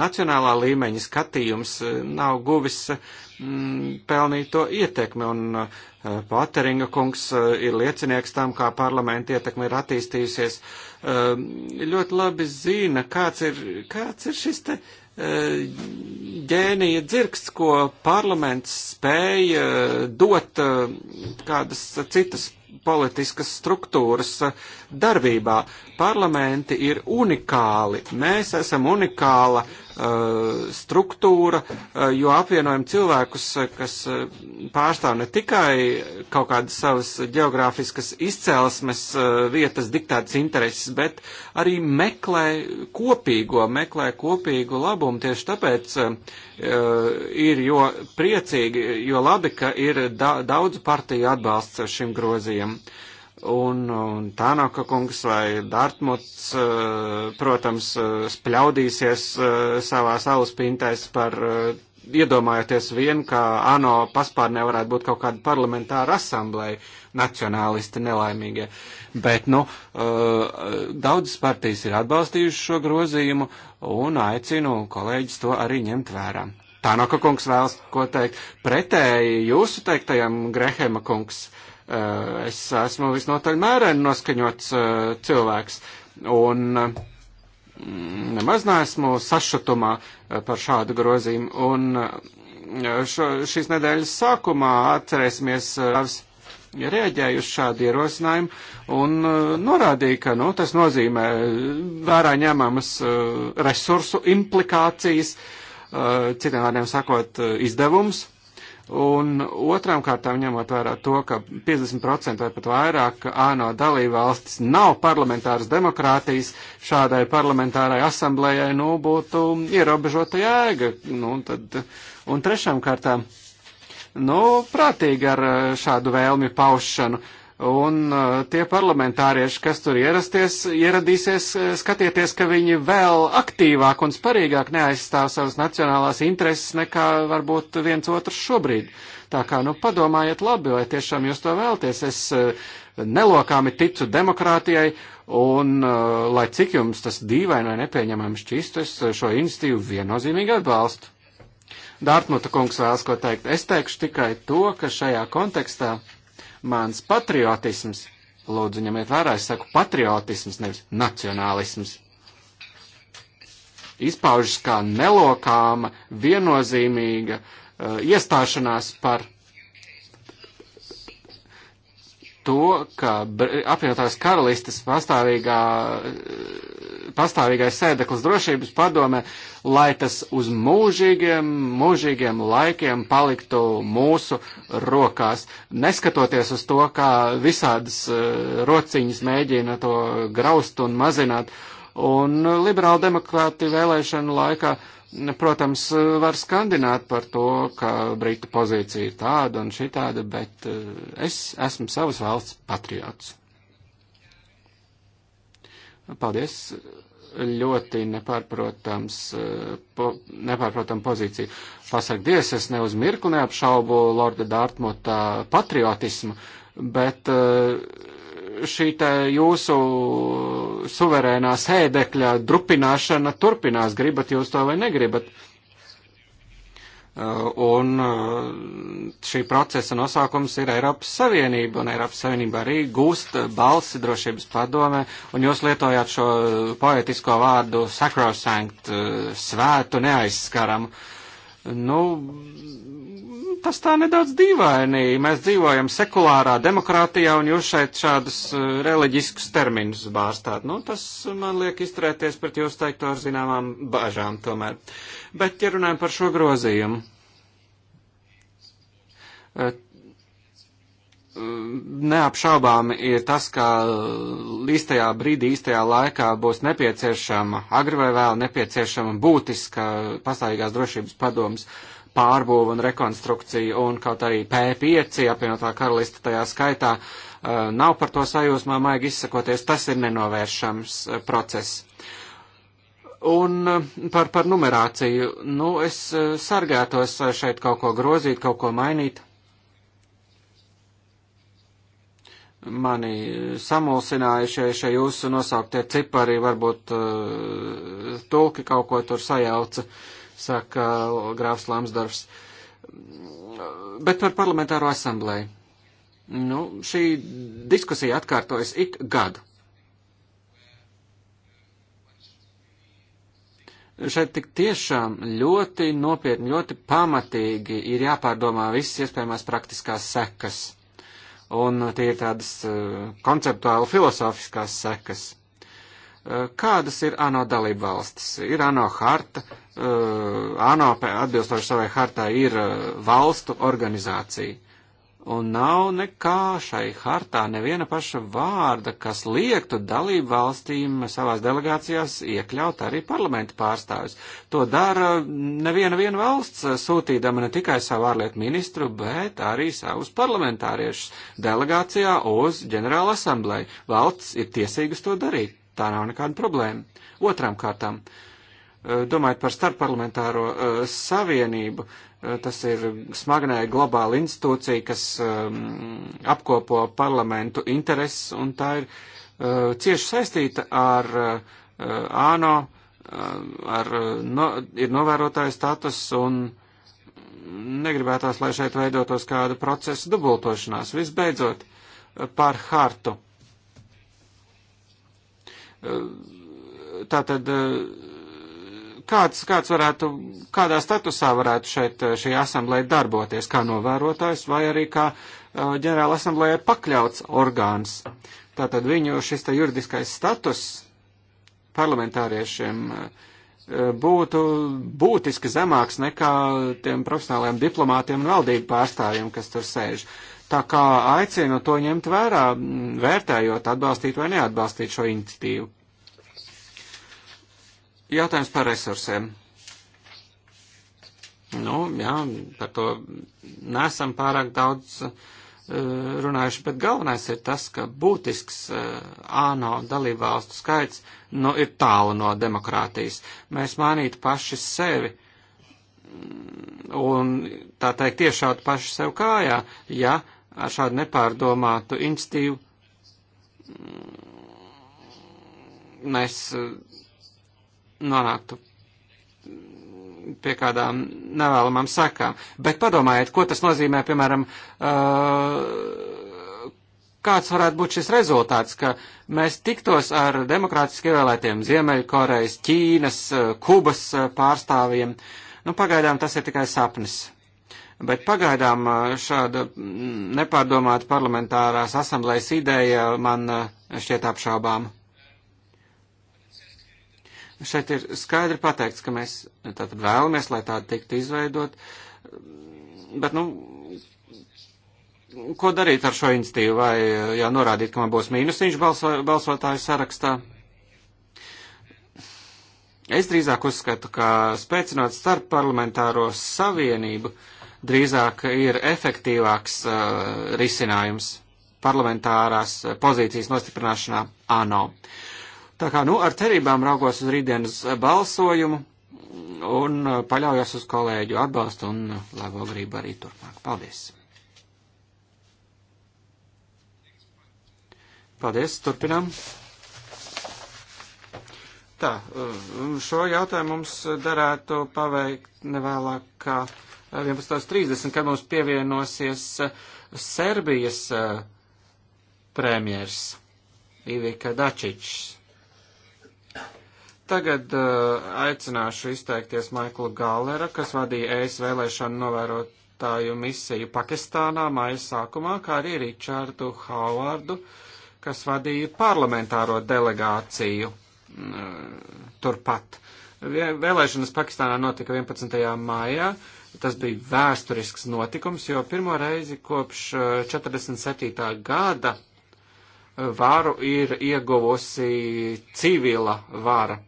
C: nacionālā līmeņa skatījums eh, nav guvis mm, pelnīto ietekmi, un eh, Pāteringa kungs eh, ir liecinieks tam, kā parlamenta ietekme ir attīstījusies. Ļoti labi zina, kāds ir, kāds ir šis te ģēnija dzirksts, ko parlaments spēja dot kādas citas politiskas struktūras eh, darbībā. Parlamenti ir unikāli. Mēs esam unikāla Eh, struktūra, eh, jo apvienojam cilvēkus, eh, kas pārstāv ne tikai kaut kādas savas geogrāfiskas izcelsmes vietas diktētas intereses, bet arī meklē kopīgo, meklē kopīgu labumu. Tieši tāpēc ir jo priecīgi, jo labi, ka ir da daudzu partiju atbalsts šim grozījumam. Un, un Tānaka kungs vai Dārtmuts, eh, protams, eh, spļaudīsies eh, savās auspintēs par iedomājoties vien, ka ANO paspārnē varētu būt kaut kāda parlamentāra asambleja nacionālisti nelaimīgie. Bet, nu, daudzas partijas ir atbalstījušas šo grozījumu un aicinu kolēģis to arī ņemt vērā. Tānaka kungs vēlas ko teikt pretēji jūsu teiktajam Grehema kungs. Uh, Eh, es esmu visnotaļ mērēni noskaņots eh, cilvēks un mm, nemaz neesmu sašutumā eh, par šādu grozījumu. Un šo, šīs nedēļas sākumā atcerēsimies reaģēja uz šādu ierosinājumu un norādīja, ka nu, tas nozīmē vērā ņemamas resursu implikācijas, citiem vārdiem sakot, izdevums. Un otrām kārtām ņemot vērā to, ka 50% vai pat vairāk ANO dalībvalstis nav parlamentāras demokrātijas, šādai parlamentārai asamblējai, nu, būtu ierobežota jēga. Nu, tad, un trešām kārtām, nu, prātīgi ar eh, šādu vēlmi paušanu. Uh, Un uh, tie parlamentārieši, kas tur ierasties, ieradīsies, uh, skatieties, ka viņi vēl aktīvāk un sparīgāk neaizstāv savas nacionālās intereses nekā varbūt viens otrs šobrīd. Tā kā, nu, padomājiet labi, vai tiešām jūs to vēlties. Es uh, nelokāmi ticu demokrātijai, un, lai cik jums tas dīvaini vai nepieņemami šķistu, es šo institīvu viennozīmīgi atbalstu. Dārtmuta kungs vēlas ko teikt. Es teikšu tikai to, ka šajā kontekstā mans patriotisms. Lūdzu, ņemiet vērā, es saku patriotisms, nevis nacionālisms. Izpaužas kā nelokāma, viennozīmīga uh, iestāšanās par to, ka apvienotās karalistes pastāvīgā, pastāvīgais sēdeklis drošības padome, lai tas uz mūžīgiem, mūžīgiem laikiem paliktu mūsu rokās, neskatoties uz to, kā visādas e, rociņas mēģina to graust un mazināt. Un liberāla demokrāti vēlēšanu laikā uh, Nu, protams, eh, var skandināt par to, ka Britu pozīcija ir tāda un šitāda, bet eh, es esmu savas valsts patriots. Paldies! Ļoti nepārprotams, eh, po, nepārprotam pozīcija. Pasakties, es ne uz mirkli neapšaubu Lorda Dārtmuta patriotismu, bet uh, šī jūsu suverēnā sēdekļa drupināšana turpinās, gribat jūs to vai negribat. Uh, un uh, šī procesa nosaukums ir Eiropas Savienība, un Eiropas Savienība arī gūst balsi drošības padomē, un jūs lietojāt šo poetisko vārdu sacrosanct, uh, svētu neaizskaramu. Nu, tas tā nedaudz dīvainī. Mēs dzīvojam sekulārā demokrātijā, un jūs šeit šādus eh, reliģiskus terminus bārstāt. Nu, tas man liek izturēties pret jūs teikto ar zināmām bažām tomēr. Bet, ja runājam par šo grozījumu, eh, neapšaubāmi ir tas, ka īstajā brīdī, īstajā laikā būs nepieciešama, agri vai vēl nepieciešama būtiska pastāvīgās drošības padomas uh, pārbūvu un rekonstrukciju, un kaut arī P5, apvienotā karalista tajā skaitā, eh, nav par to sajūsmā, maigi izsakoties, tas ir nenovēršams eh, process. Un eh, par, par numerāciju, nu, es sargētos šeit kaut ko grozīt, kaut ko mainīt. Mani samulsināja šie, šie jūsu nosauktie cipari, varbūt uh, tulki kaut ko tur sajauca. Uh, saka grāfs Lamsdorfs. Bet par parlamentāro asamblēju. Nu, šī diskusija atkārtojas ik gadu. šeit tik tiešām ļoti nopietni, ļoti pamatīgi ir jāpārdomā visas iespējamās praktiskās sekas. Un tie ir tādas uh, konceptuāli filozofiskās sekas. Uh, kādas ir ANO dalībvalstis? Ir ANO harta, Uh, ANO atbilstoši savai hartai ir uh, valstu organizācija. Un nav nekā šai hartā neviena paša vārda, kas liektu dalību valstīm savās delegācijās iekļaut arī parlamentu pārstāvis. To dara neviena viena valsts, sūtīdama ne tikai savu ārlietu ministru, bet arī savus parlamentāriešus delegācijā uz ģenerāla asamblēju. Valsts ir tiesīgas to darīt. Tā nav nekāda problēma. Otram kārtām. Uh, Eh, domājot par starpparlamentāro eh, savienību, eh, tas ir smagnēja globāla institūcija, kas ehm, apkopo parlamentu intereses, un tā ir cieši saistīta ar ANO, ar, no, ir novērotāja status un negribētās, lai šeit veidotos kāda procesa dubultošanās. Visbeidzot, par hartu. Tātad Kāds, kāds varētu, kādā statusā varētu šeit eh, šī asamblēja darboties, kā novērotājs vai arī kā eh, ģenerāla asamblēja pakļauts orgāns? Tātad viņu šis te juridiskais status parlamentāriešiem eh, būtu būtiski zemāks nekā tiem profesionālajiem diplomātiem un valdību pārstāvjiem, kas tur sēž. Tā kā aicinu to ņemt vērā, vērtējot, atbalstīt vai neatbalstīt šo iniciatīvu. Jautājums par resursiem. Nu, jā, par to nesam pārāk daudz uh, runājuši, bet galvenais ir tas, ka būtisks uh, ANO dalībvalstu skaits nu, ir tālu no demokrātijas. Mēs mānītu paši sevi un tā teikt tiešātu paši sev kājā, ja ar šādu nepārdomātu institīvu mm, mēs eh, nonāktu pie kādām nevēlamām sekām. Bet padomājiet, ko tas nozīmē, piemēram, uh, kāds varētu būt šis rezultāts, ka mēs tiktos ar demokrātiski ievēlētiem Ziemeļkorejas, Ķīnas, uh, Kubas uh, pārstāvjiem. Nu, pagaidām tas ir tikai sapnis. Bet pagaidām šāda mm, nepārdomāta parlamentārās asamblējas ideja man šķiet apšaubāma. Šeit ir skaidri pateikts, ka mēs tātad vēlamies, lai tāda tiktu izveidot, bet, nu, ko darīt ar šo institīvu? Vai eh, jā, norādīt, ka man būs mīnusiņš balso, balsotāju sarakstā? Es drīzāk uzskatu, ka spēcinot starp parlamentāro savienību drīzāk ir efektīvāks uh, risinājums parlamentārās eh, pozīcijas nostiprināšanā ANO. Uh, Tā kā, nu, ar cerībām raugos uz rītdienas balsojumu un uh, paļaujos uz kolēģu atbalstu un uh, labo gribu arī turpmāk. Paldies! Paldies, turpinām. Tā, uh, šo jautājumu mums darētu paveikt nevēlāk kā 11.30, kad mums pievienosies Serbijas premjers Ivika Dačičs. Tagad uh, aicināšu izteikties Maiklu Gālera, kas vadīja ES vēlēšanu novērotāju misiju Pakistānā māja sākumā, kā arī Ričārdu Hauārdu, kas vadīja parlamentāro delegāciju mm, uh, turpat. Vēlēšanas Pakistānā notika 11. maijā. Tas bija vēsturisks notikums, jo pirmo reizi kopš 47. Uh, gada uh, varu ir ieguvusi civila vara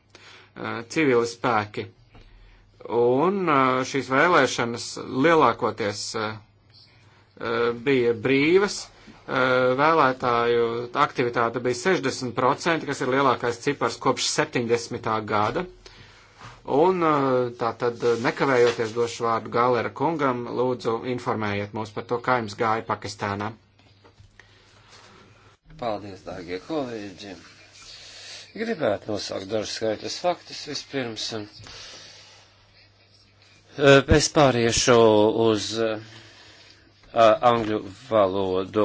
C: Uh, civili spēki. Un uh, šīs vēlēšanas lielākoties uh, bija brīvas, vēlētāju aktivitāte bija 60%, kas ir lielākais cipars kopš 70. gada. Un tā tad nekavējoties došu vārdu Galera kungam, lūdzu informējiet mūs par to, kā jums gāja Pakistānā.
B: Paldies, dārgie kolēģi! Gribētu nosaukt dažus skaitļus faktus vispirms. Eh, es pāriešu uz eh, angļu valodu.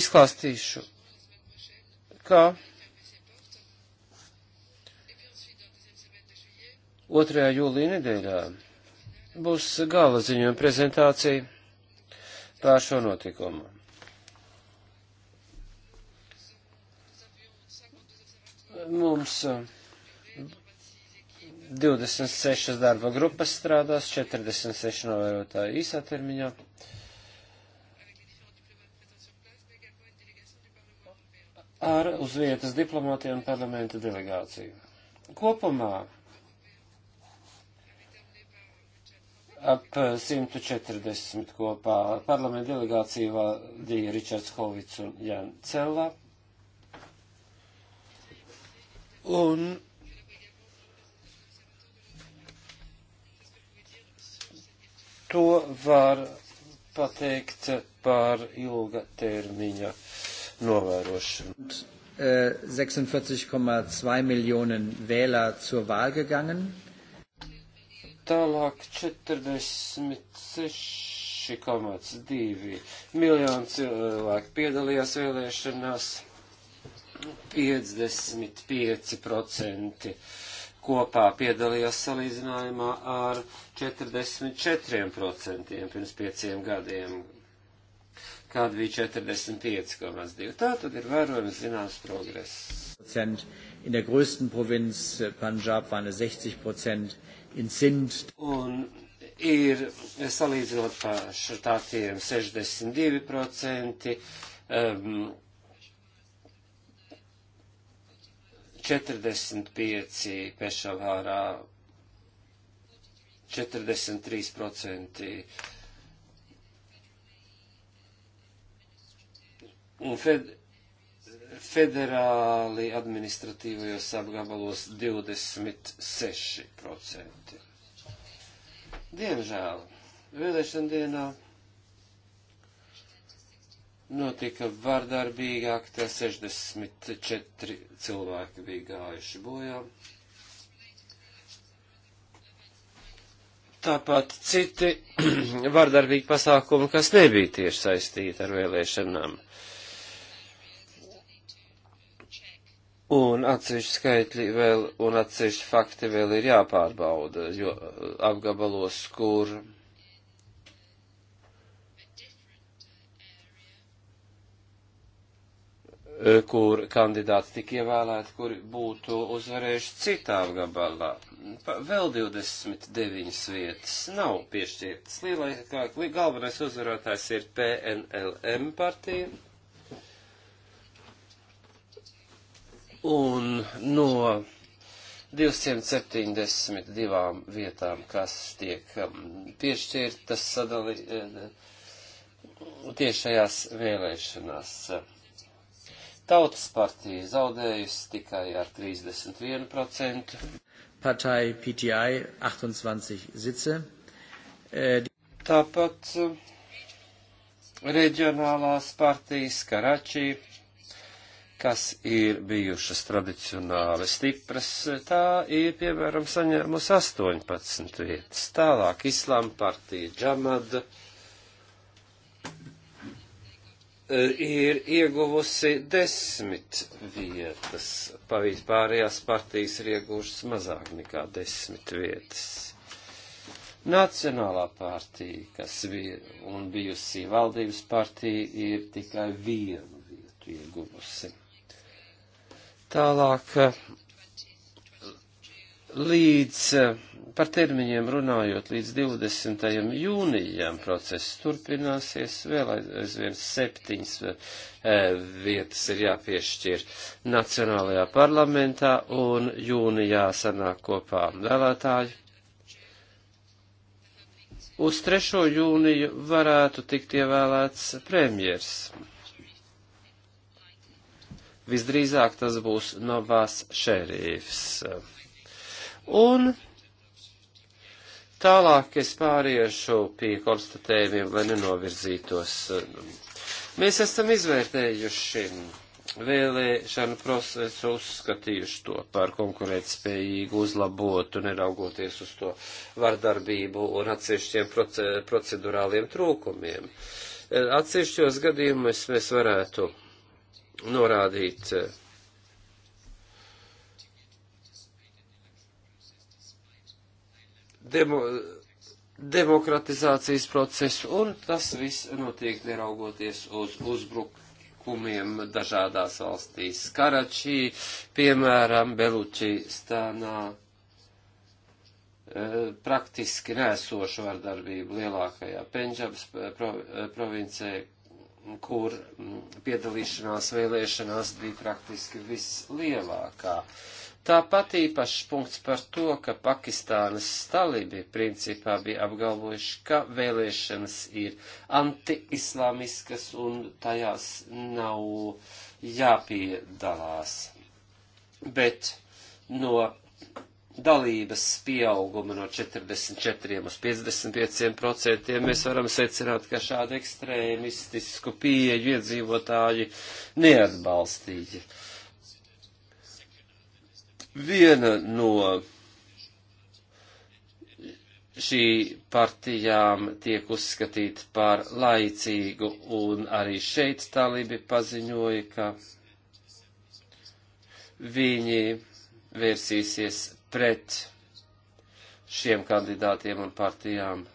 C: Izklāstīšu, kā
B: 2. jūlija nedēļā būs gala ziņojuma prezentācija pār šo notikumu. Mums 26 eh, darba grupas strādās, 46 novērotāji īsā termiņā. ar uz vietas diplomātiem un parlamenta delegāciju. Kopumā ap 140 eh, kopā parlamenta delegācija valdīja Ričards Hovits un Jan Cella. Un to var pateikt par ilga termiņa novērošanu. 46,2 Millionen Wähler zur Wahl gegangen. Tālāk 46,2 miljoni cilvēku piedalījās vēlēšanās, 55% kopā piedalījās salīdzinājumā ar 44% pirms pieciem gadiem, kāda bija 45,2. Tā tad ir vērojams zināms progress. In der größten Provinz Punjab waren es 60 Prozent.
A: Un
B: ir salīdzinot par štatiem 62%, um, 45 Pešavārā, 43% un fed, federāli administratīvajos apgabalos 26%. Diemžēl vēlēšana dienā notika vardarbīgāk, tā 64 cilvēki bija gājuši bojā. Tāpat citi vardarbīgi pasākumi, kas nebija tieši saistīti ar vēlēšanām. Uh, Un atsevišķi skaitļi vēl, un atsevišķi fakti vēl ir jāpārbauda, jo apgabalos, kur kur kandidāts tika ievēlēts, kuri būtu uzvarējuši citā apgabalā. Vēl 29 vietas nav piešķirtas. Lielākā galvenais uzvarētājs ir PNLM partija Un no 272 vietām, kas tiek um, piešķirtas sadali, eh, tiešajās vēlēšanās. Tautas partija zaudējusi tikai ar 31%.
C: Partei PTI 28 sice. Tāpat eh,
B: reģionālās partijas Karačī kas ir bijušas tradicionāli stipras, tā ir, piemēram, saņēmusi 18 vietas. Tālāk Islāma partija Džamada e, ir ieguvusi 10 vietas, pārējās partijas ir ieguvušas mazāk nekā 10 vietas. Nacionālā partija, kas bija un bijusi valdības partija, ir tikai vienu vietu ieguvusi. Tālāk līdz par termiņiem runājot līdz 20. jūnijam process turpināsies, vēl aizvien septiņas eh, vietas ir jāpiešķir Nacionālajā parlamentā un jūnijā sanāk kopā vēlētāji. Uz 3. jūniju varētu tikt ievēlēts premjers. Visdrīzāk tas būs Novās šerīfs. Un tālāk es pāriešu pie konstatējumiem, lai nenovirzītos. Mēs esam izvērtējuši vēlēšanu procesu uzskatījuši to par konkurētspējīgu, uzlabotu, neraugoties uz to vardarbību un atsevišķiem procedurāliem trūkumiem. Atsevišķos gadījumos mēs varētu norādīt eh, demo, demokratizācijas procesu, un tas viss notiek neraugoties uz uzbrukumiem dažādās valstīs. Karačī, piemēram, Belučistānā eh, praktiski nēsošu vardarbību lielākajā Pendžabas eh, provincē, kur mm, piedalīšanās vēlēšanās bija praktiski vislielākā. Tāpat īpašs punkts par to, ka Pakistānas talibi principā bija apgalvojuši, ka vēlēšanas ir anti-islamiskas un tajās nav jāpiedalās. Bet no dalības pieauguma no 44 uz 55 procentiem, mēs varam secināt, ka šādu ekstrēmistisku pieeju iedzīvotāji neatbalstīja. Viena no šī partijām tiek uzskatīta par laicīgu, un arī šeit talibi paziņoja, ka viņi vērsīsies pret šiem kandidātiem un partijām.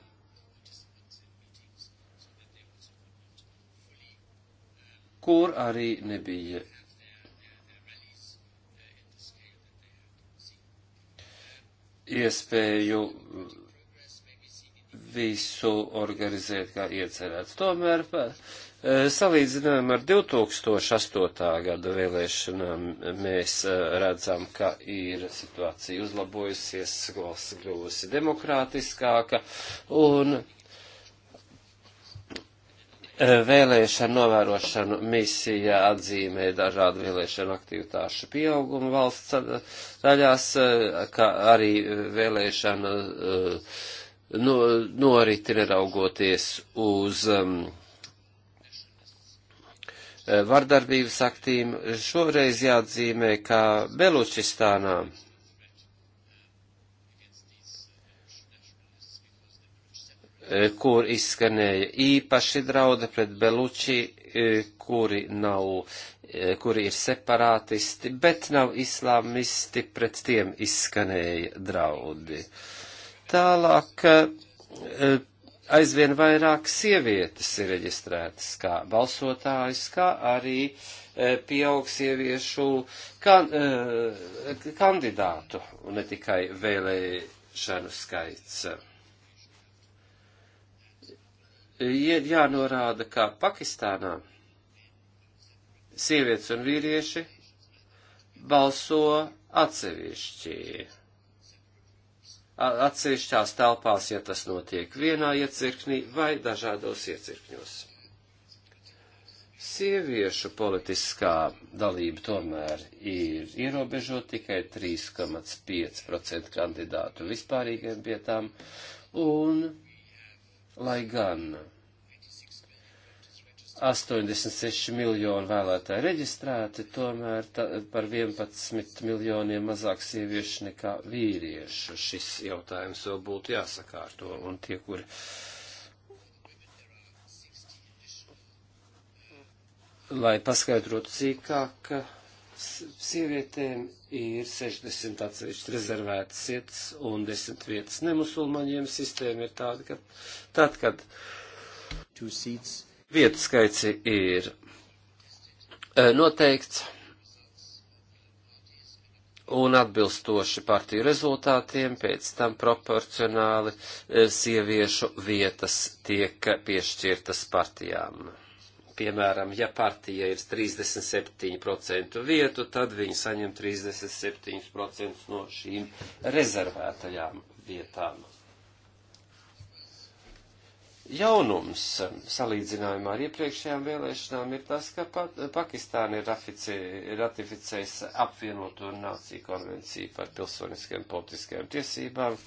B: kur arī nebija. Iespēju visu organizēt kā iecerēts. Tomēr Eh, Salīdzinājumā ar 2008. gada vēlēšanām mēs eh, redzam, ka ir situācija uzlabojusies, valsts kļuvusi demokrātiskāka un eh, vēlēšana novērošanu misija atzīmē dažādu vēlēšanu aktivitāšu pieaugumu valsts daļās, kā arī vēlēšana no, noriti neraugoties uz um, Eh, vardarbības aktīm. Šoreiz jāatzīmē, ka Belučistānā eh, kur izskanēja īpaši drauda pret Beluči, eh, kuri nav, kuri ir separātisti, bet nav islāmisti, pret tiem izskanēja draudi. Tālāk aizvien vairāk sievietes ir reģistrētas kā balsotājs, kā arī e, pieaug sieviešu kan, e, kandidātu, un ne tikai vēlēšanu skaits. Ir jānorāda, ka Pakistānā sievietes un vīrieši balso atsevišķi atsevišķās telpās, ja tas notiek vienā iecirknī vai dažādos iecirkņos. Sieviešu politiskā dalība tomēr ir ierobežota tikai 3,5% kandidātu vispārīgiem vietām, un lai gan 86 miljoni vēlētāji reģistrēti, tomēr ta, par 11 miljoniem mazāk sieviešu nekā vīriešu. Šis jautājums vēl būtu jāsakārto, un tie, kuri. Lai paskaidrotu cīkāk, sievietēm ir 60 atsevišķi rezervētas vietas un 10 vietas nemusulmaņiem. Sistēma ir tāda, ka tad, kad. Two seats Vietu skaits ir eh, noteikts un atbilstoši partiju rezultātiem, pēc tam proporcionāli eh, sieviešu vietas tiek piešķirtas partijām. Piemēram, ja partija ir 37% vietu, tad viņi saņem 37% no šīm rezervētajām vietām jaunums salīdzinājumā ar iepriekšējām vēlēšanām ir tas, ka Pakistāna ir ratificējusi apvienoto nāciju konvenciju par pilsoniskajām politiskajām tiesībām.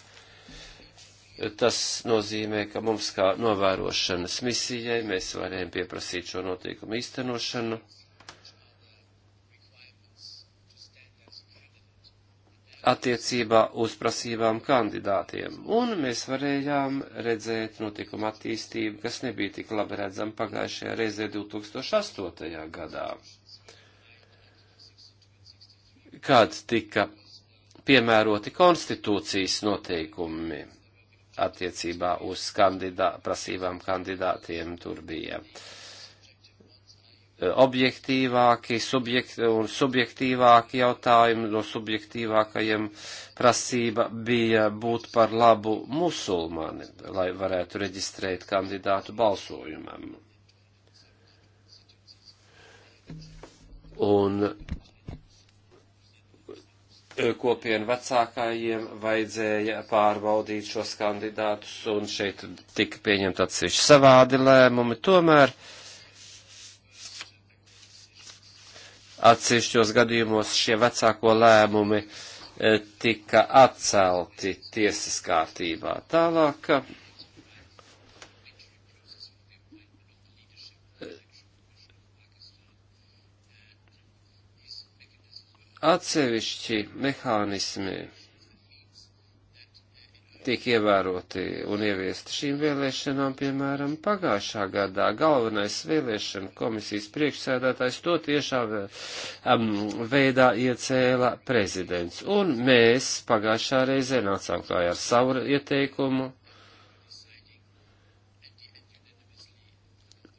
B: Tas nozīmē, ka mums kā novērošanas misijai mēs varējām pieprasīt šo notiekumu īstenošanu attiecībā uz prasībām kandidātiem, un mēs varējām redzēt notikuma attīstību, kas nebija tik labi redzama pagājušajā reizē 2008. gadā, kad tika piemēroti konstitūcijas noteikumi attiecībā uz kandidā, prasībām kandidātiem tur bija. Uh, objektīvāki subjekt, un subjektīvāki jautājumi no subjektīvākajiem prasība bija būt par labu musulmani, lai varētu reģistrēt kandidātu balsojumam. Un e, kopienu vecākajiem vajadzēja pārbaudīt šos kandidātus, un šeit tika pieņemt atsevišķi savādi lēmumi. Tomēr uh, atsevišķos gadījumos šie vecāko lēmumi e, tika atcelti tiesas kārtībā. Tālāk e, atsevišķi mehānismi tiek ievēroti un ieviesti šīm vēlēšanām, piemēram, pagājušā gadā galvenais vēlēšana komisijas priekšsēdētājs to tiešā veidā iecēla prezidents. Un mēs pagājušā reizē nācām klājā ar savu ieteikumu,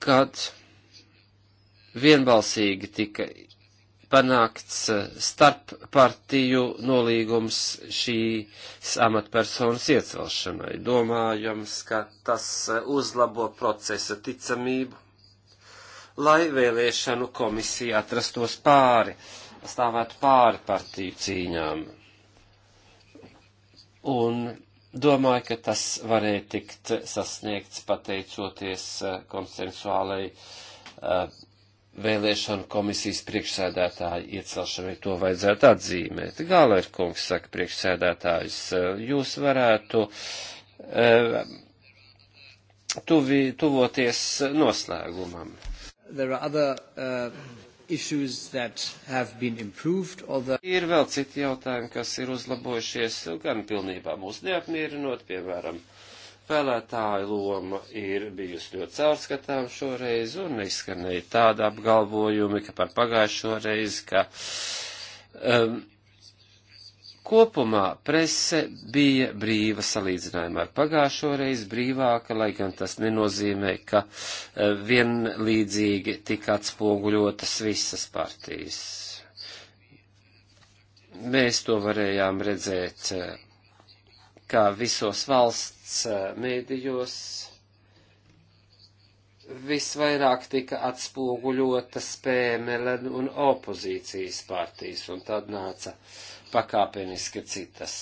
B: kad vienbalsīgi tika panākts eh, starp partiju nolīgums šīs amatpersonas iecelšanai. Domājams, ka tas eh, uzlabo procesa ticamību, lai vēlēšanu komisija atrastos pāri, stāvētu pāri partiju cīņām. Un domāju, ka tas varēja tikt sasniegts pateicoties eh, konsensuālai uh, vēlēšanu komisijas priekšsēdētāju iecelšanai to vajadzētu atzīmēt. Gālēr kungs saka priekšsēdētājs, eh, jūs varētu eh, tuvi, tuvoties noslēgumam.
C: Other, eh, uh, the...
B: Ir vēl citi jautājumi, kas ir uzlabojušies gan pilnībā mūs neapmierinot, piemēram, uh, spēlētāju loma ir bijusi ļoti caurskatām šoreiz, un izskanēja tāda apgalvojumi, ka par pagājušo reizi, ka um, kopumā prese bija brīva salīdzinājumā ar pagājušo reizi brīvāka, lai gan tas nenozīmē, ka uh, vienlīdzīgi tika atspoguļotas visas partijas. Mēs to varējām redzēt uh, kā visos valsts eh, mēdījos visvairāk tika atspoguļotas PMLN un opozīcijas partijas, un tad nāca pakāpeniski citas.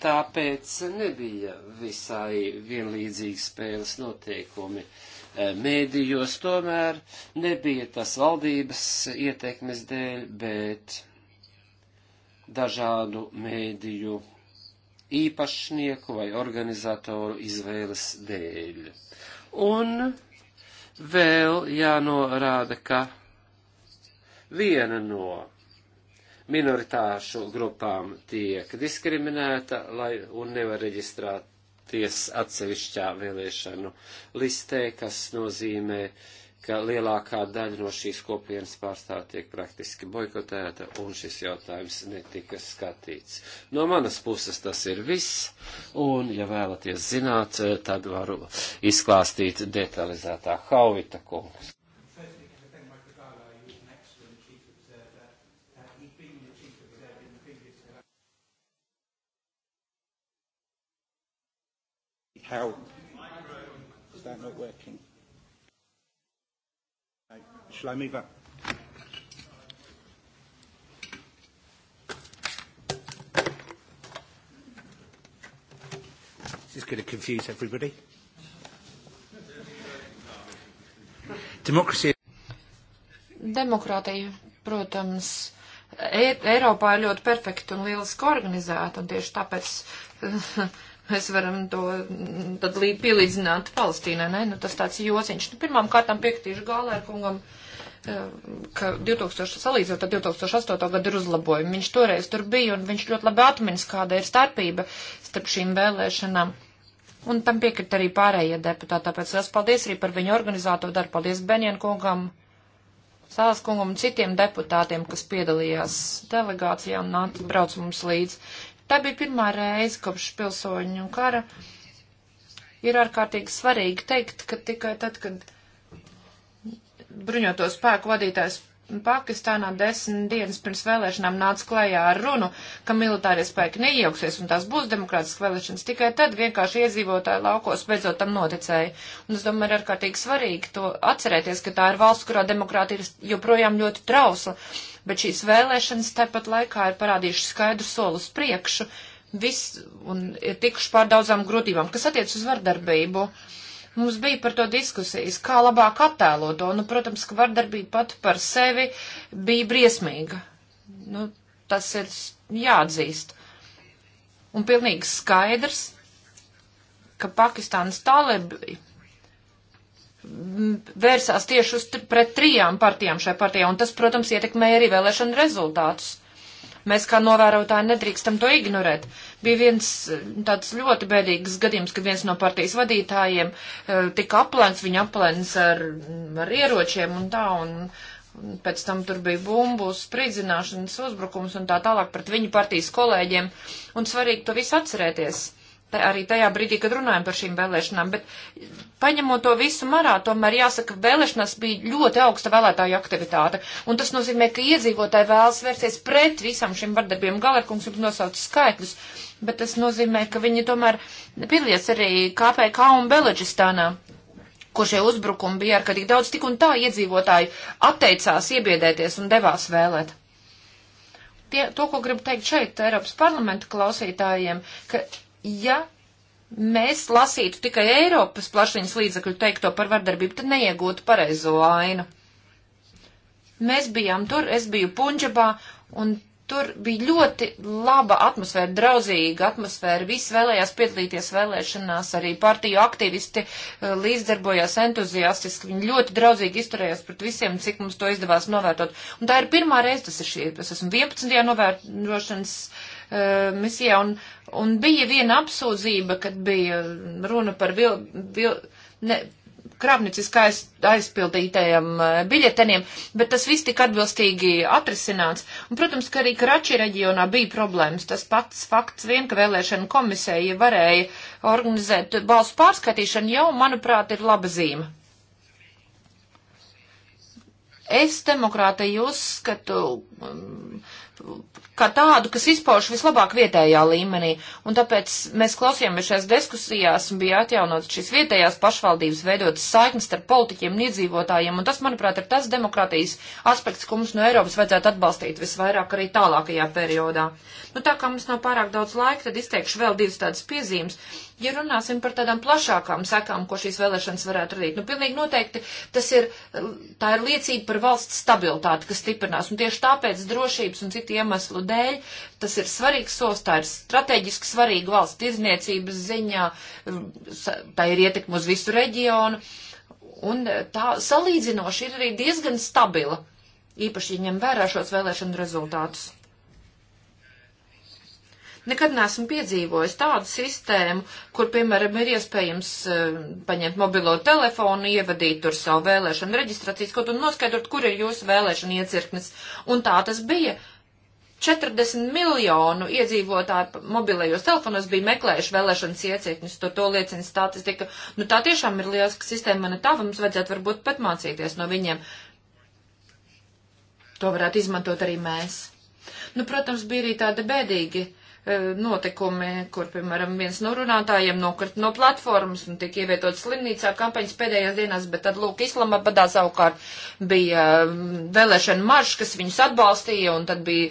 B: Tāpēc nebija visai vienlīdzīgi spēles noteikumi eh, mēdījos, tomēr nebija tas valdības ietekmes dēļ, bet dažādu mēdīju īpašnieku vai organizatoru izvēles dēļ. Un vēl jānorāda, ka viena no minoritāšu grupām tiek diskriminēta lai, un nevar reģistrēties atsevišķā vēlēšanu listē, kas nozīmē uh, ka lielākā daļa no šīs kopienas pārstāv tiek praktiski boikotēta, un šis jautājums netika skatīts. No manas puses tas ir viss, un, ja vēlaties zināt, eh, tad varu izklāstīt detalizētā Hauvita kungs.
C: How? Is that not where? Shall I move up? This is going to confuse everybody. Democracy.
A: Demokrātija, protams, Ei Eiropā ir ļoti perfekta un lieliski organizēta, un tieši tāpēc mēs varam to tad līdz pielīdzināt Palestīnai, ne? Nu, tas tāds jociņš. Nu, pirmām kārtām piektīšu Gālērkungam. kungam Eh, ka 2000, salīdzinot ar 2008. gadu ir uzlabojumi. Viņš toreiz tur bija un viņš ļoti labi atminas, kāda ir starpība starp šīm vēlēšanām. Un tam piekrita arī pārējie deputāti, tāpēc liels paldies arī par viņu organizēto darbu. Paldies Benjana kungam, Sāles kungam un citiem deputātiem, kas piedalījās delegācijā un nāca brauc mums līdz. Tā bija pirmā reize kopš pilsoņu kara. Ir ārkārtīgi svarīgi teikt, ka tikai tad, kad bruņoto spēku vadītājs Pakistānā desmit dienas pirms vēlēšanām nāca klajā ar runu, ka militārie spēki neiejauksies un tās būs demokrātiskas vēlēšanas. Tikai tad vienkārši iedzīvotāji laukos beidzot tam noticēja. Un es domāju, ir ārkārtīgi svarīgi to atcerēties, ka tā ir valsts, kurā demokrātija ir joprojām ļoti trausla. Bet šīs vēlēšanas tāpat laikā ir parādījušas skaidru solus priekšu. Viss un ir tikuši pār daudzām grūtībām, kas attiec uz vardarbību. Uh, Mums bija par to diskusijas, kā labāk attēlot to. Nu, protams, ka vardarbība pat par sevi bija briesmīga. Nu, tas ir jāatzīst. Un pilnīgi skaidrs, ka Pakistānas talibi vērsās tieši uz, pret trijām partijām šai partijā, un tas, protams, ietekmēja arī vēlēšanu rezultātus. Mēs kā novērotāji nedrīkstam to ignorēt. Bija viens eh, tāds ļoti bēdīgs gadījums, ka viens no partijas vadītājiem eh, tika aplēns, viņa aplēns ar, ar ieročiem un tā, un pēc tam tur bija bumbu, spridzināšanas uzbrukums un tā tālāk pret viņu partijas kolēģiem. Un svarīgi to visu atcerēties arī tajā brīdī, kad runājam par šīm vēlēšanām, bet paņemot to visu marā, tomēr jāsaka, vēlēšanās bija ļoti augsta vēlētāju aktivitāte. Un tas nozīmē, ka iedzīvotāji vēlas vērsties pret visam šim vardarbiem. Galerkungs jums nosauc skaitļus, bet tas nozīmē, ka viņi tomēr piedalījās arī KPK un Beleģistānā kur šie uzbrukumi bija ārkārtīgi daudz, tik un tā iedzīvotāji atteicās iebiedēties un devās vēlēt tie, to, ko gribu teikt šeit, Eiropas parlamenta klausītājiem, ka ja mēs lasītu tikai Eiropas plašiņas līdzakļu teikto par vardarbību, tad neiegūtu pareizo ainu. Mēs bijām tur, es biju Punģabā, un tur bija ļoti laba atmosfēra, draudzīga atmosfēra, visi vēlējās piedalīties vēlēšanās, arī partiju aktīvisti eh, līdzdarbojās entuziastiski, viņi ļoti draudzīgi izturējās pret visiem, cik mums to izdevās novērtot. Un tā ir pirmā reize, tas ir šī, es esmu 11. novērtošanas Eh, misijā, un, un bija viena apsūdzība, kad bija runa par vil, vil, ne, krāpnieciski aiz, aizpildītajiem eh, biļeteniem, bet tas viss tika atbilstīgi atrisināts. Un, protams, ka arī Krači reģionā bija problēmas. Tas pats fakts vien, ka vēlēšana komisēja varēja organizēt balsu pārskatīšanu, jau, manuprāt, ir laba zīme. Es demokrātiju uzskatu kā tādu, kas izpauž vislabāk vietējā līmenī. Un tāpēc mēs klausījāmies šajās diskusijās un bija atjaunotas šīs vietējās pašvaldības veidotas saiknes starp politiķiem un iedzīvotājiem. Un tas, manuprāt, ir tas demokrātijas aspekts, ko mums no Eiropas vajadzētu atbalstīt visvairāk arī tālākajā periodā. Nu, tā kā mums nav pārāk daudz laika, tad izteikšu vēl divas tādas piezīmes. Ja runāsim par tādām plašākām sekām, ko šīs vēlēšanas varētu radīt, nu pilnīgi noteikti tas ir, tā ir liecība par valsts stabilitāti, kas stiprinās. Un tieši tāpēc drošības un citu iemeslu dēļ tas ir svarīgs solis, tā ir strateģiski svarīga valsts tirzniecības ziņā, tā ir ietekma uz visu reģionu. Un tā salīdzinoši ir arī diezgan stabila, īpaši ņem vērā šos vēlēšanu rezultātus. Nekad neesmu piedzīvojis tādu sistēmu, kur, piemēram, ir iespējams uh, paņemt mobilo telefonu, ievadīt tur savu vēlēšanu reģistrācijas kodu un noskaidrot, kur ir jūsu vēlēšana iecirknis. Un tā tas bija. 40 miljonu iedzīvotāju mobilajos telefonos bija meklējuši vēlēšanas iecirkņus, to, to liecina statistika. Nu, tā tiešām ir lieliska sistēma, man ir tā, mums vajadzētu varbūt pat mācīties no viņiem. To varētu izmantot arī mēs. Nu, protams, bija arī tāda bēdīgi E, notikumi, kur, piemēram, viens no runātājiem nokrita no platformas un tika ievietots slimnīcā kampaņas pēdējās dienās, bet tad, lūk, Islamabadā savukārt bija vēlēšana marš, kas viņus atbalstīja, un tad bija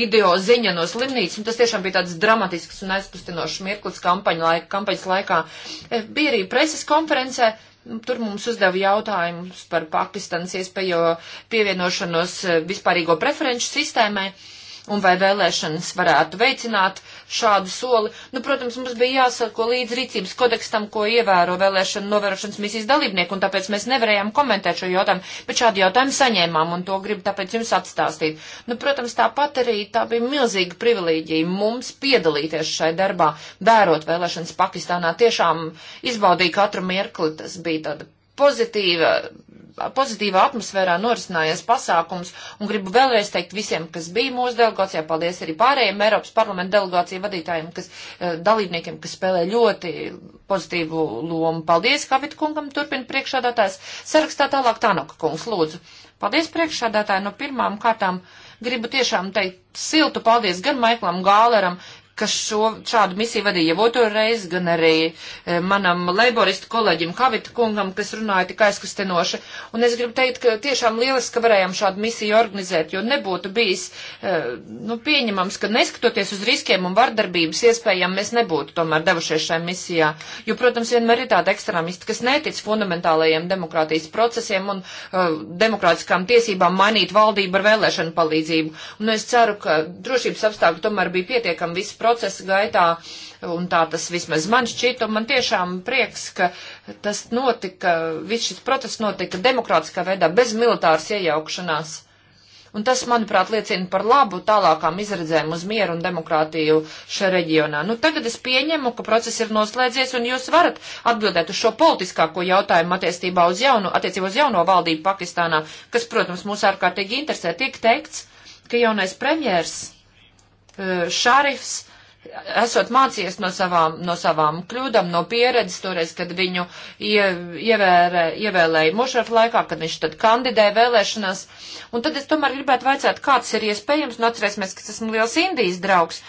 A: video ziņa no slimnīcas, un tas tiešām bija tāds dramatisks un aizkustinošs mirklis kampaņa laika, kampaņas laikā. E, bija arī preses konferencē, Tur mums uzdeva jautājumus par Pakistanas iespējo pievienošanos e, vispārīgo preferenču sistēmai. Uh, un vai vēlēšanas varētu veicināt šādu soli. Nu, protams, mums bija jāsako līdz rīcības kodekstam, ko ievēro vēlēšana novērošanas misijas dalībnieki, un tāpēc mēs nevarējām komentēt šo jautājumu, bet šādu jautājumu saņēmām, un to gribu tāpēc jums atstāstīt. Nu, protams, tāpat arī tā bija milzīga privilīģija mums piedalīties šai darbā, vērot vēlēšanas Pakistānā. Tiešām izbaudīja katru mirkli, tas bija tāda pozitīva, pozitīvā atmosfērā norisinājies pasākums, un gribu vēlreiz teikt visiem, kas bija mūsu delegācijā, paldies arī pārējiem Eiropas parlamenta delegāciju vadītājiem, kas, eh, dalībniekiem, kas spēlē ļoti pozitīvu lomu. Paldies, Kavit kungam, turpina priekšādātājs. Sarakstā tālāk Tanaka kungs, lūdzu. Paldies priekšādātāji no pirmām kārtām gribu tiešām teikt siltu paldies gan Maiklam Gāleram, kas šo, šādu misiju vadīja jau otro reizi, gan arī e, manam laboristu kolēģim Kavita kungam, kas runāja tik aizkustinoši. Un es gribu teikt, ka tiešām lieliski, ka varējām šādu misiju organizēt, jo nebūtu bijis e, nu, pieņemams, ka neskatoties uz riskiem un vardarbības iespējām, mēs nebūtu tomēr devušies šajā misijā. Jo, protams, vienmēr ir tāda ekstrēmisti, kas netic fundamentālajiem demokrātijas procesiem un e, demokrātiskām tiesībām mainīt valdību ar vēlēšanu palīdzību. Un es ceru, ka drošības apstākļi tomēr bija pietiekami visi procesa gaitā, un tā tas vismaz man šķiet, un man tiešām prieks, ka tas notika, viss šis process notika demokrātiskā veidā, bez militāras iejaukšanās. Un tas, manuprāt, liecina par labu tālākām izredzēm uz mieru un demokrātiju šajā reģionā. Nu, tagad es pieņemu, ka process ir noslēdzies, un jūs varat atbildēt uz šo politiskāko jautājumu attiecībā uz jauno, attiecībā uz jauno valdību Pakistānā, kas, protams, mūs ārkārtīgi interesē. Tiek teikts, ka jaunais premjērs eh, Šarifs esot mācījies no savām, no savām kļūdām, no pieredzes toreiz, kad viņu ie, ievērē, ievēlēja mušrafa laikā, kad viņš tad kandidēja vēlēšanās. Un tad es tomēr gribētu vaicāt, kāds ir iespējams, un nu atcerēsimies, ka esmu liels Indijas draugs,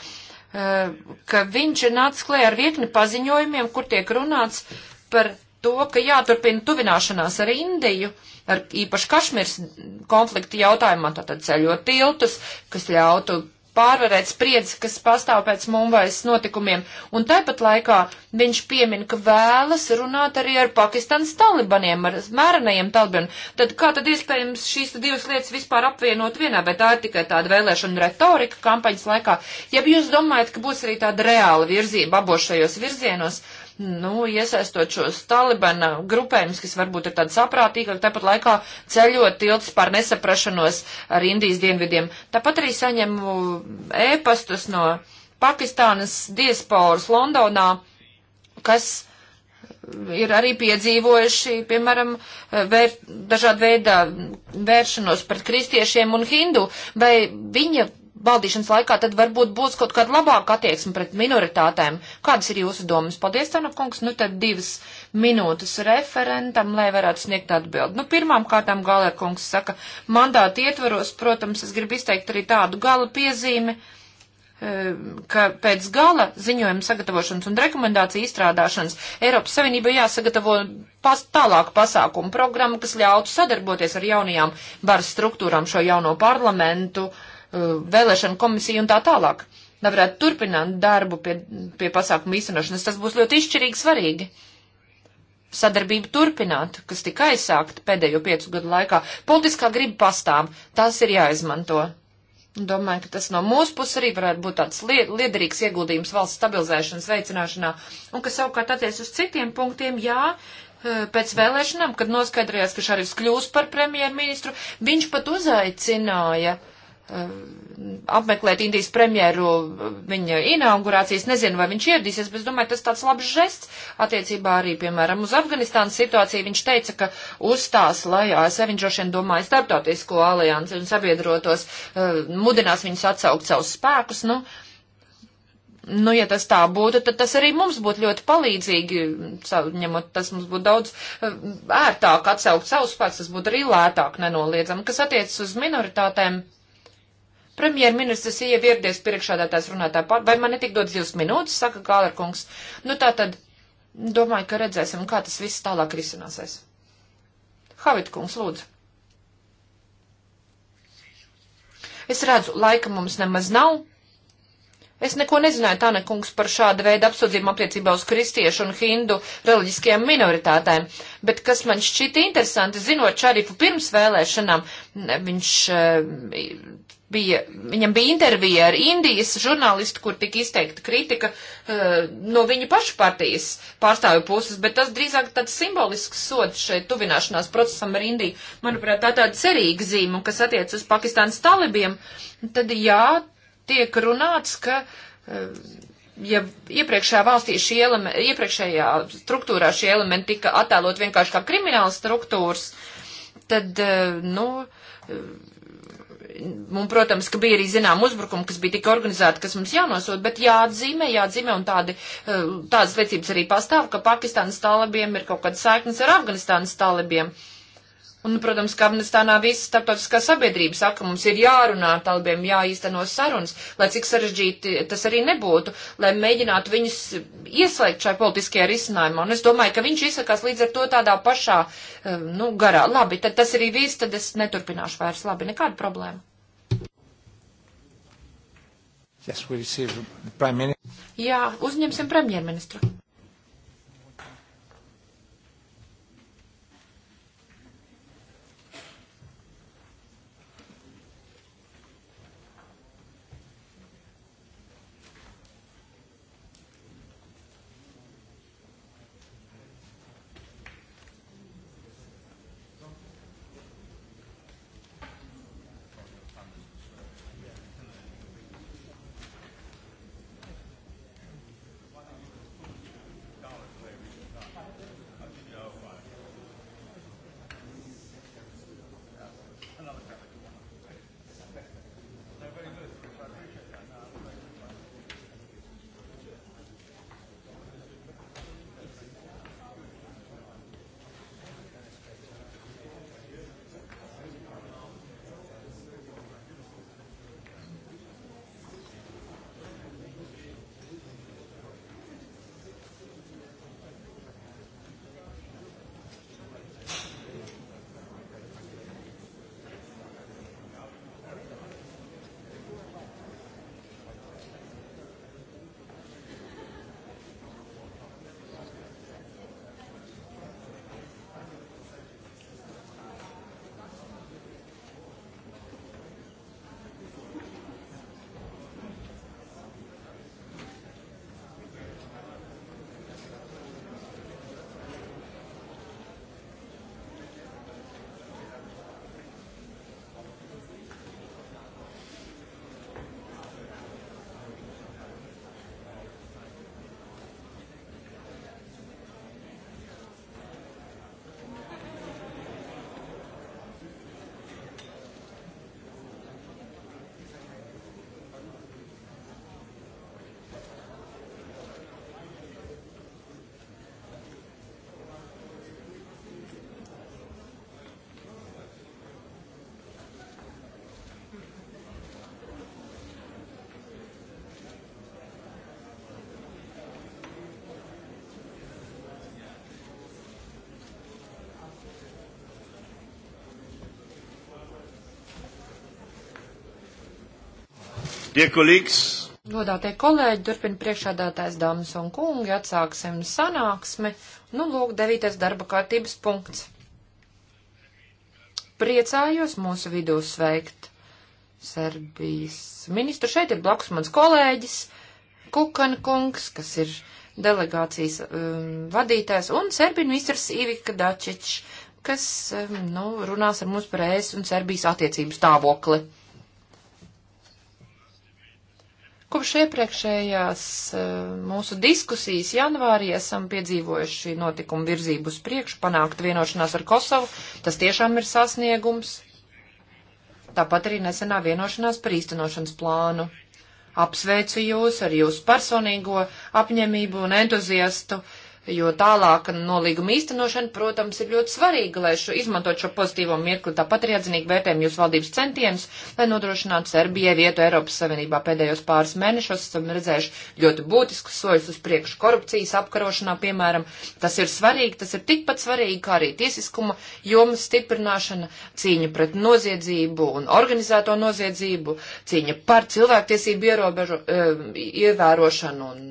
A: eh, ka viņš ir nācis klē ar virkni paziņojumiem, kur tiek runāts par to, ka jāturpina tuvināšanās ar Indiju, ar īpaši Kašmirs konflikta jautājumā, tātad ceļot tiltus, kas ļautu pārvarēt spriedzi, kas pastāv pēc Mumbais notikumiem. Un tāpat laikā viņš piemin, ka vēlas runāt arī ar Pakistānas talibaniem, ar mērenajiem talibaniem. Tad kā tad iespējams šīs divas lietas vispār apvienot vienā, vai tā ir tikai tāda vēlēšana retorika kampaņas laikā? Ja jūs domājat, ka būs arī tāda reāla virzība abos šajos virzienos, uh, nu, iesaistot šos talibana grupējumus, kas varbūt ir tādi saprātīgāki, tāpat laikā ceļot tilts pār nesaprašanos ar Indijas dienvidiem. Tāpat arī saņemu ēpastus no Pakistānas diasporas Londonā, kas ir arī piedzīvojuši, piemēram, vēr, dažādu veidā vēršanos pret kristiešiem un hindu, vai viņa valdīšanas laikā, tad varbūt būs kaut kāda labāka attieksme pret minoritātēm. Kādas ir jūsu domas? Paldies, Tana kungs. Nu tad divas minūtes referentam, lai varētu sniegt atbildi. Nu, pirmām kārtām Galer kungs saka, mandāti ietvaros, protams, es gribu izteikt arī tādu gala piezīmi eh, ka pēc gala ziņojuma sagatavošanas un rekomendāciju izstrādāšanas Eiropas Savienībai jāsagatavo pas, tālāku pasākumu programmu, kas ļautu sadarboties ar jaunajām varas struktūrām šo jauno parlamentu uh, Uh, vēlēšana komisija un tā tālāk. Lai varētu turpināt darbu pie, pie pasākumu īstenošanas, tas būs ļoti izšķirīgi svarīgi. Sadarbību turpināt, kas tika aizsākta pēdējo piecu gadu laikā. Politiskā griba pastāv, tās ir jāizmanto. Domāju, ka tas no mūsu puses arī varētu būt tāds liederīgs ieguldījums valsts stabilizēšanas veicināšanā, un kas savukārt attiec uz citiem punktiem, jā, uh, pēc vēlēšanām, kad noskaidrojās, ka Šarifs kļūs par premjerministru, viņš pat uzaicināja uh, Um, apmeklēt Indijas premjeru um, viņa inaugurācijas. Nezinu, vai viņš ieradīsies, bet es domāju, tas tāds labs žests attiecībā arī, piemēram, uz Afganistānas situāciju. Viņš teica, ka uzstās, lai ASV viņš droši vien domāja starptautisko aliansi un sabiedrotos, um, mudinās viņus atsaukt savus spēkus. Nu, Nu, ja tas tā būtu, tad tas arī mums būtu ļoti palīdzīgi, ņemot, tas mums būtu daudz ērtāk atsaukt savus spēkus, tas būtu arī lētāk nenoliedzami. Kas attiecas uz minoritātēm, uh, Premjerministrs ievierdies priekšādātās runātā pār, vai man netik dots divas minūtes, saka Kālerkungs. Nu tā tad, domāju, ka redzēsim, kā tas viss tālāk risināsies. Havitkungs, lūdzu. Es redzu, laika mums nemaz nav. Es neko nezināju, Tāne kungs, par šāda veida apsūdzību attiecībā uz kristiešu un hindu reliģiskajām minoritātēm, bet kas man šķita interesanti, zinot Šarifu pirms vēlēšanām, viņš eh, bija, viņam bija intervija ar Indijas žurnālistu, kur tika izteikta kritika uh, no viņa pašu partijas pārstāvju puses, bet tas drīzāk tāds simbolisks sods šeit tuvināšanās procesam ar Indiju. Manuprāt, tā tāda cerīga zīme, un kas attiec uz Pakistānas talibiem, tad jā, tiek runāts, ka. Uh, Ja iepriekšējā valstī šī elementa, iepriekšējā struktūrā šie elementi tika attēlot vienkārši kā krimināla struktūras, tad, uh, nu, Un, protams, ka bija arī zinām uzbrukumi, kas bija tik organizēti, kas mums jānosod, bet jāatzīmē, jāatzīmē, un tādi, eh, tādas liecības arī pastāv, ka Pakistānas talibiem ir kaut kāda saiknes ar Afganistānas talibiem. Uh, Un, protams, ka Afganistānā visa starptautiskā sabiedrība saka, mums ir jārunā ar talbiem, jāīsteno sarunas, lai cik sarežģīti tas arī nebūtu, lai mēģinātu viņus ieslēgt šai politiskajā risinājumā. Un es domāju, ka viņš izsakās līdz ar to tādā pašā, um, nu, garā. Labi, tad tas arī viss, tad es neturpināšu vairs. Labi, nekāda problēma. Yes, Jā, uzņemsim premjerministru. Godātie kolēģi, turpina priekšādātājs dāmas un kungi, atsāksim sanāksmi. Nu, lūk, devītais darba kārtības punkts. Priecājos mūsu vidū sveikt Serbijas ministru. Šeit ir blakus mans kolēģis Kukan kungs, kas ir delegācijas um, vadītājs, un Serbijas ministrs Ivika Dačičs, kas, um, nu, runās ar mums par ES un Serbijas attiecību stāvokli. Kopš iepriekšējās eh, mūsu diskusijas janvārī esam piedzīvojuši notikumu virzību uz priekšu, panākt vienošanās ar Kosovu, tas tiešām ir sasniegums. Tāpat arī nesenā vienošanās par īstenošanas plānu. Apsveicu jūs ar jūsu personīgo apņemību un entuziastu uh, jo tālāka nolīguma īstenošana, protams, ir ļoti svarīga, lai šo, izmantot šo pozitīvo mirkli. Tāpat arī atzinīgi vērtējam jūsu valdības centienus, lai nodrošinātu Serbijai vietu Eiropas Savienībā. Pēdējos pāris mēnešos esam redzējuši ļoti būtiskus soļus uz priekšu korupcijas apkarošanā, piemēram. Tas ir svarīgi, tas ir tikpat svarīgi, kā arī tiesiskuma jomas stiprināšana, cīņa pret noziedzību un organizēto noziedzību, cīņa par cilvēktiesību ierobežu, eh, ievērošanu un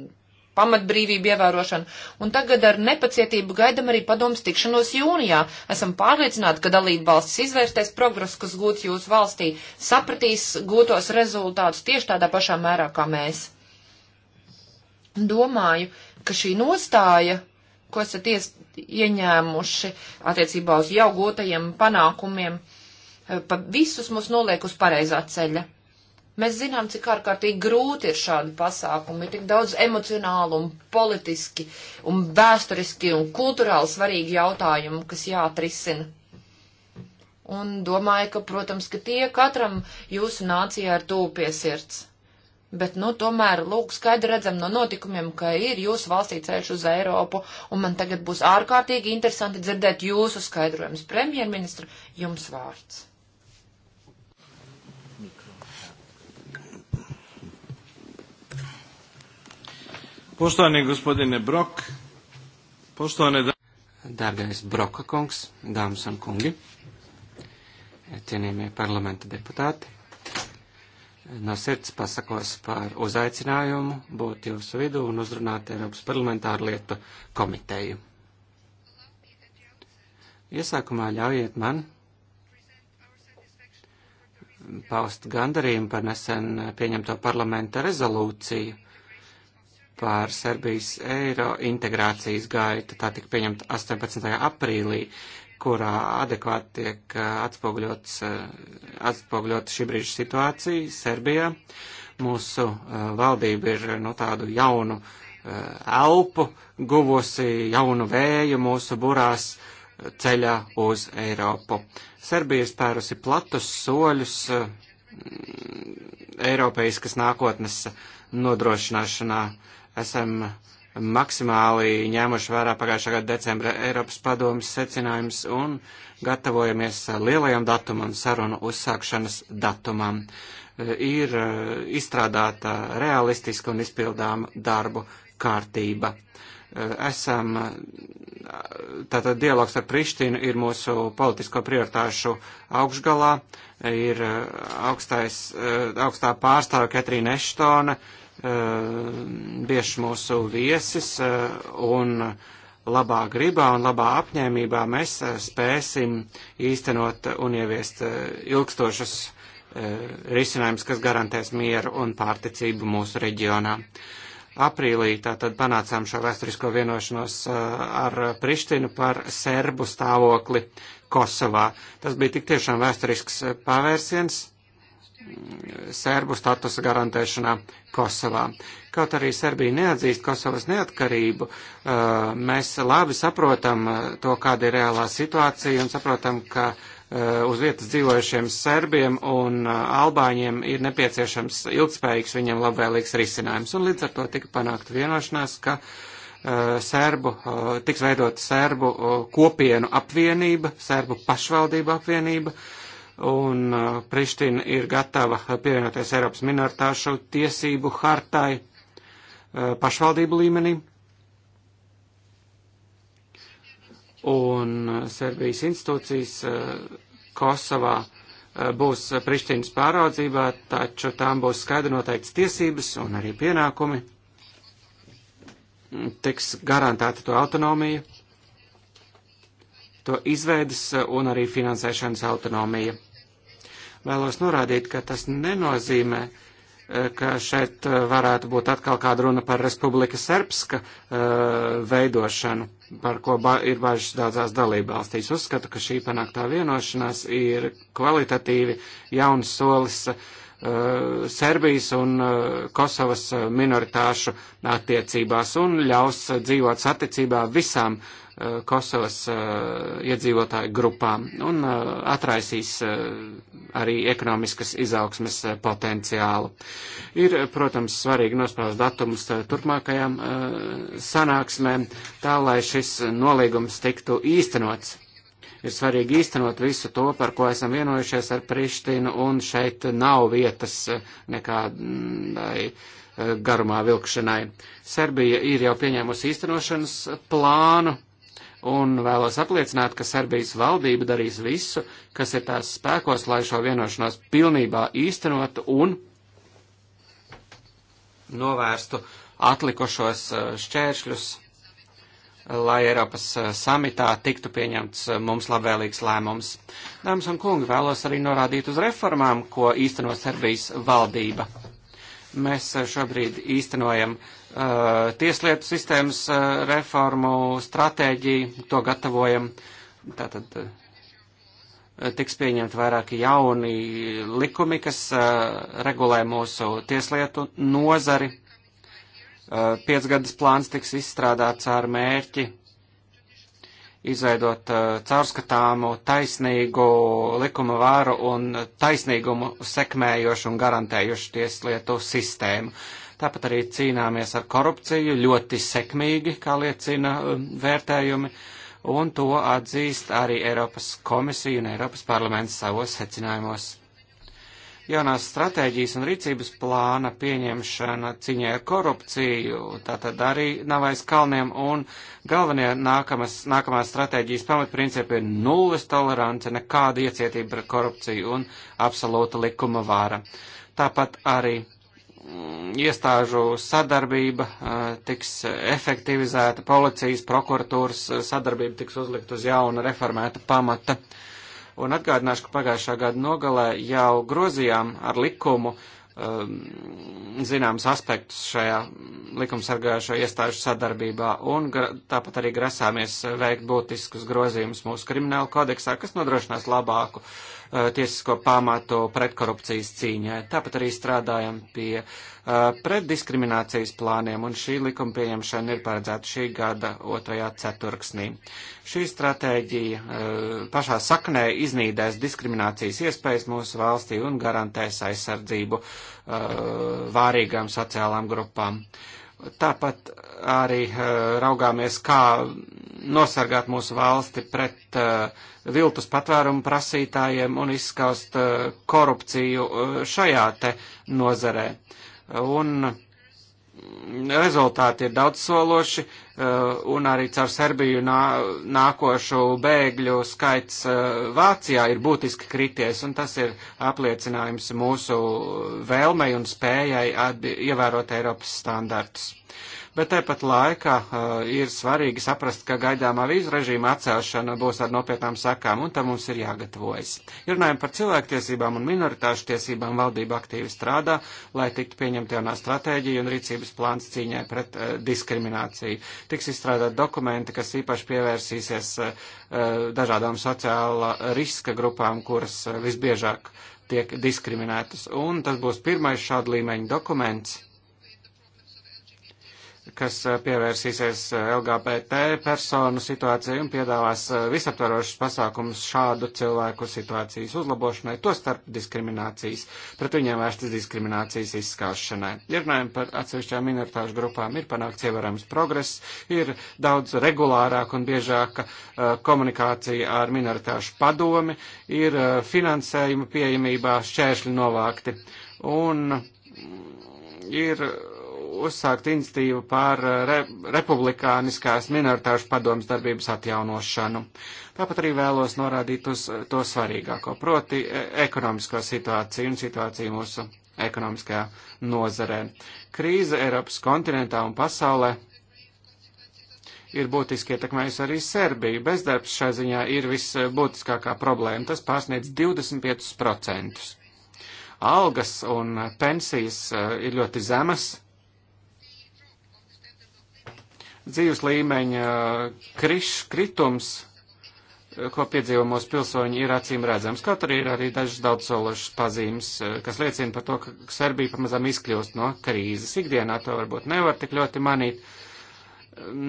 A: pamatbrīvību ievērošanu, un tagad ar nepacietību gaidam arī padomus tikšanos jūnijā. Esam pārliecināti, ka dalība valsts izvērstēs progresu, kas gūts jūsu valstī, sapratīs gūtos rezultātus tieši tādā pašā mērā kā mēs. Domāju, ka šī nostāja, ko esat ies, ieņēmuši attiecībā uz jau gūtajiem panākumiem, pa visus mūs noliek uz pareizā ceļa Mēs zinām, cik ārkārtīgi grūti ir šādi pasākumi, ir tik daudz emocionāli un politiski un vēsturiski un kulturāli svarīgi jautājumi, kas jāatrisina. Un domāju, ka, protams, ka tie katram jūsu nācijā ir tūp pie sirds. Bet, nu, tomēr, lūk, skaidri redzam no notikumiem, ka ir jūsu valstī ceļš uz Eiropu, un man tagad būs ārkārtīgi interesanti dzirdēt jūsu skaidrojumus. Premjerministra, jums vārds.
C: Poštovani gospodine Brok, poštovane da... Dārgais Broka kungs, dāmas un kungi, cienījamie parlamenta deputāti, no sirds pasakos par uzaicinājumu būt jūsu vidū un uzrunāt Eiropas parlamentāru lietu komiteju. Iesākumā ļaujiet man paust gandarījumu par nesen pieņemto parlamenta rezolūciju par Serbijas eiro integrācijas gaitu. Tā tika pieņemta 18. aprīlī, kurā adekvāti tiek eh, atspoguļots, eh, atspoguļot šī brīža situācija Serbijā. Mūsu eh, valdība ir no tādu jaunu elpu guvusi, jaunu vēju mūsu burās ceļā uz Eiropu. Serbija ir spērusi platus soļus Eiropeiskas nākotnes nodrošināšanā esam maksimāli ņēmuši vērā pagājušā gada decembra Eiropas padomas secinājums un gatavojamies lielajam datumam, sarunu uzsākšanas datumam. Ir e, izstrādāta realistiska un izpildāma darbu kārtība. E, esam, e, tātad dialogs ar Prištinu ir mūsu politisko prioritāšu augšgalā, ir augstais, augstā pārstāve Ketrīna Eštone, Eh, bieži mūsu viesis eh, un labā gribā un labā apņēmībā mēs eh, spēsim īstenot un ieviest ilgstošus risinājumus, kas garantēs mieru un pārticību mūsu reģionā. Aprīlī tātad panācām šo vēsturisko vienošanos ar Prištinu par serbu stāvokli Kosovā. Tas bija tik tiešām vēsturisks pavērsiens sērbu statusa garantēšanā Kosovā. Kaut arī Serbija neatzīst Kosovas neatkarību, uh, mēs labi saprotam uh, to, kāda ir reālā situācija un saprotam, ka uh, uz vietas dzīvojušiem serbiem un albāņiem ir nepieciešams ilgspējīgs viņiem labvēlīgs risinājums. Un līdz ar to tika panākta vienošanās, ka serbu, tiks veidota serbu kopienu apvienība, serbu pašvaldību apvienība, uh, un uh, Priština ir gatava pievienoties Eiropas minoritāšu tiesību hartai uh, pašvaldību līmenī. Un uh, Serbijas institūcijas Kosovā būs Prištinas pāraudzībā, taču tām būs skaidri noteikts tiesības un arī pienākumi. Tiks garantēta to autonomija, to izveidas un arī finansēšanas autonomija Vēlos norādīt, ka tas nenozīmē, eh, ka šeit eh, varētu būt atkal kāda runa par Republika Serbska eh, veidošanu, par ko ba ir bažas daudzās dalībvalstīs. Uzskatu, ka šī panāktā vienošanās ir kvalitatīvi jauns solis Serbijas un Kosovas minoritāšu attiecībās un ļaus dzīvot saticībā visām uh, Eh, Kosovas eh, iedzīvotāju grupām un eh, atraisīs arī ekonomiskas izaugsmes potenciālu. Ir, protams, svarīgi nospraust datumus turpmākajām sanāksmēm, tā lai šis nolīgums tiktu īstenots. Ir svarīgi īstenot visu to, par ko esam vienojušies ar Prištinu, un šeit nav vietas nekādai garumā vilkšanai. Serbija ir jau pieņēmusi īstenošanas plānu, un vēlos apliecināt, ka Serbijas valdība darīs visu, kas ir tās spēkos, lai šo vienošanos pilnībā īstenotu un novērstu atlikušos e, šķēršļus, lai Eiropas e, samitā tiktu pieņemts e, mums labvēlīgs lēmums. Dāmas un kungi, vēlos arī norādīt uz reformām, ko īsteno Serbijas valdība. Mēs šobrīd īstenojam uh, Eh, tieslietu sistēmas eh, reformu stratēģiju, to gatavojam. Tātad eh, tiks pieņemti vairāki jauni likumi, kas regulē mūsu tieslietu nozari. Piecgadas plāns tiks izstrādāts ar mērķi izveidot caurskatāmu, taisnīgu likuma vāru un taisnīgumu sekmējošu un garantējušu tieslietu sistēmu. Uh, Tāpat arī cīnāmies ar korupciju ļoti sekmīgi, kā liecina um, vērtējumi, un to atzīst arī Eiropas komisija un Eiropas parlaments savos secinājumos. Jaunās stratēģijas un rīcības plāna pieņemšana cīņai ar korupciju, tātad arī nav aiz kalniem, un galvenie nākamas, nākamās stratēģijas pamatprincipi ir nulles tolerance, nekāda iecietība pret korupciju un absolūta likuma vāra. Tāpat arī Mm, iestāžu sadarbība tiks efektivizēta, policijas, prokuratūras sadarbība tiks uzlikt uz jauna reformēta pamata. Un atgādināšu, ka pagājušā gada nogalē jau grozījām ar likumu zināms aspektus šajā likumsargājušo iestāžu sadarbībā, un tāpat arī grasāmies veikt būtiskus grozījumus mūsu krimināla kodeksā, kas nodrošinās labāku uh, Eh, tiesisko pamatu pretkorupcijas cīņai. Tāpat arī strādājam pie eh, pretdiskriminācijas plāniem, un šī likuma pieņemšana ir paredzēta šī gada otrajā ceturksnī. Šī stratēģija eh, pašā saknē iznīdēs diskriminācijas iespējas mūsu valstī un garantēs aizsardzību vārīgām sociālām grupām. Tāpat arī eh, raugāmies, kā nosargāt mūsu valsti pret eh, viltus patvērumu prasītājiem un izskaust eh, korupciju šajā te nozarē. Un rezultāti ir daudzsološi, un arī caur Serbiju nā, nākošu bēgļu skaits Vācijā ir būtiski krities, un tas ir apliecinājums mūsu vēlmei un spējai ievērot Eiropas standartus bet tāpat laikā uh, ir svarīgi saprast, ka gaidāmā vīzu režīma atcelšana būs ar nopietnām sakām, un tam mums ir jāgatavojas. Runājot par cilvēktiesībām un minoritāšu tiesībām, valdība aktīvi strādā, lai tiktu pieņemta jaunā stratēģija un rīcības plāns cīņai pret uh, diskrimināciju. Tiks izstrādāt dokumenti, kas īpaši pievērsīsies uh, dažādām sociāla riska grupām, kuras uh, visbiežāk tiek diskriminētas, un tas būs pirmais šāda līmeņa dokuments kas eh, pievērsīsies eh, LGBT personu situācijai un piedāvās eh, visaptvarošus pasākumus šādu cilvēku situācijas uzlabošanai, to starp diskriminācijas, pret viņiem vērstas diskriminācijas izskaušanai. Ja runājam par atsevišķām minoritāšu grupām, ir panākts ievērams progress, ir daudz regulārāk un biežāka komunikācija ar minoritāšu padomi, ir finansējuma pieejamībā šķēršļi novākti un ir uzsākt institīvu par uh, re, republikāniskās minoritāšu padomas darbības atjaunošanu. Tāpat arī vēlos norādīt uz uh, to svarīgāko, proti e, ekonomisko situāciju un situāciju mūsu ekonomiskajā nozarē. Krīze Eiropas kontinentā un pasaulē ir būtiski ietekmējusi arī Serbiju. Bezdarbs šai ziņā ir visbūtiskākā problēma. Tas pārsniedz 25%. Algas un pensijas uh, ir ļoti zemas dzīves līmeņa kriš, kritums, ko piedzīvo mūsu pilsoņi, ir acīm redzams. Kaut arī ir arī dažas daudzsološas pazīmes, eh, kas liecina par to, ka Serbija pamazām izkļūst no krīzes. Ikdienā to varbūt nevar tik ļoti manīt,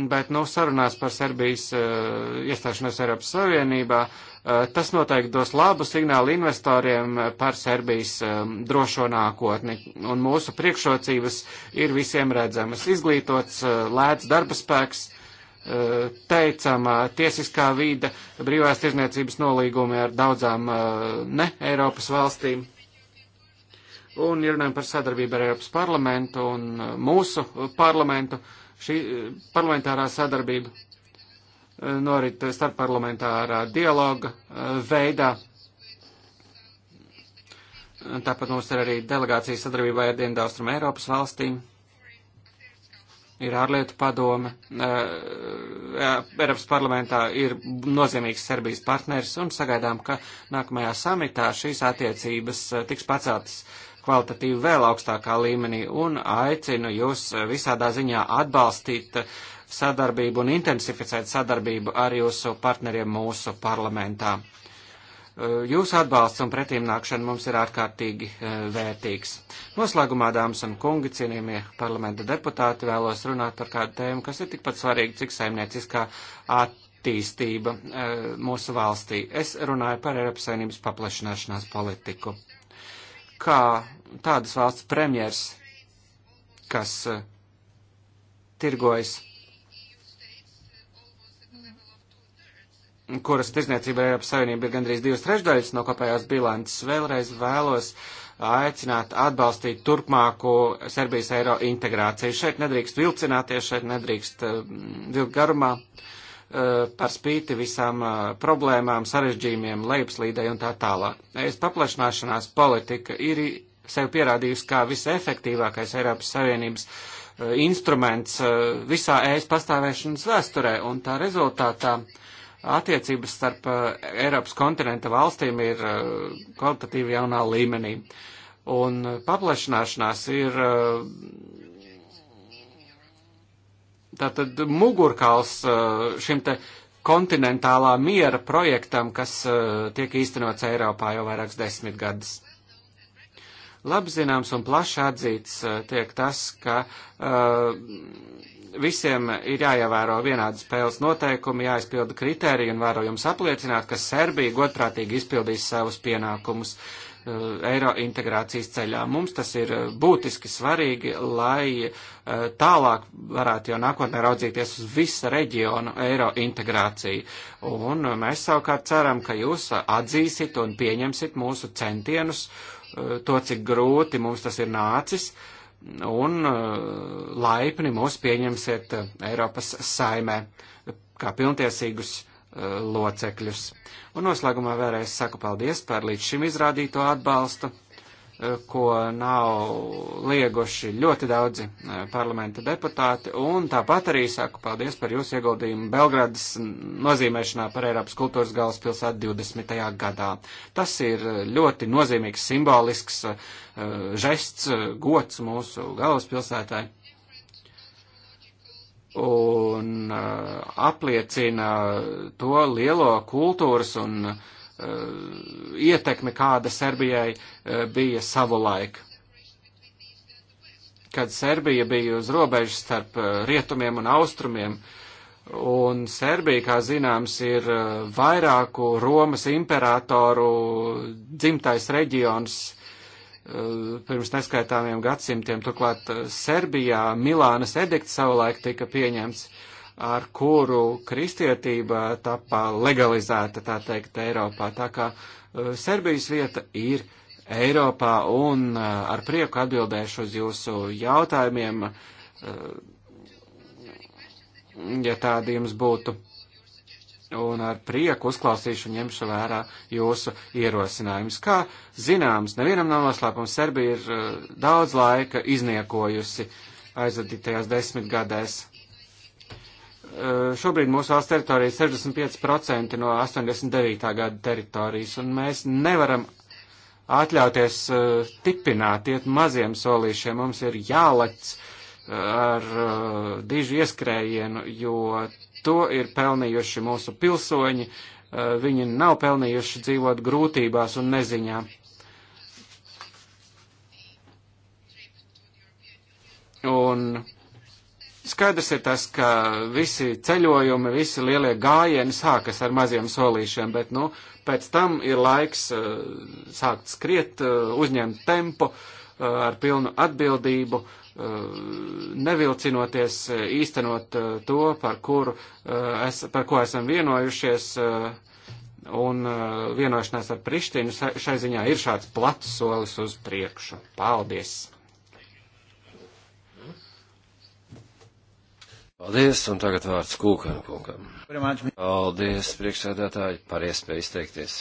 C: bet, nu, sarunās par Serbijas uh, iestāšanos Eiropas Savienībā, uh, tas noteikti dos labu signālu investoriem par Serbijas um, drošo nākotni. Un mūsu priekšrocības ir visiem redzamas. Izglītots, uh, lēts darba spēks, teicama tiesiskā vīda, brīvās tirzniecības nolīgumi ar daudzām ne Eiropas valstīm. Un runājam par sadarbību ar Eiropas parlamentu un mūsu parlamentu. Uh, Šī eh, parlamentārā sadarbība eh, norit starpparlamentārā dialoga eh, veidā. Tāpat mums ir arī delegācijas sadarbībā ar Dienvidaustrum Eiropas valstīm. Ir ārlietu padome. Eiropas parlamentā ir nozīmīgs Serbijas partners un sagaidām, ka nākamajā samitā šīs attiecības tiks paceltas kvalitatīvi vēl augstākā līmenī un aicinu jūs eh, visādā ziņā atbalstīt eh, sadarbību un intensificēt sadarbību ar jūsu partneriem mūsu parlamentā. Eh, jūsu atbalsts un pretīmnākšana mums ir ārkārtīgi vērtīgs. Noslēgumā, dāmas un kungi, cienījamie parlamenta deputāti, vēlos runāt par kādu tēmu, kas ir tikpat svarīga, cik saimnieciskā attīstība mūsu valstī. Es runāju par Eiropas Savienības paplašināšanās politiku. Kā tādas valsts premjers, kas eh, tirgojas, kuras tirzniecība Eiropas Savienība ir gandrīz divas trešdaļas no kopējās bilances, vēlreiz vēlos aicināt atbalstīt turpmāku Serbijas eiro integrāciju. Šeit nedrīkst vilcināties, šeit nedrīkst eh, vilkt garumā eh, par spīti visām problēmām, sarežģījumiem, lejupslīdei un tā tālāk. Es paplašināšanās politika ir sevi pierādījusi kā visefektīvākais Eiropas Savienības eh, instruments eh, visā ēst pastāvēšanas vēsturē, un tā rezultātā attiecības starp eh, Eiropas kontinenta valstīm ir kvalitatīvi jaunā līmenī. Un paplašināšanās ir tātad mugurkals šim te kontinentālā miera projektam, kas tiek īstenots Eiropā jau vairākas desmitgadus. Labzināms un plaši atzīts eh, tiek tas, ka uh, visiem ir jāievēro vienādi spēles noteikumi, jāizpilda kriteriji un varu jums apliecināt, ka Serbija godprātīgi izpildīs savus pienākumus uh, eiro integrācijas ceļā. Mums tas ir būtiski svarīgi, lai uh, tālāk varētu jau nākotnē raudzīties uz visa reģiona eiro integrāciju. Un mēs savukārt ceram, ka jūs atzīsit un pieņemsit mūsu centienus uh, to, cik grūti mums tas ir nācis, un uh, laipni mūs pieņemsiet uh, Eiropas saimē kā pilntiesīgus uh, locekļus. Un noslēgumā vēlreiz saku paldies par līdz šim izrādīto atbalstu ko nav lieguši ļoti daudzi eh, parlamenta deputāti, un tāpat arī saku paldies par jūsu ieguldījumu Belgradas nozīmēšanā par Eiropas kultūras galvaspilsētu 20. gadā. Tas ir ļoti nozīmīgs, simbolisks eh, žests, eh, gods mūsu galvaspilsētai un apliecina to lielo kultūras un uh, Eh, ietekme, kāda Serbijai eh, bija savulaik kad Serbija bija uz robežas starp eh, rietumiem un austrumiem, un Serbija, kā zināms, ir vairāku Romas imperatoru dzimtais reģions pirms neskaitāmiem gadsimtiem. Turklāt Serbijā Milānas edikts savulaik tika pieņemts, ar kuru kristietība tapā legalizēta, tā teikt, Eiropā. Tā kā eh, Serbijas vieta ir Eiropā un eh, ar prieku atbildēšu uz jūsu jautājumiem, eh, ja tādi jums būtu un ar prieku uzklausīšu un ņemšu vērā jūsu ierosinājumus. Kā zināms, nevienam nav noslēpums, Serbija ir uh, daudz laika izniekojusi aizvadītajās desmitgadēs. Eh, šobrīd mūsu valsts teritorija ir 65% no 89. gada teritorijas, un mēs nevaram atļauties uh, tipināt, iet maziem solīšiem. Mums ir jālec eh, ar uh, dižu ieskrējienu, jo to ir pelnījuši mūsu pilsoņi. Uh, viņi nav pelnījuši dzīvot grūtībās un neziņā. Un Skaidrs ir tas, ka visi ceļojumi, visi lielie gājieni sākas ar maziem solīšiem, bet, nu, pēc tam ir laiks uh, sākt skriet, uh, uzņemt tempu uh, ar pilnu atbildību, nevilcinoties īstenot to, par, kuru, es, par ko esam vienojušies, un vienošanās ar Prištinu šai ziņā ir šāds plats solis uz priekšu. Paldies!
B: Paldies, un tagad vārds Kūkan kungam. Paldies, priekšsēdētāji, par iespēju izteikties.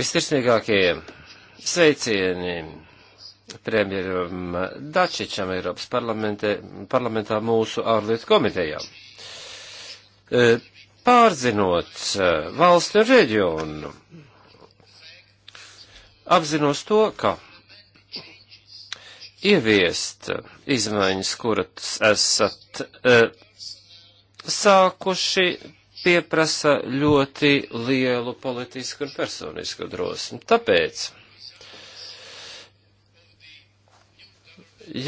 B: Vistirsnīgākie sveicieni premjeram Dačičam Eiropas parlamentā mūsu ārlietu komitejā. E, pārzinot e, valsti un reģionu, apzinos to, ka ieviest izmaiņas, kuras esat e, sākuši, pieprasa ļoti lielu politisku un personisku drosmi. Tāpēc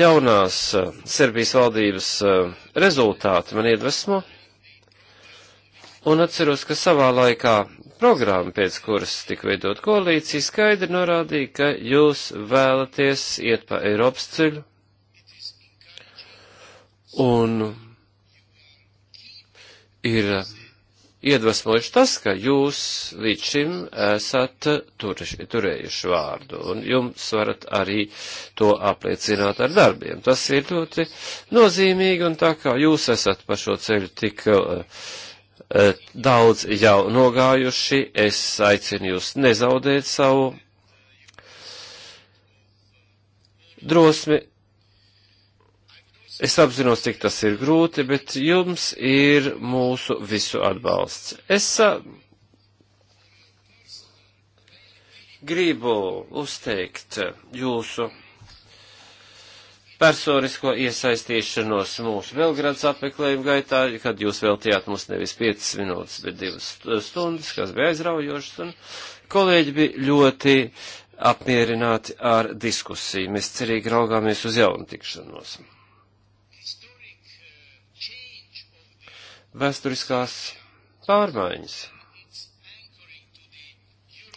B: jaunās eh, Serbijas valdības eh, rezultāti man iedvesmo un atceros, ka savā laikā Programma, pēc kuras tika veidot koalīcija, skaidri norādīja, ka jūs vēlaties iet pa Eiropas ceļu. Un ir iedvesmojuši tas, ka jūs līdz šim esat turši, turējuši vārdu, un jums varat arī to apliecināt ar darbiem. Tas ir ļoti nozīmīgi, un tā kā jūs esat pa šo ceļu tik uh, E, daudz jau nogājuši, es aicinu jūs nezaudēt savu drosmi. Es apzinos, cik tas ir grūti, bet jums ir mūsu visu atbalsts. Es e, gribu uzteikt jūsu personisko iesaistīšanos mūsu Belgrads apmeklējuma gaitā, kad jūs veltījāt mums nevis 5 minūtes, bet 2 stundas, kas bija aizraujošas, un kolēģi bija ļoti apmierināti ar diskusiju. Mēs cerīgi raugāmies uz jaunu tikšanos. Vēsturiskās pārmaiņas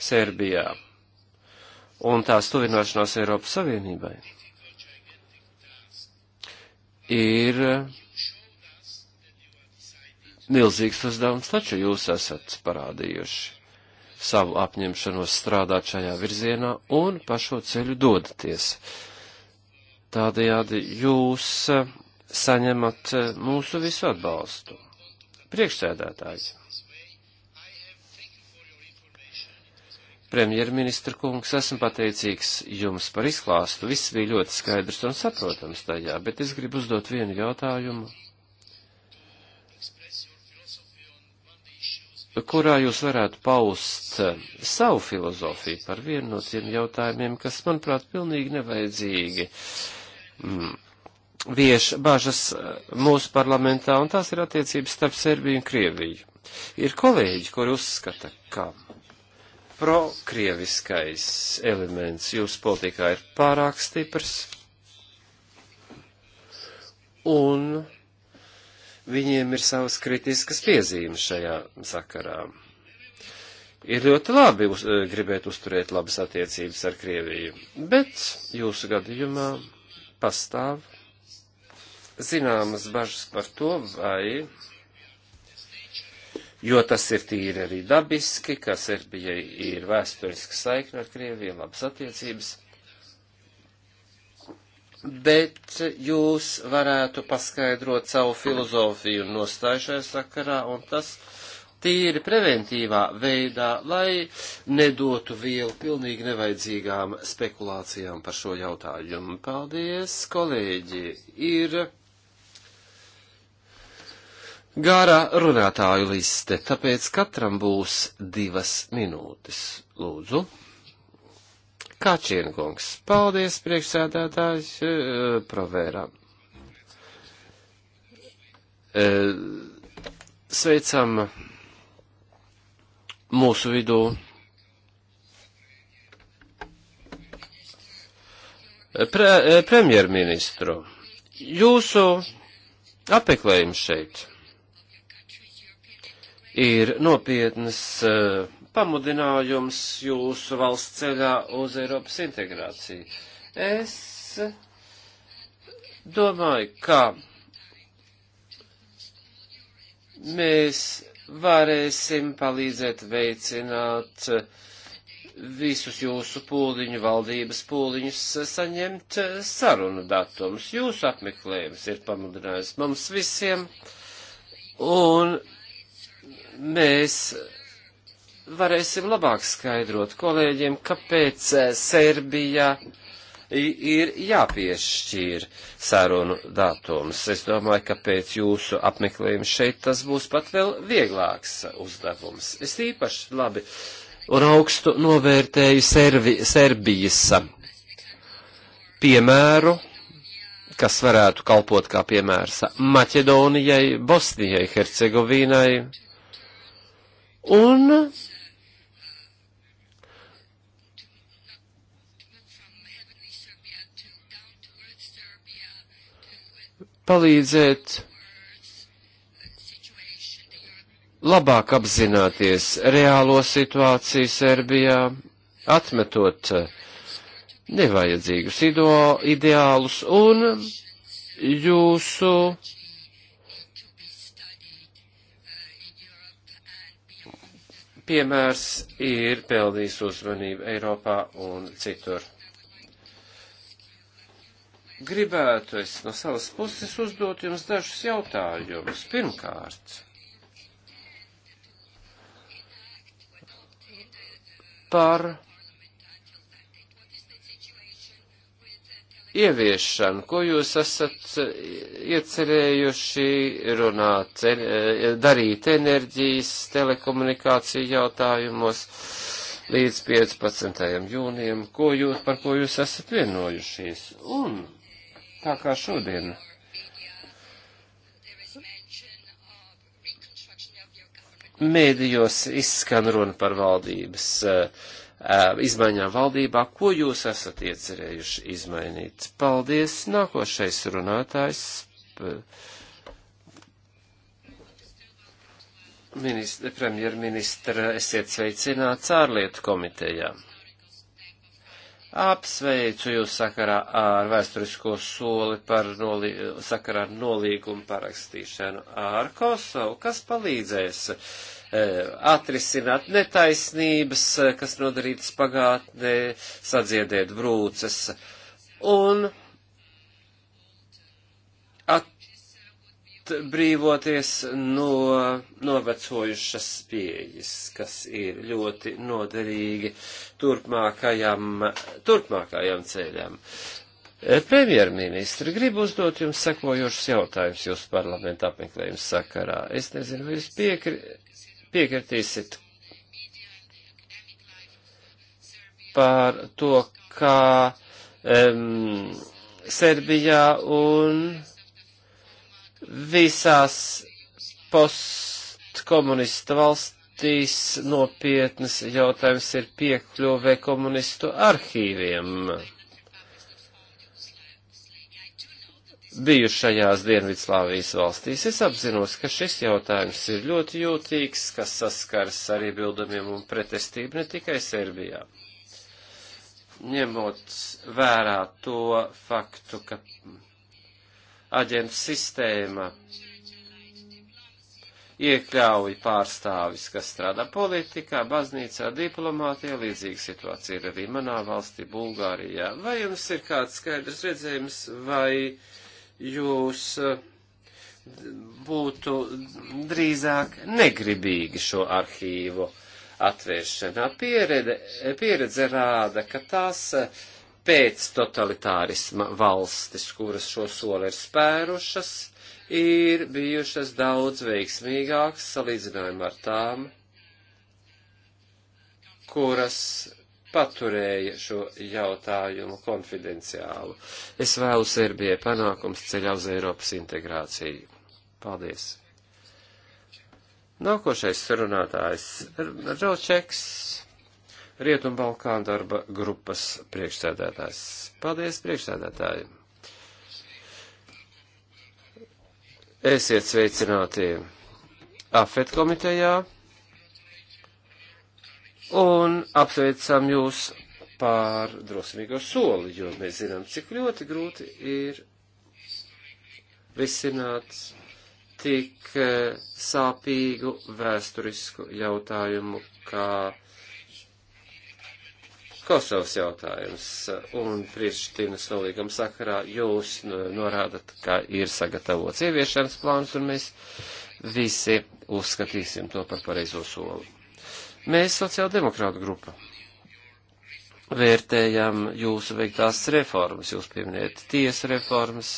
B: Serbijā un tās tuvināšanās Eiropas Savienībai ir milzīgs uzdevums, taču jūs esat parādījuši savu apņemšanos strādāt šajā virzienā un pa šo ceļu dodaties. Tādējādi jūs saņemat mūsu visu atbalstu. Priekšsēdētājs. Premjerministra kungs, esmu pateicīgs jums par izklāstu. Viss bija ļoti skaidrs un saprotams tajā, bet es gribu uzdot vienu jautājumu, kurā jūs varētu paust eh, savu filozofiju par vienu no tiem jautājumiem, kas, manuprāt, pilnīgi nevajadzīgi mm, vieš bažas eh, mūsu parlamentā, un tās ir attiecības starp Serbiju un Krieviju. Ir kolēģi, kuri uzskata, ka prokrieviskais elements jūsu politikā ir pārāk stiprs, un viņiem ir savas kritiskas piezīmes šajā sakarā. Ir ļoti labi uz, eh, gribēt uzturēt labas attiecības ar Krieviju, bet jūsu gadījumā pastāv zināmas bažas par to, vai jo tas ir tīri arī dabiski, ka Serbijai ir vēsturiska saikne ar Krieviju, labas attiecības. Bet jūs varētu paskaidrot savu filozofiju un nostāju šajā sakarā, un tas tīri preventīvā veidā, lai nedotu vielu pilnīgi nevajadzīgām spekulācijām par šo jautājumu. Paldies, kolēģi! Ir gārā runātāju liste, tāpēc katram būs divas minūtes. Lūdzu. Kačienkungs, paldies priekšsēdētājs eh, Provērā. Eh, sveicam mūsu vidū pre, eh, premjerministru. Jūsu apmeklējums šeit ir nopietnas eh, pamudinājums jūsu valsts ceļā uz Eiropas integrāciju. Es domāju, ka mēs varēsim palīdzēt veicināt visus jūsu pūliņu, valdības pūliņus saņemt sarunu datumus. Jūsu apmeklējums ir pamudinājums mums visiem, un mēs varēsim labāk skaidrot kolēģiem, kāpēc eh, Serbija ir jāpiešķir sarunu datums. Es domāju, ka pēc jūsu apmeklējuma šeit tas būs pat vēl vieglāks uzdevums. Es īpaši labi un augstu novērtēju Servi, Serbijas piemēru, kas varētu kalpot kā piemērs Maķedonijai, Bosnijai, Hercegovīnai Un palīdzēt labāk apzināties reālo situāciju Serbijā, atmetot nevajadzīgus ideālus un jūsu piemērs ir peldījis uzmanību Eiropā un citur. Gribētu es no savas puses uzdot jums dažus jautājumus. Pirmkārt, par ieviešanu, ko jūs esat eh, iecerējuši runāt, eh, darīt enerģijas, telekomunikāciju jautājumos līdz 15. jūnijam, ko jūs, par ko jūs esat vienojušies. Un tā kā šodien. Mēdījos izskan runa par valdības uh, Uh, izmaiņām valdībā, ko jūs esat iecerējuši izmainīt. Paldies, nākošais runātājs. Uh, Ministra, premjerministra, esiet sveicināts ārlietu komitejā. Apsveicu jūs sakarā ar vēsturisko soli par nolī, sakarā ar nolīgumu parakstīšanu ar Kosovu, kas palīdzēs uh, E, atrisināt netaisnības, e, kas nodarītas pagātnē, sadziedēt brūces un atbrīvoties no novecojušas pieejas, kas ir ļoti noderīgi turpmākajam, turpmākajam ceļam. E, premjerministri, gribu uzdot jums sekojošus jautājumus jūsu parlamenta apmeklējums sakarā. Es nezinu, vai jūs piekri, piekritīsit par to, kā um, Serbijā un visās postkomunista valstīs nopietnas jautājums ir piekļuve komunistu arhīviem. bijušajās Dienvidslāvijas valstīs. Es apzinos, ka šis jautājums ir ļoti jūtīgs, kas saskars ar iebildumiem un pretestību ne tikai Serbijā. Ņemot vērā to faktu, ka aģentu sistēma iekļauj pārstāvis, kas strādā politikā, baznīcā, diplomātijā, līdzīga situācija ir arī manā valstī, Bulgārijā. Vai jums ir kāds skaidrs redzējums, vai jūs eh, būtu drīzāk negribīgi šo arhīvu atvēršanā. Pieredze, pieredze rāda, ka tās eh, pēc totalitārisma valstis, kuras šo soli ir spērušas, ir bijušas daudz veiksmīgākas salīdzinājumā ar tām, kuras paturēja šo jautājumu konfidenciālu. Es vēlu Serbijai panākums ceļā uz Eiropas integrāciju. Paldies! Nākošais runātājs - Ročeks, Rietumbalkāna darba grupas priekšsēdētājs. Paldies priekšsēdētājiem! Esiet sveicināti AFET komitejā! un apsveicam jūs pār drosmīgo soli, jo mēs zinām, cik ļoti grūti ir risināt tik eh, sāpīgu vēsturisku jautājumu kā Kosovas jautājums un Prištinas nolīguma sakarā jūs norādat, ka ir sagatavots ieviešanas plāns un mēs visi uzskatīsim to par pareizo soli. Mēs, sociāldemokrāta grupa, vērtējam jūsu veiktās reformas, jūs pieminējat tiesu reformas,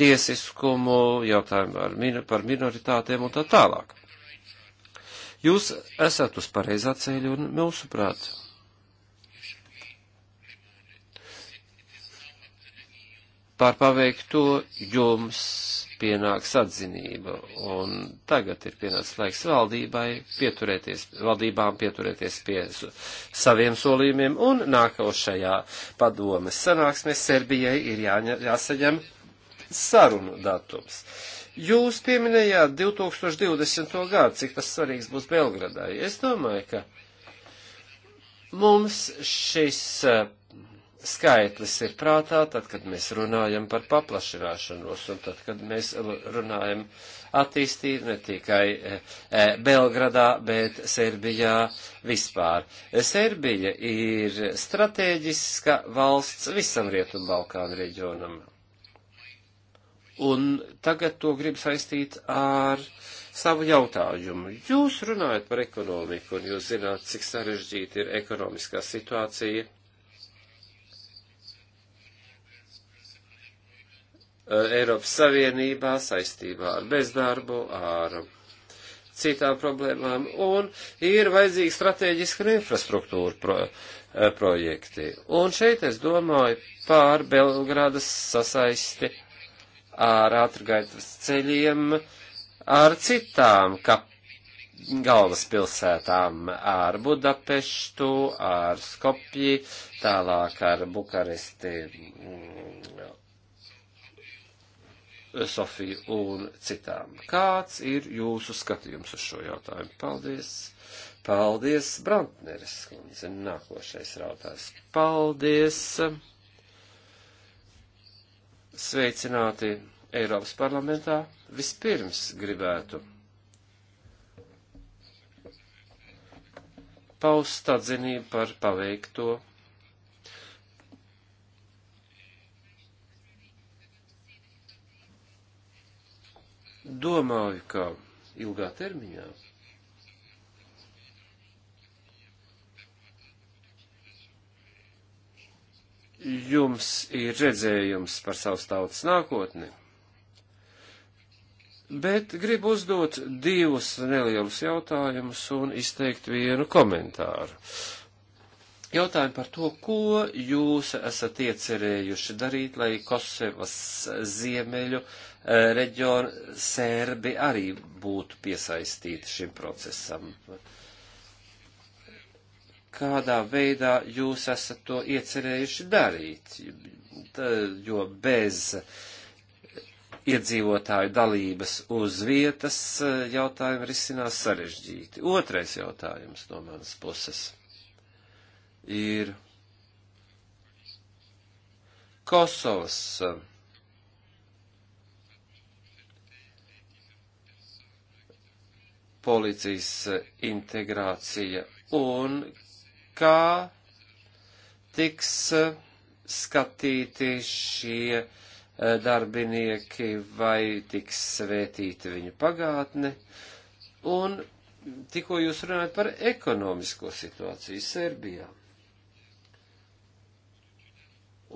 B: tiesiskumu, jautājumu par minoritātēm un tā tālāk. Jūs esat uz pareizā ceļa un mūsuprāt. Pār paveikto jums pienāks atzinība, un tagad ir pienācis laiks valdībai pieturēties, valdībām pieturēties pie saviem solījumiem, un nākošajā padomes sanāksmē Serbijai ir jāņa, jāsaņem sarunu datums. Jūs pieminējāt 2020. gadu, cik tas svarīgs būs Belgradai. Es domāju, ka mums šis eh, skaitlis ir prātā, tad, kad mēs runājam par paplašināšanos un tad, kad mēs runājam attīstību ne tikai e, e, Belgradā, bet Serbijā vispār. Serbija ir strateģiska valsts visam Rietumu Balkānu reģionam. Un tagad to grib saistīt ar savu jautājumu. Jūs runājat par ekonomiku, un jūs zināt, cik sarežģīta ir ekonomiskā situācija Eh, Eiropas Savienībā saistībā ar bezdarbu, ar citām problēmām, un ir vajadzīgi strateģiski un infrastruktūra pro, eh, projekti. Un šeit es domāju pār Belgradas sasaisti ar ātrgaitas ceļiem, ar citām kap galvaspilsētām, ar Budapeštu, ar Skopji, tālāk ar Bukaresti Sofiju un citām. Kāds ir jūsu skatījums uz šo jautājumu? Paldies! Paldies, Brantneres kundze, nākošais rautājs. Paldies! Sveicināti Eiropas parlamentā. Vispirms gribētu paust atzinību par paveikto domāju, ka ilgā termiņā jums ir redzējums par savas tautas nākotni. Bet gribu uzdot divus nelielus jautājumus un izteikt vienu komentāru. Uh, Jautājumi par to, ko jūs esat iecerējuši darīt, lai Kosovas ziemeļu eh, reģionu sērbi arī būtu piesaistīti šim procesam kādā veidā jūs esat to iecerējuši darīt, jo bez iedzīvotāju dalības uz vietas eh, jautājumi risinās sarežģīti. Otrais jautājums no manas puses ir Kosovas eh, policijas eh, integrācija un kā tiks eh, skatīti šie darbinieki vai tiks svētīta viņu pagātne. Un tikko jūs runājat par ekonomisko situāciju Serbijā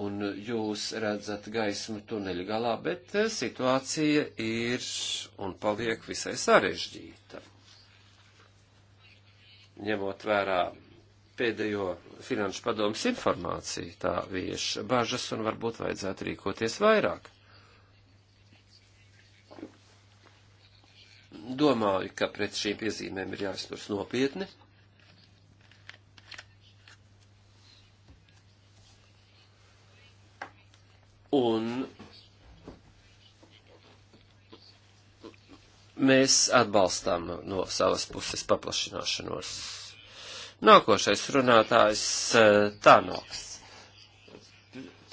B: un jūs redzat gaismu tuneļa galā, bet eh, situācija ir un paliek visai sarežģīta. Ņemot vērā pēdējo finanšu padomus informāciju, tā vieš bažas un varbūt vajadzētu rīkoties vairāk. Domāju, ka pret šīm piezīmēm ir jāizturas nopietni. Un mēs atbalstām no savas puses paplašināšanos. Nākošais runātājs eh, Tanoks.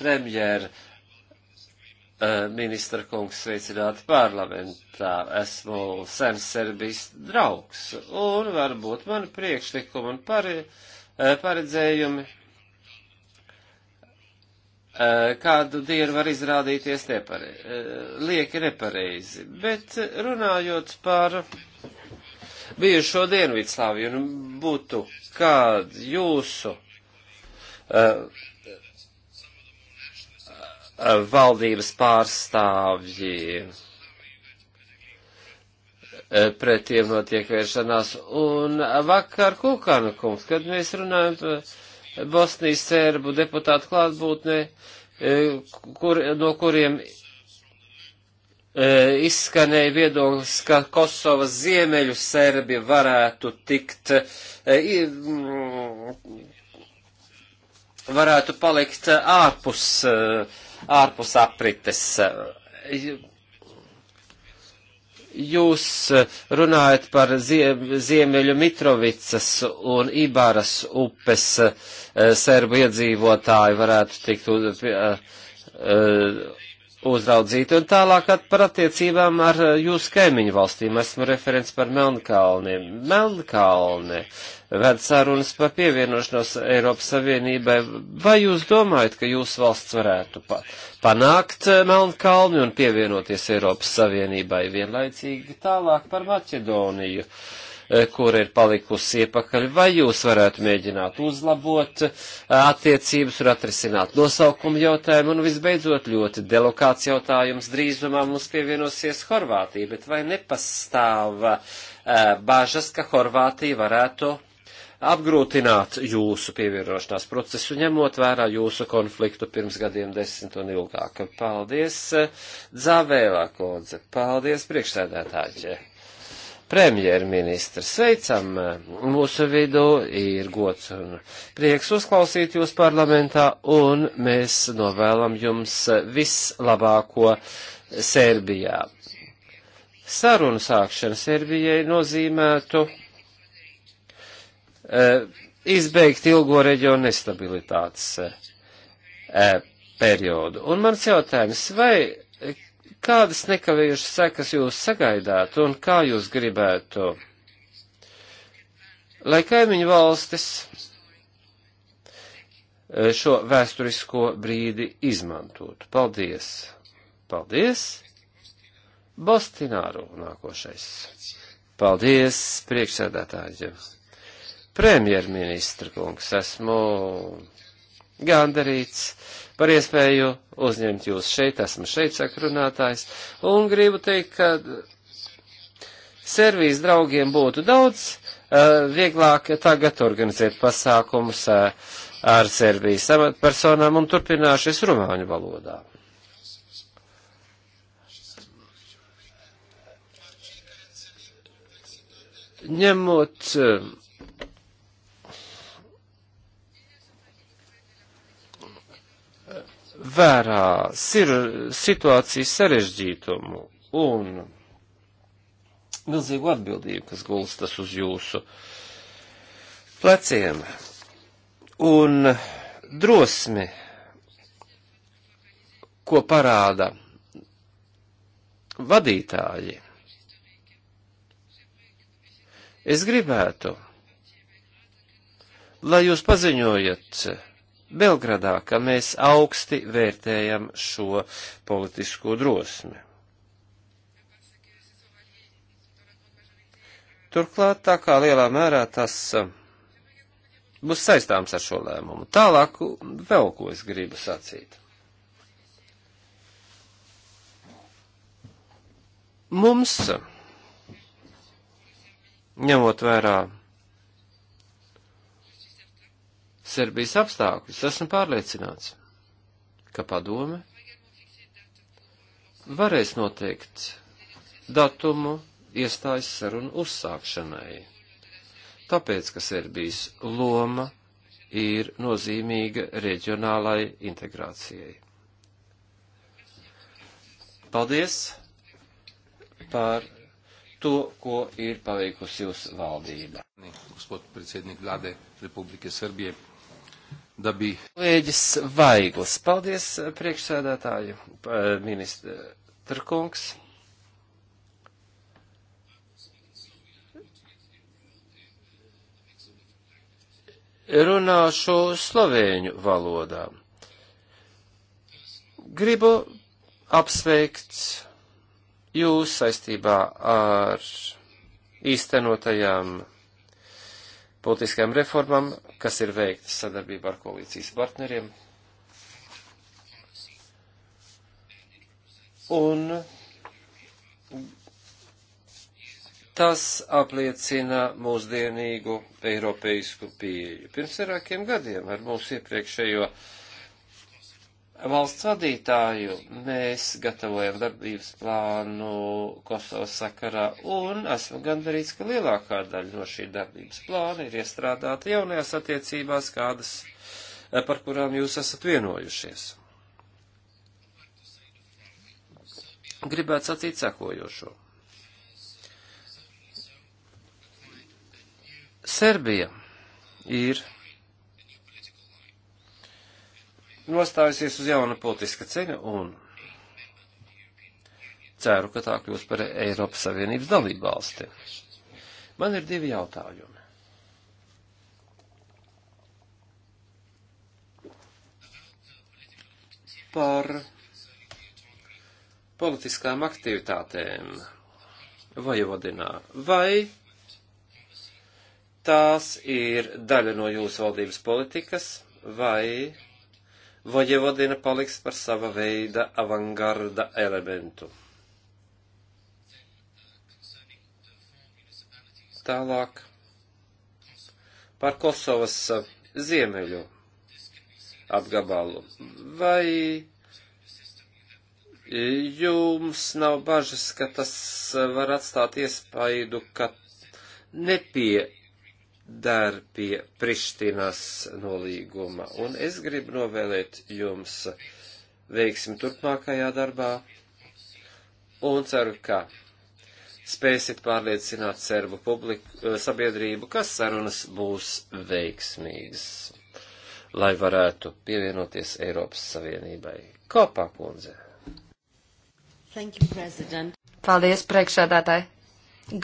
B: Premjera eh, ministra kungs sveicināti parlamentā. Esmu sens Serbijas draugs, un varbūt mani priekšlikumi un pare, eh, paredzējumi Eh, kādu dienu var izrādīties nepare, eh, lieki nepareizi. Bet eh, runājot par bijušo Dienvidslāviju, nu būtu kāda jūsu uh, valdības pārstāvji pret tiem notiek vēršanās. Un vakar Kukana kungs, kad mēs runājam Bosnijas sērbu deputātu klātbūtnē, e, kur, no kuriem e, izskanēja viedoklis, ka Kosovas ziemeļu sērbi varētu tikt, e, mm, varētu palikt ārpus, ārpus aprites Jūs eh, runājat par Ziemeļu Mitrovicas un Ibaras upes eh, serbu iedzīvotāji varētu tikt eh, uzraudzīt. Un tālāk at, par attiecībām ar eh, jūsu kaimiņu valstīm. Esmu referents par Melnkalni. Melnkalne ved sarunas par pievienošanos Eiropas Savienībai. Vai jūs domājat, ka jūsu valsts varētu pa panākt eh, Melnkalni un pievienoties Eiropas Savienībai vienlaicīgi tālāk par Maķedoniju? Uh, Eh, kur ir palikusi iepakaļ, vai jūs varētu mēģināt uzlabot eh, attiecības un atrisināt nosaukumu jautājumu, un visbeidzot ļoti delokāts jautājums drīzumā mums pievienosies Horvātija, bet vai nepastāv eh, bāžas, ka Horvātija varētu apgrūtināt jūsu pievienošanās procesu, ņemot vērā jūsu konfliktu pirms gadiem desmit un ilgāk. Paldies, Dzavēlā kodze. Paldies, priekšsēdētāji premjerministra. Sveicam eh, mūsu vidū, ir gods un prieks uzklausīt jūs parlamentā, un mēs novēlam jums vislabāko Serbijā. Sarunu sākšana Serbijai nozīmētu uh, izbeigt ilgo reģionu nestabilitātes uh, periodu. Un mans jautājums, vai Kādas nekavējušas sekas jūs sagaidāt un kā jūs gribētu, lai kaimiņu valstis eh, šo vēsturisko brīdi izmantotu? Paldies! Paldies! Bostināru nākošais. Paldies, priekšsēdētāji. Premjerministra kungs, esmu gandarīts par iespēju uzņemt jūs šeit, esmu šeit sakrunātājs, un gribu teikt, ka servijas draugiem būtu daudz uh, vieglāk tagad organizēt pasākumus uh, ar servijas amatpersonām un turpināšu es rumāņu valodā. Ņemot uh, vērā sir, situācijas sarežģītumu un milzīgu atbildību, kas gulstas uz jūsu pleciem, un drosmi, ko parāda vadītāji. Es gribētu, lai jūs paziņojat Belgradā, ka mēs augsti vērtējam šo politisko drosmi. Turklāt tā kā lielā mērā tas uh, būs saistāms ar šo lēmumu. Tālāk vēl ko es gribu sacīt. Mums, ņemot vērā Serbijas apstākļus. Esmu pārliecināts, ka padome varēs noteikt datumu iestājas sarunu uzsākšanai, tāpēc, ka Serbijas loma ir nozīmīga reģionālai integrācijai. Paldies par to, ko ir paveikusi jūsu valdība. Gospod predsednik vlade Republike Srbije, dabī. Lēģis Vaigls, paldies eh, priekšsēdētāju, eh, ministra kungs. Runāšu slovēņu valodā. Gribu apsveikt jūs saistībā ar īstenotajām politiskajām reformām kas ir veiktas sadarbībā ar koalīcijas partneriem. Un tas apliecina mūsdienīgu eiropeisku pieeju. Pirms vairākiem gadiem ar mūsu iepriekšējo uh, valsts vadītāju. Mēs gatavojam darbības plānu Kosovas sakarā un esmu gandarīts, ka lielākā daļa no šī darbības plāna ir iestrādāta jaunajās attiecībās, kādas, eh, par kurām jūs esat vienojušies. Gribētu sacīt sekojošo. Serbija ir nostājusies uz jauna politiska ceļa un ceru, ka tā kļūs par Eiropas Savienības dalību valsti. Man ir divi jautājumi. Par politiskām aktivitātēm Vojvodinā. Vai tās ir daļa no jūsu valdības politikas, vai Vojevodina paliks par sava veida avangarda elementu. Tālāk par Kosovas ziemeļu apgabalu. Vai jums nav bažas, ka tas var atstāt iespaidu, ka nepie dar pie Prištinas nolīguma. Un es gribu novēlēt jums veiksim turpmākajā darbā un ceru, ka spēsit pārliecināt serbu publiku, eh, sabiedrību, kas sarunas būs veiksmīgas, lai varētu pievienoties Eiropas Savienībai. Kopā, kundze!
C: Thank you, President.
A: Paldies, priekšādātāji!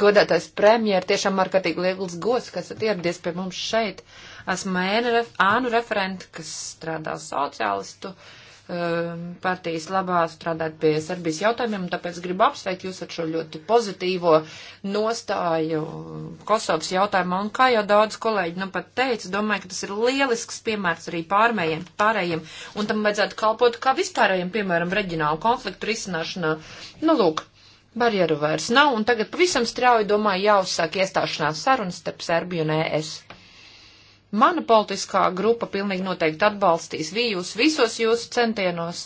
A: Godātais premjer, tiešām ārkārtīgi liels gods, ka esat ieradies pie mums šeit. Esmu ānu referenti, kas strādā sociālistu um, partijas labā, strādāt pie Serbijas jautājumiem, un tāpēc gribu apsveikt jūs ar šo ļoti pozitīvo nostāju Kosovas jautājumā. Un kā jau daudz kolēģi nu pat teica, domāju, ka tas ir lielisks piemērs arī pārmējiem, pārējiem, un tam vajadzētu kalpot kā vispārējiem, piemēram, reģionālu konfliktu risināšanā. Nu, lūk, Barjeru vairs nav, un tagad pavisam strauji, domāju, jāuzsāk iestāšanās sarunas starp Serbiju un ES. Mana politiskā grupa pilnīgi noteikti atbalstīs vījus visos jūsu centienos.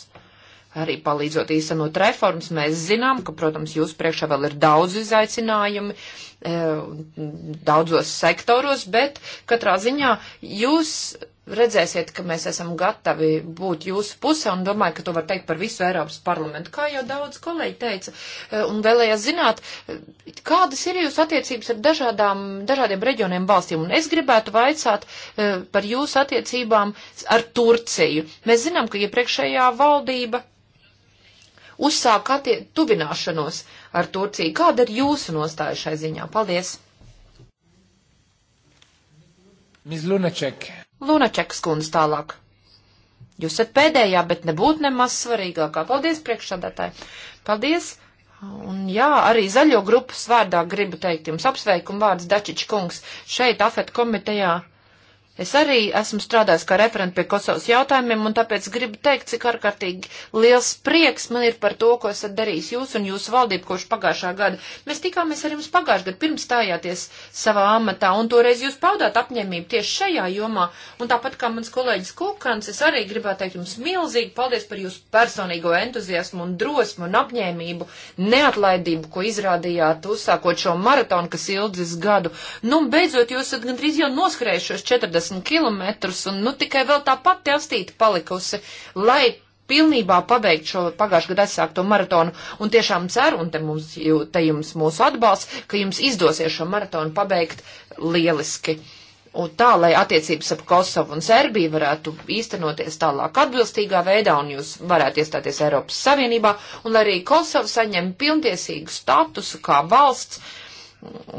A: Arī palīdzot īstenot reformas, mēs zinām, ka, protams, jūs priekšā vēl ir daudz izaicinājumi e, daudzos sektoros, bet katrā ziņā jūs redzēsiet, ka mēs esam gatavi būt jūsu pusē un domāju, ka to var teikt par visu Eiropas parlamentu, kā jau daudz kolēģi teica, eh, un vēlējās zināt, eh, kādas ir jūsu attiecības ar dažādām, dažādiem reģioniem valstīm, un es gribētu vaicāt eh, par jūsu attiecībām ar Turciju. Mēs zinām, ka iepriekšējā valdība uzsāka tuvināšanos ar Turciju. Kāda ir jūsu nostāja šai ziņā? Paldies! Ms. Lunacek. Lunačeks kundze tālāk. Jūs esat pēdējā, bet nebūtu nemaz svarīgākā. Paldies, priekšsādātāji. Paldies. Un jā, arī zaļo grupas vārdā gribu teikt jums apsveikumu vārds Dačiņš kungs šeit afet komitejā Es arī esmu strādājis kā referenti pie Kosovas jautājumiem, un tāpēc gribu teikt, cik ārkārtīgi liels prieks man ir par to, ko esat darījis jūs un jūsu valdība kopš pagājušā gada. Mēs tikāmies ar jums pagājušā gada, pirms stājāties savā amatā, un toreiz jūs paudāt apņēmību tieši šajā jomā. Un tāpat kā mans kolēģis Kukans, es arī gribētu teikt jums milzīgi paldies par jūsu personīgo entuziasmu un drosmu un apņēmību, neatlaidību, ko izrādījāt uzsākot šo maratonu, kas ilgs gadu. Nu, beidzot, jūs esat gandrīz jau noskrējušos 40 140 km, un nu tikai vēl tā pati astīta palikusi, lai pilnībā pabeigt šo pagājušajā gadā aizsākto maratonu. Un tiešām ceru, un te, mums, te jums mūsu atbalsts, ka jums izdosies šo maratonu pabeigt lieliski. Un tā, lai attiecības ap Kosovu un Serbiju varētu īstenoties tālāk atbilstīgā veidā un jūs varētu iestāties Eiropas Savienībā, un lai arī Kosova saņem pilntiesīgu statusu kā valsts,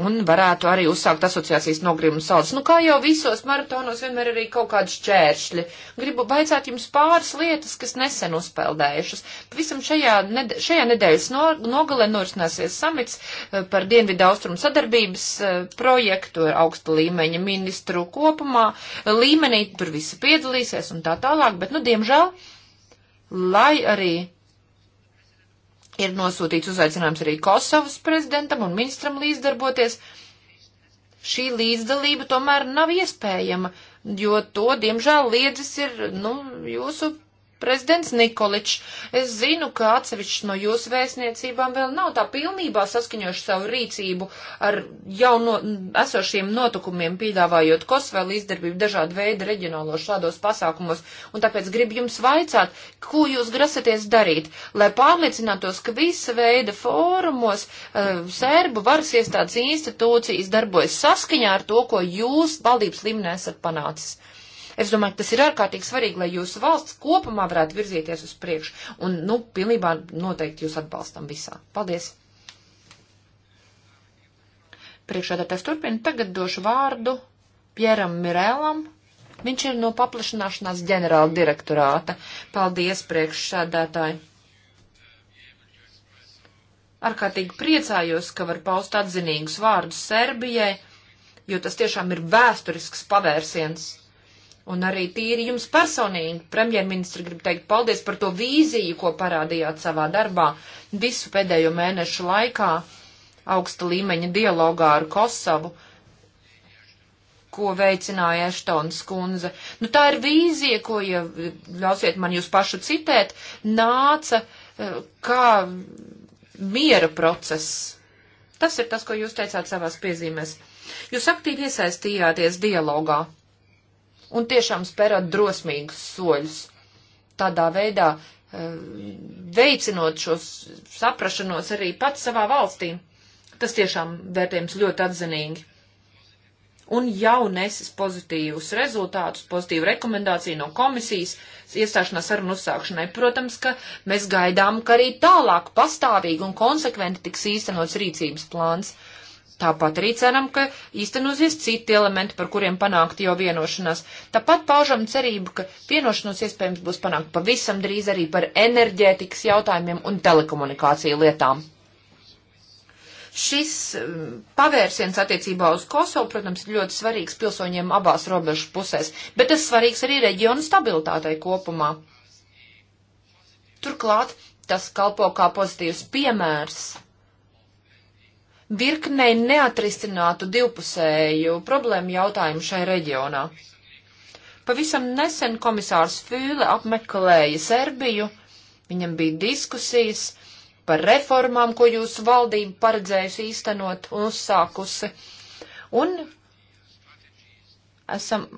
A: un varētu arī uzsākt asociācijas nogrimu saldus. Nu, kā jau visos maratonos vienmēr arī kaut kādi šķēršļi. Gribu baicāt jums pāris lietas, kas nesen uzpeldējušas. Pavisam šajā, ned šajā nedēļas no nogalē norisināsies samits eh, par Dienvidu austrumu sadarbības eh, projektu ar augsta līmeņa ministru kopumā. Līmenī tur visi piedalīsies un tā tālāk, bet, nu, diemžēl, lai arī Ir nosūtīts uzaicinājums arī Kosovas prezidentam un ministram līdzdarboties. Šī līdzdalība tomēr nav iespējama, jo to, diemžēl, liedzis ir, nu, jūsu Prezidents Nikoličs, es zinu, ka atsevišķi no jūsu vēstniecībām vēl nav tā pilnībā saskaņojuši savu rīcību ar jauno esošiem notikumiem, piedāvājot Kosvēlu izdarbību dažādu veidu reģionālos šādos pasākumos, un tāpēc gribu jums vaicāt, ko jūs grasaties darīt, lai pārliecinātos, ka visa veida fórumos uh, sērbu varas iestādes institūcijas darbojas saskaņā ar to, ko jūs valdības līmenī esat panācis. Es domāju, tas ir ārkārtīgi svarīgi, lai jūsu valsts kopumā varētu virzīties uz priekšu. Un, nu, pilnībā noteikti jūs atbalstam visā. Paldies! Priekšādātājs turpina. Tagad došu vārdu Pieram Mirēlam. Viņš ir no paplašanāšanās ģenerāla direktorāta. Paldies, priekšsēdētāji! Ārkārtīgi priecājos, ka var paust atzinīgus vārdus Serbijai, jo tas tiešām ir vēsturisks pavērsiens Un arī tīri jums personīgi, premjerministri, gribu teikt paldies par to vīziju, ko parādījāt savā darbā visu pēdējo mēnešu laikā augsta līmeņa dialogā ar Kosovu, ko veicināja Eštons kundze. Nu, tā ir vīzija, ko, ja ļausiet man jūs pašu citēt, nāca eh, kā miera process. Tas ir tas, ko jūs teicāt savās piezīmēs. Jūs aktīvi iesaistījāties dialogā un tiešām spērat drosmīgus soļus. Tādā veidā eh, veicinot šos saprašanos arī pats savā valstī. Tas tiešām vērtējums ļoti atzinīgi. Un jau nesis pozitīvus rezultātus, pozitīvu rekomendāciju no komisijas iestāšanās sarunu uzsākšanai. Protams, ka mēs gaidām, ka arī tālāk pastāvīgi un konsekventi tiks īstenots rīcības plāns. Uh, Tāpat arī ceram, ka īstenosies citi elementi, par kuriem panākt jau vienošanās. Tāpat paužam cerību, ka vienošanos iespējams būs panākt pavisam drīz arī par enerģētikas jautājumiem un telekomunikāciju lietām. Šis um, pavērsiens attiecībā uz Kosovu, protams, ir ļoti svarīgs pilsoņiem abās robežu pusēs, bet tas svarīgs arī reģionu stabilitātei kopumā. Turklāt tas kalpo kā pozitīvs piemērs virknei neatrisinātu divpusēju problēmu jautājumu šai reģionā. Pavisam nesen komisārs Fīle apmeklēja Serbiju, viņam bija diskusijas par reformām, ko jūsu valdība paredzējusi īstenot un uzsākusi. Un esam,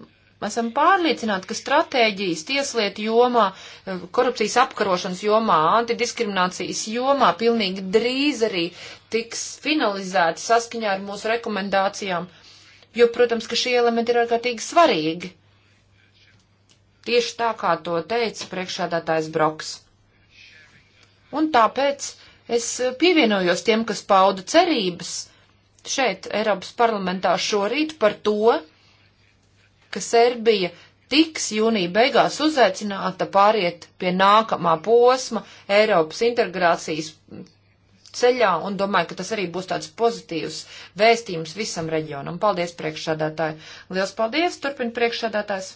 A: esam pārliecināti, ka stratēģijas tieslietu jomā, eh, korupcijas apkarošanas jomā, antidiskriminācijas jomā pilnīgi drīz arī tiks finalizēti saskaņā ar mūsu rekomendācijām, jo, protams, ka šie elementi ir ārkārtīgi svarīgi. Tieši tā, kā to teica priekšādātājs Broks. Un tāpēc es pievienojos tiem, kas pauda cerības šeit, Eiropas parlamentā šorīt par to, ka Serbija tiks jūnija beigās uzaicināta pāriet pie nākamā posma Eiropas integrācijas ceļā un domāju, ka tas arī būs tāds pozitīvs vēstījums visam reģionam. Paldies, priekšsādātāji! Liels paldies! Turpin priekšsādātājs!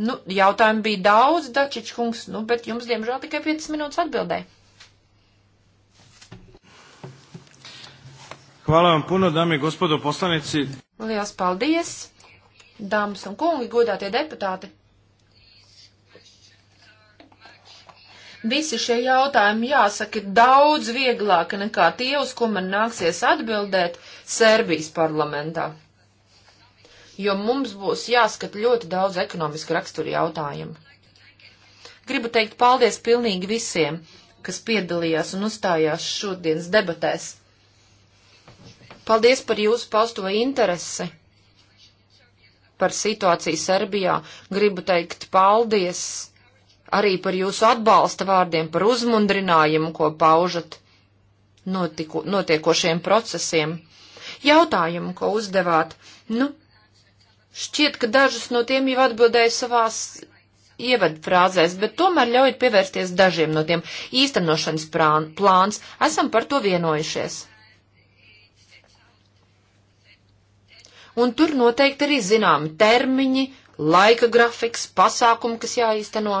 A: Nu, jautājumu bija daudz, Dačič kungs, nu, bet jums, diemžēl, tikai 5 minūtes atbildēja.
B: Hvala vam puno, dame i gospodo poslanici.
A: Liels paldies, dāmas un kungi, godātie deputāti. Visi šie jautājumi jāsaka ir daudz vieglāki nekā tie, uz ko man nāksies atbildēt Serbijas parlamentā. Jo mums būs jāskat ļoti daudz ekonomiski raksturu jautājumu. Gribu teikt paldies pilnīgi visiem, kas piedalījās un uzstājās šodienas debatēs. Paldies par jūsu pausto interesi par situāciju Serbijā. Gribu teikt paldies arī par jūsu atbalsta vārdiem, par uzmundrinājumu, ko paužat notiku, notiekošiem procesiem. Jautājumu, ko uzdevāt, nu, šķiet, ka dažus no tiem jau atbildēju savās ievadfrāzēs, bet tomēr ļaujiet pievērsties dažiem no tiem. Īstenošanas prān, plāns, esam par to vienojušies. Un tur noteikti arī zināmi termiņi, laika grafiks, pasākumi, kas jāīsteno.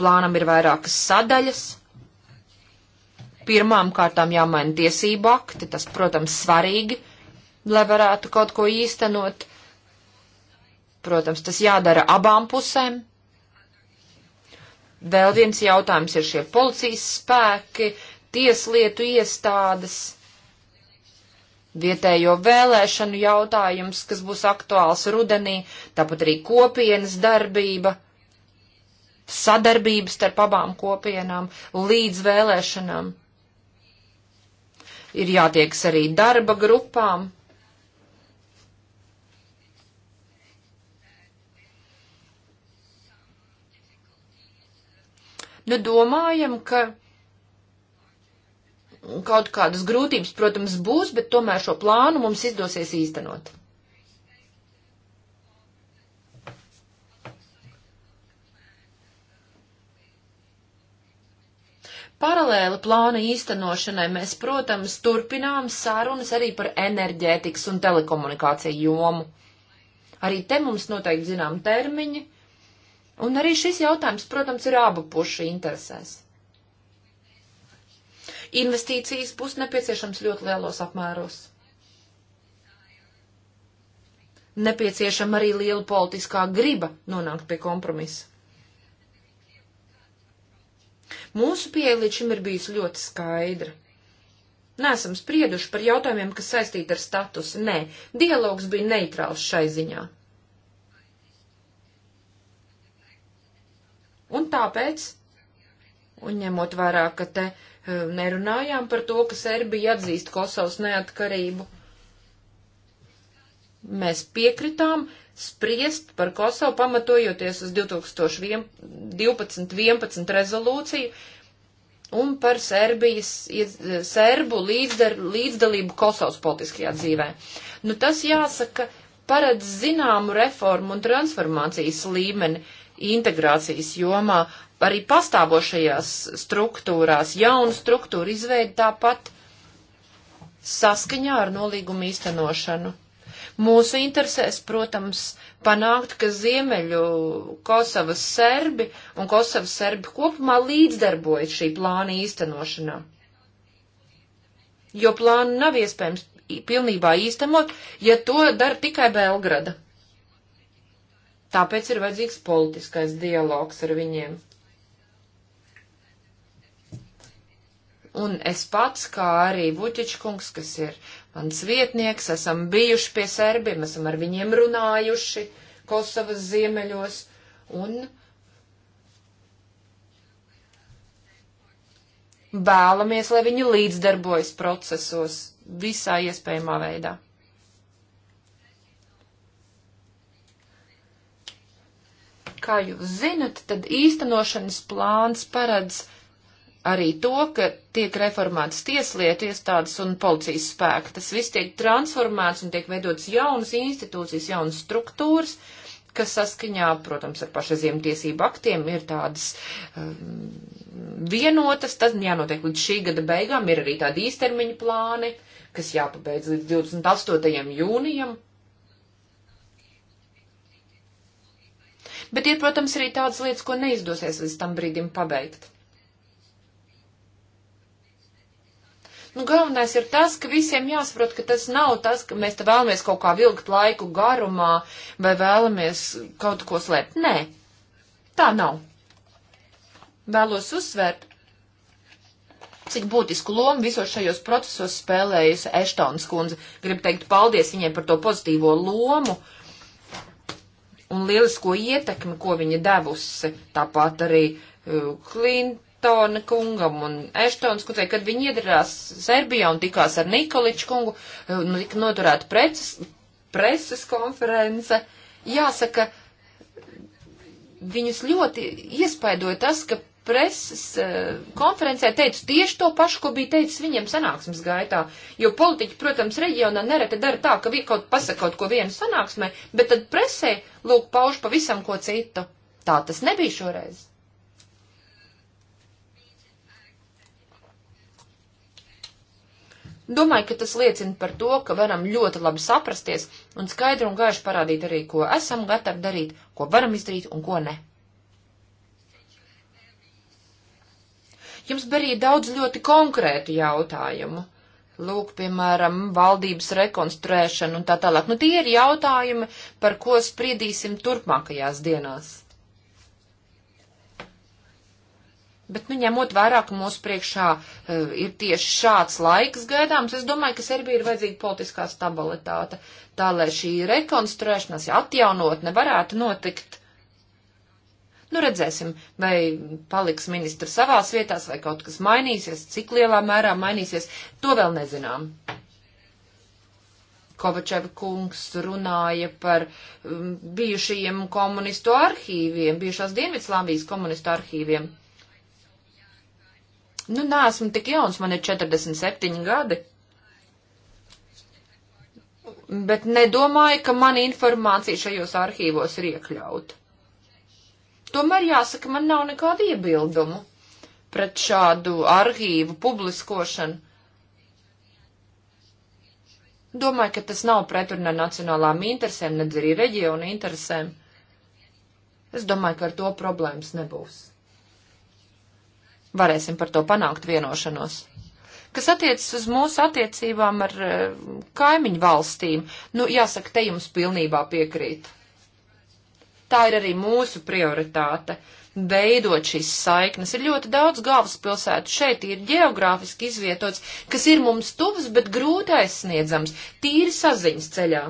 A: Plānam ir vairākas sadaļas. Pirmām kārtām jāmaina tiesību akti, tas, protams, svarīgi, lai varētu kaut ko īstenot. Protams, tas jādara abām pusēm. Vēl viens jautājums ir šie policijas spēki, tieslietu iestādes, vietējo vēlēšanu jautājums, kas būs aktuāls rudenī, tāpat arī kopienas darbība sadarbības starp abām kopienām līdz vēlēšanām. Ir jātieks arī darba grupām. Nu, domājam, ka kaut kādas grūtības, protams, būs, bet tomēr šo plānu mums izdosies īstenot. Paralēli plāna īstenošanai mēs, protams, turpinām sarunas arī par enerģētikas un telekomunikāciju jomu. Arī te mums noteikti zinām termiņi, un arī šis jautājums, protams, ir abu pušu interesēs. Investīcijas būs nepieciešams ļoti lielos apmēros. Nepieciešama arī liela politiskā griba nonākt pie kompromisa. Mūsu pieeja līdz šim ir bijusi ļoti skaidra. Nesam sprieduši par jautājumiem, kas saistīti ar statusu. Nē, dialogs bija neitrāls šai ziņā. Un tāpēc, un ņemot vērā, ka te eh, nerunājām par to, ka Serbija atzīst Kosovas neatkarību, Mēs piekritām spriest par Kosovu, pamatojoties uz 2012-2011 rezolūciju un par Serbijas, Serbu līdzdar, līdzdalību Kosovas politiskajā dzīvē. Nu, tas jāsaka paredz zināmu reformu un transformācijas līmeni integrācijas jomā, arī pastāvošajās struktūrās, jaunu struktūru izveidi tāpat saskaņā ar nolīgumu īstenošanu. Mūsu interesēs, protams, panākt, ka Ziemeļu Kosovas serbi un Kosovas serbi kopumā līdzdarbojas šī plāna īstenošanā. Jo plānu nav iespējams pilnībā īstenot, ja to dara tikai Belgrada. Tāpēc ir vajadzīgs politiskais dialogs ar viņiem. Un es pats, kā arī Vuķičkungs, kas ir mans vietnieks, esam bijuši pie serbiem, esam ar viņiem runājuši Kosovas ziemeļos un vēlamies, lai viņi līdzdarbojas procesos visā iespējamā veidā. Kā jūs zinat, tad īstenošanas plāns paredz arī to, ka tiek reformētas tieslietu iestādes un policijas spēki. Tas viss tiek transformēts un tiek veidotas jaunas institūcijas, jaunas struktūras, kas saskaņā, protams, ar pašreiziem tiesību aktiem ir tādas um, vienotas, tad jānotiek līdz šī gada beigām, ir arī tādi īstermiņa plāni, kas jāpabeidz līdz 28. jūnijam. Bet ir, protams, arī tādas lietas, ko neizdosies līdz tam brīdim pabeigt. Nu, galvenais ir tas, ka visiem jāsaprot, ka tas nav tas, ka mēs te vēlamies kaut kā vilkt laiku garumā vai vēlamies kaut ko slēpt. Nē, tā nav. Vēlos uzsvērt, cik būtisku lomu visos šajos procesos spēlējusi Eštons kundze. Gribu teikt paldies viņiem par to pozitīvo lomu un lielisko ietekmi, ko viņa devusi. Tāpat arī uh, Klint Eštona kungam un Eštons kundzei, kad viņi iedarās Serbijā un tikās ar Nikoliču kungu, eh, nu, tika noturēta preces, preses konference. Jāsaka, viņus ļoti iespaidoja tas, ka preses eh, konferencē teicu tieši to pašu, ko bija teicis viņiem sanāksmes gaitā. Jo politiķi, protams, reģionā nereti dara tā, ka viņi kaut pasaka kaut ko vienu sanāksmē, bet tad presē, lūk, pauž pavisam ko citu. Tā tas nebija šoreiz. Domāju, ka tas liecina par to, ka varam ļoti labi saprasties un skaidri un gaiši parādīt arī, ko esam gatavi darīt, ko varam izdarīt un ko ne. Jums bija daudz ļoti konkrētu jautājumu. Lūk, piemēram, valdības rekonstruēšana un tā tālāk. Nu, tie ir jautājumi, par ko spriedīsim turpmākajās dienās. Bet, nu, ņemot vērā, ka mūsu priekšā uh, ir tieši šāds laiks gaidāms, es domāju, ka Serbija ir vajadzīga politiskā stabilitāte, tā lai šī rekonstruēšanās, ja atjaunot, nevarētu notikt. Nu, redzēsim, vai paliks ministri savās vietās, vai kaut kas mainīsies, cik lielā mērā mainīsies, to vēl nezinām. Kovačeva kungs runāja par um, bijušajiem komunistu arhīviem, bijušās Dienvidslāvijas komunistu arhīviem. Nu, nesmu tik jauns, man ir 47 gadi. Bet nedomāju, ka mana informācija šajos arhīvos ir iekļauta. Tomēr jāsaka, man nav nekādu iebildumu pret šādu arhīvu publiskošanu. Domāju, ka tas nav pretrunā nacionālām interesēm, nedz arī reģionu interesēm. Es domāju, ka ar to problēmas nebūs varēsim par to panākt vienošanos. Kas attiecas uz mūsu attiecībām ar eh, kaimiņu valstīm, nu, jāsaka, te jums pilnībā piekrīt. Tā ir arī mūsu prioritāte veidot šīs saiknes. Ir ļoti daudz galvaspilsētu šeit, ir geogrāfiski izvietots, kas ir mums tuvs, bet grūti aizsniedzams, tīri saziņas ceļā.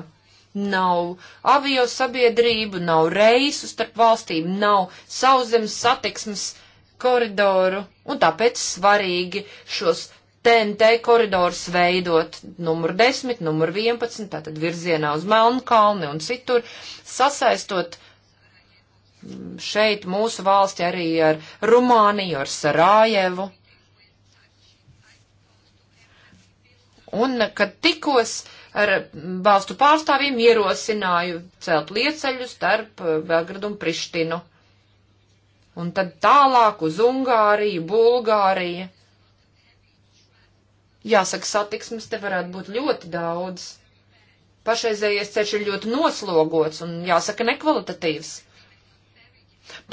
A: Nav avio sabiedrību, nav reisu starp valstīm, nav sauszemes satiksmes koridoru, un tāpēc svarīgi šos TNT koridors veidot numur 10, numur 11, tātad virzienā uz Melnkalni un citur, sasaistot mm, šeit mūsu valsti arī ar Rumāniju, ar Sarajevu. Un, kad tikos ar valstu pārstāvjiem, ierosināju celt lieceļu starp Belgradu un Prištinu un tad tālāk uz Ungāriju, Bulgāriju. Jāsaka, satiksmes te varētu būt ļoti daudz. Pašreizējais ceļš ir ļoti noslogots un, jāsaka, nekvalitatīvs.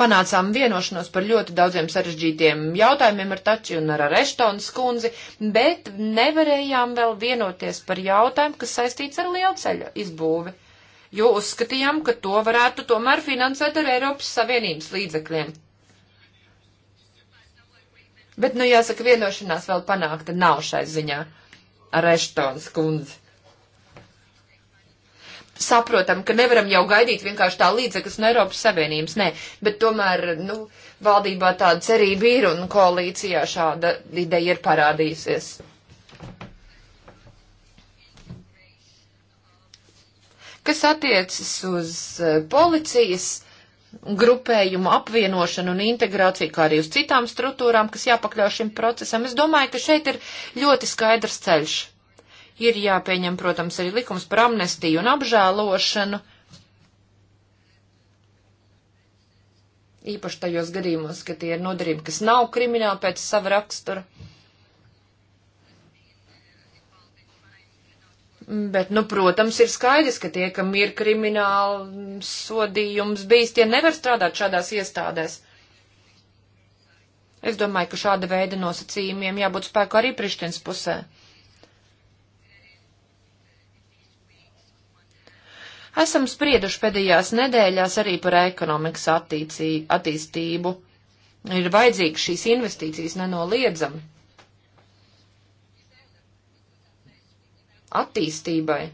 A: Panācām vienošanos par ļoti daudziem sarežģītiem jautājumiem ar Tači un ar Reštons kundzi, bet nevarējām vēl vienoties par jautājumu, kas saistīts ar lielceļa izbūvi, jo uzskatījām, ka to varētu tomēr finansēt ar Eiropas Savienības līdzekļiem. Bet, nu, jāsaka, vienošanās vēl panākta nav šai ziņā ar Eštons kundzi. Saprotam, ka nevaram jau gaidīt vienkārši tā līdzekļus no Eiropas Savienības, nē, bet tomēr, nu, valdībā tāda cerība ir un koalīcijā šāda ideja ir parādījusies. Kas attiecas uz eh, policijas grupējumu apvienošanu un integrāciju, kā arī uz citām struktūrām, kas jāpakļauj šim procesam. Es domāju, ka šeit ir ļoti skaidrs ceļš. Ir jāpieņem, protams, arī likums par amnestiju un apžēlošanu. Īpaši tajos gadījumos, ka tie ir nodarījumi, kas nav krimināli pēc sava rakstura. Bet, nu, protams, ir skaidrs, ka tie, kam ir krimināla sodījums bijis, tie nevar strādāt šādās iestādēs. Es domāju, ka šāda veida nosacījumiem jābūt spēku arī Prištins pusē. Esam sprieduši pēdējās nedēļās arī par ekonomikas attīcī, attīstību. Ir vajadzīgas šīs investīcijas nenoliedzami. attīstībai,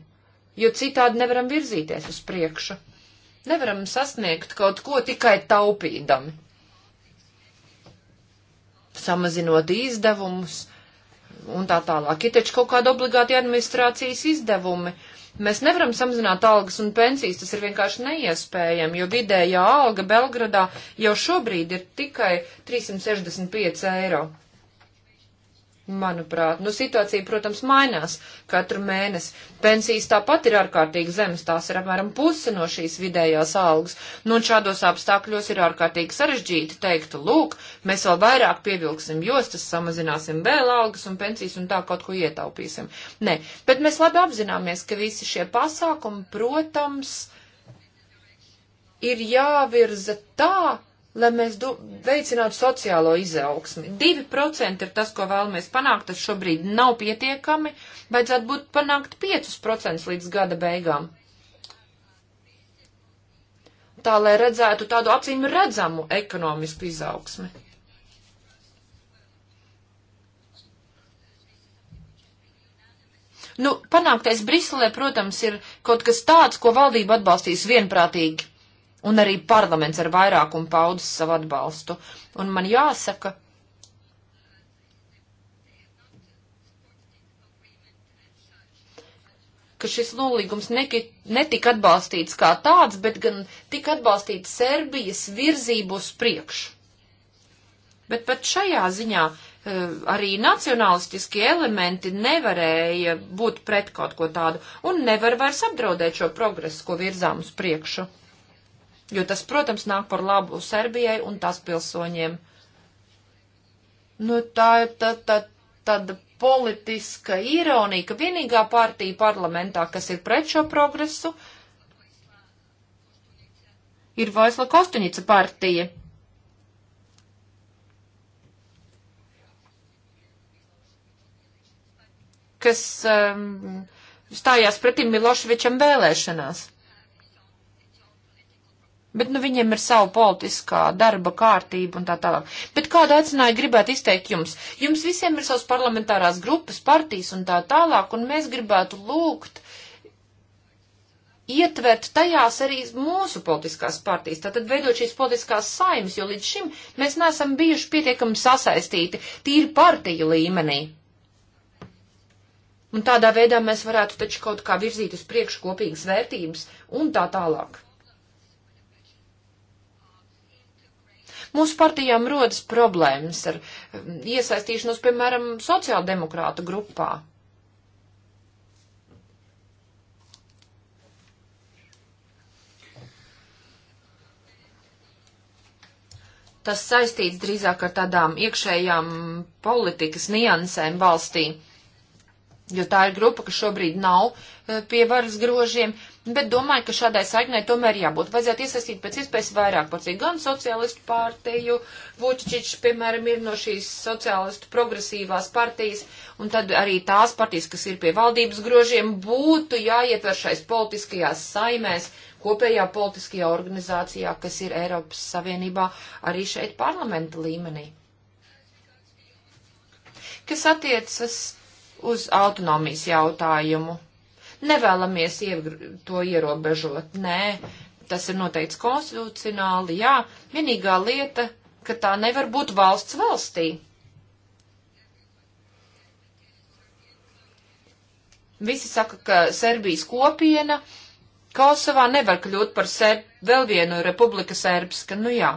A: jo citādi nevaram virzīties uz priekšu. Nevaram sasniegt kaut ko tikai taupīdami, samazinot izdevumus un tā tālāk. Ir taču kaut kāda obligāta administrācijas izdevumi. Mēs nevaram samazināt algas un pensijas, tas ir vienkārši neiespējami, jo vidējā alga Belgradā jau šobrīd ir tikai 365 eiro. Manuprāt, nu situācija, protams, mainās katru mēnesi. Pensijas tāpat ir ārkārtīgi zemes, tās ir apmēram puse no šīs vidējās algas. Nu, un šādos apstākļos ir ārkārtīgi sarežģīti teikt, lūk, mēs vēl vairāk pievilksim jostas, samazināsim vēl algas un pensijas un tā kaut ko ietaupīsim. Nē, bet mēs labi apzināmies, ka visi šie pasākumi, protams, ir jāvirza tā, lai mēs do, veicinātu sociālo izaugsmi. 2% ir tas, ko vēlamies panākt, tas šobrīd nav pietiekami, vajadzētu būt panākt 5% līdz gada beigām. Tā, lai redzētu tādu acīm redzamu ekonomisku izaugsmi. Nu, panāktais Briselē, protams, ir kaut kas tāds, ko valdība atbalstīs vienprātīgi Un arī parlaments ar vairākumu paudas savu atbalstu. Un man jāsaka, ka šis nolīgums netika atbalstīts kā tāds, bet gan tika atbalstīts Serbijas virzību uz priekšu. Bet pat šajā ziņā eh, arī nacionalistiskie elementi nevarēja būt pret kaut ko tādu un nevar vairs apdraudēt šo progresu, ko virzām uz priekšu jo tas, protams, nāk par labu Serbijai un tās pilsoņiem. Nu, tā ir tā, tā, tāda politiska ironija, ka vienīgā partija parlamentā, kas ir pret šo progresu, ir Vaisla Kostuņica partija. kas um, stājās pretim Miloševičam vēlēšanās. Bet nu, viņiem ir sava politiskā darba kārtība un tā tālāk. Bet kādu aicināju gribētu izteikt jums? Jums visiem ir savas parlamentārās grupas, partijas un tā tālāk, un mēs gribētu lūgt ietvert tajās arī mūsu politiskās partijas, tātad veidot šīs politiskās saimes, jo līdz šim mēs neesam bijuši pietiekami sasaistīti tīri partiju līmenī. Un tādā veidā mēs varētu taču kaut kā virzīt uz priekšu kopīgas vērtības un tā tālāk. Mūsu partijām rodas problēmas ar um, iesaistīšanos, piemēram, sociāldemokrātu grupā. Tas saistīts drīzāk ar tādām iekšējām politikas niansēm valstī, jo tā ir grupa, kas šobrīd nav uh, pie varas grožiem, bet domāju, ka šādai saiknai tomēr jābūt. Vajadzētu iesaistīt pēc iespējas vairāk porciju gan sociālistu partiju, Vučičičs, piemēram, ir no šīs sociālistu progresīvās partijas, un tad arī tās partijas, kas ir pie valdības grožiem, būtu jāietver šais politiskajās saimēs, kopējā politiskajā organizācijā, kas ir Eiropas Savienībā arī šeit parlamenta līmenī. Kas attiecas uz autonomijas jautājumu? Nevēlamies to ierobežot, nē, tas ir noteikts konstitucionāli, jā, vienīgā lieta, ka tā nevar būt valsts valstī. Visi saka, ka Serbijas kopiena Kosovā nevar kļūt par ser, vēl vienu republika serbska, nu jā.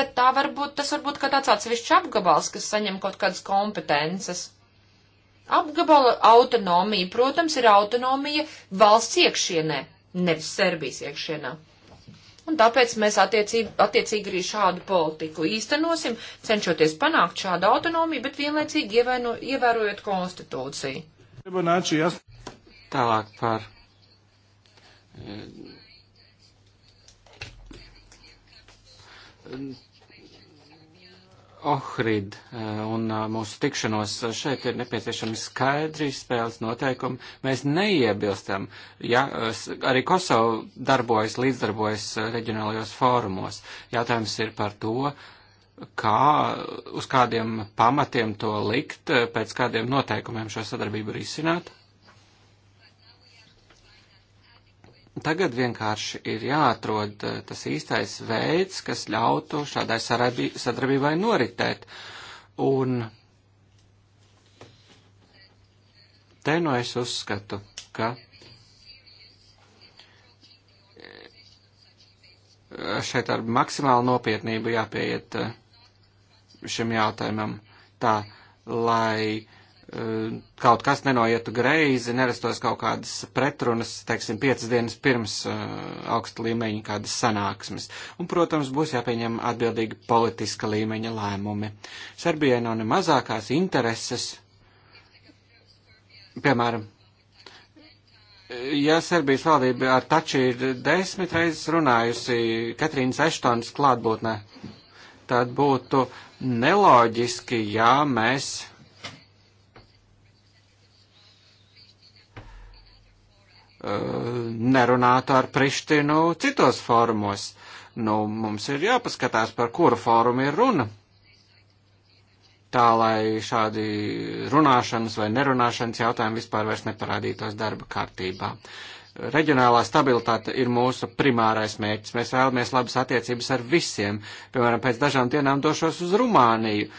A: Bet tā varbūt, tas varbūt kā tāds atsevišķs apgabals, kas saņem kaut kādas kompetences. Apgabala autonomija, protams, ir autonomija valsts iekšienē, nevis Serbijas iekšienē. Un tāpēc mēs attiecīgi, attiecīgi arī šādu politiku īstenosim, cenšoties panākt šādu autonomiju, bet vienlaicīgi ievēno, ievērojot konstitūciju.
C: Tālāk par. Eh, Ohrid eh, un eh, mūsu tikšanos šeit ir nepieciešami skaidri spēles noteikumi. Mēs neiebilstam, ja eh, arī Kosovo darbojas, līdzdarbojas reģionālajos fórumos. Jautājums ir par to, kā, uz kādiem pamatiem to likt, pēc kādiem noteikumiem šo sadarbību risināt. Tagad vienkārši ir jāatrod eh, tas īstais veids, kas ļautu šādai sadarbībai noritēt. Un te no nu es uzskatu, ka eh, šeit ar maksimālu nopietnību jāpieiet eh, šim jautājumam tā, lai uh, Eh, kaut kas nenoietu greizi, nerastos kaut kādas pretrunas, teiksim, piecas dienas pirms eh, augsta līmeņa kādas sanāksmes. Un, protams, būs jāpieņem atbildīgi politiska līmeņa lēmumi. Serbijai nav ne mazākās intereses, piemēram, ja Serbijas valdība ar taču ir desmit reizes runājusi Katrīnas Eštonas klātbūtnē, tad būtu neloģiski, ja mēs nerunātu ar Prištinu citos fórumos. Nu, mums ir jāpaskatās, par kuru fórumu ir runa. Tā, lai šādi runāšanas vai nerunāšanas jautājumi vispār vairs neparādītos darba kārtībā. Reģionālā stabilitāte ir mūsu primārais mērķis. Mēs vēlamies labas attiecības ar visiem. Piemēram, pēc dažām dienām došos uz Rumāniju.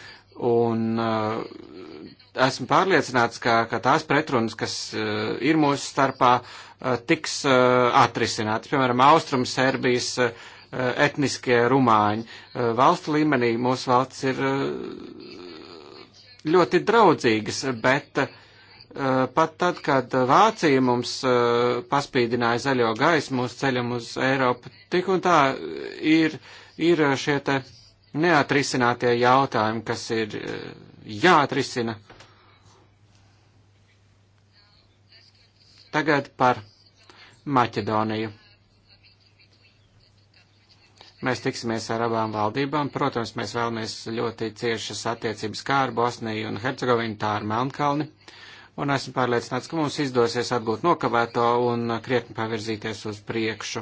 C: Un uh, esmu pārliecināts, ka, ka tās pretrunas, kas uh, ir mūsu starpā, uh, tiks uh, atrisinātas. Piemēram, Austrum Serbijas uh, etniskie rumāņi. Uh, valstu līmenī mūsu valsts ir uh, ļoti draudzīgas, bet uh, pat tad, kad Vācija mums uh, paspīdināja zaļo gaismu mūsu ceļam uz Eiropu, tik un tā ir, ir šie te neatrisinātie jautājumi, kas ir. Uh, jāatrisina Tagad par Maķedoniju. Mēs tiksimies ar abām valdībām. Protams, mēs vēlamies ļoti ciešas attiecības kā ar Bosniju un Hercegovinu, tā ar Melnkalni. Un esmu pārliecināts, ka mums izdosies atgūt nokavēto un krietni pavirzīties uz priekšu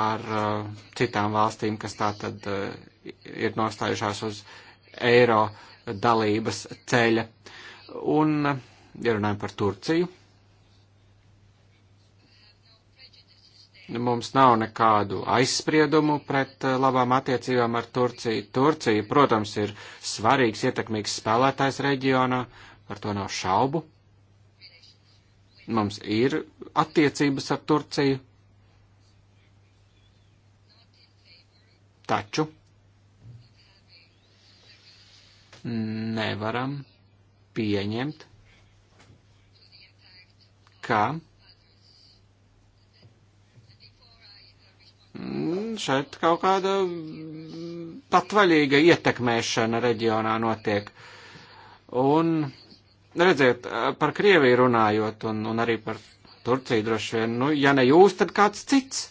C: ar uh, citām valstīm, kas tā tad uh, ir nostājušās uz eiro dalības ceļa. Un, ja runājam par Turciju, Mums nav nekādu aizspriedumu pret eh, labām attiecībām ar Turciju. Turcija, protams, ir svarīgs, ietekmīgs spēlētājs reģionā, par to nav šaubu. Mums ir attiecības ar Turciju. Taču nevaram pieņemt, ka Mm, šeit kaut kāda patvaļīga ietekmēšana reģionā notiek. Un redziet, par Krieviju runājot un, un arī par Turciju droši vien, nu, ja ne jūs, tad kāds cits.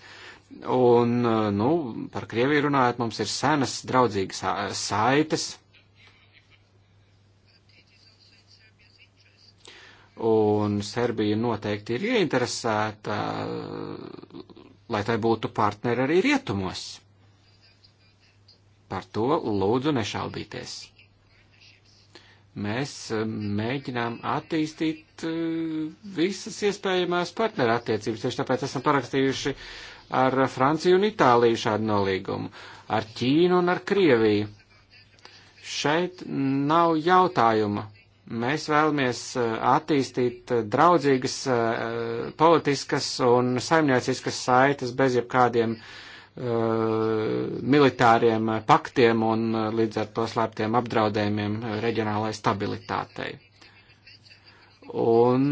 C: Un, nu, par Krieviju runājot, mums ir senas draudzīgas saites. Un Serbija noteikti ir ieinteresēta lai tai būtu partneri arī rietumos. Par to lūdzu nešaubīties. Mēs eh, mēģinām attīstīt eh, visas iespējamās partneru attiecības, tieši tāpēc esam parakstījuši ar Franciju un Itāliju šādu nolīgumu, ar Ķīnu un ar Krieviju. Šeit nav jautājuma Mēs vēlamies eh, attīstīt eh, draudzīgas eh, politiskas un saimnieciskas saites bez jebkādiem militāriem paktiem un līdz ar to slēptiem apdraudējumiem reģionālai stabilitātei. Un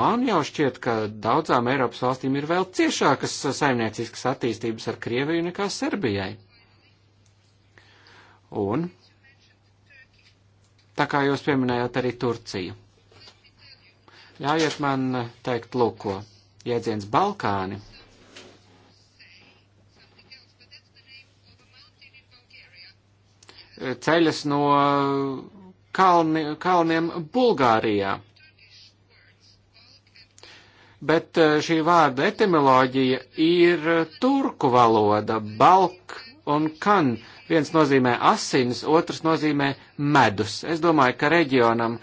C: man jau šķiet, ka daudzām Eiropas valstīm ir vēl ciešākas saimnieciskas attīstības ar Krieviju nekā Serbijai. Un tā kā jūs pieminējāt arī Turciju. Ļaujiet man teikt, lūko, jēdziens Balkāni. Ceļas no kalni, kalniem Bulgārijā. Bet eh, šī vārda etimoloģija ir turku valoda, balk un kan, Viens nozīmē asins, otrs nozīmē medus. Es domāju, ka reģionam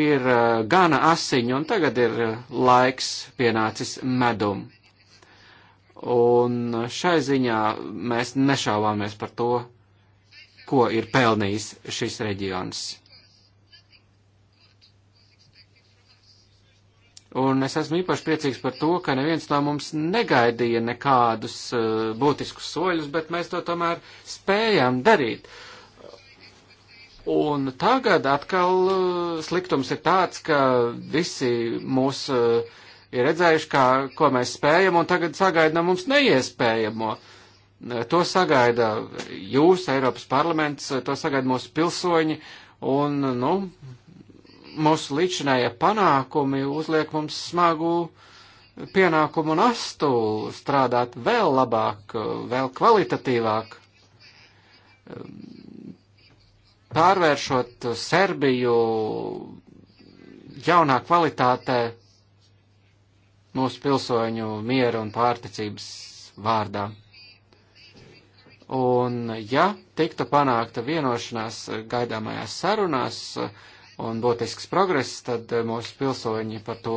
C: ir uh, gana asiņu, un tagad ir uh, laiks pienācis medum. Un šai ziņā mēs nešāvāmies par to, ko ir pelnījis šis reģions. Un es esmu īpaši priecīgs par to, ka neviens no mums negaidīja nekādus uh, būtiskus soļus, bet mēs to tomēr spējām darīt. Un tagad atkal uh, sliktums ir tāds, ka visi mūs uh, ir redzējuši, kā, ko mēs spējam, un tagad sagaida no mums neiespējamo. To sagaida jūs, Eiropas parlaments, to sagaida mūsu pilsoņi, un, nu, mūsu līdzinājie panākumi uzliek mums smagu pienākumu nastu strādāt vēl labāk, vēl kvalitatīvāk, pārvēršot Serbiju jaunā kvalitātē mūsu pilsoņu miera un pārticības vārdā. Un ja tiktu panākta vienošanās gaidāmajās sarunās, uh, un būtisks progress, tad eh, mūsu pilsoņi par to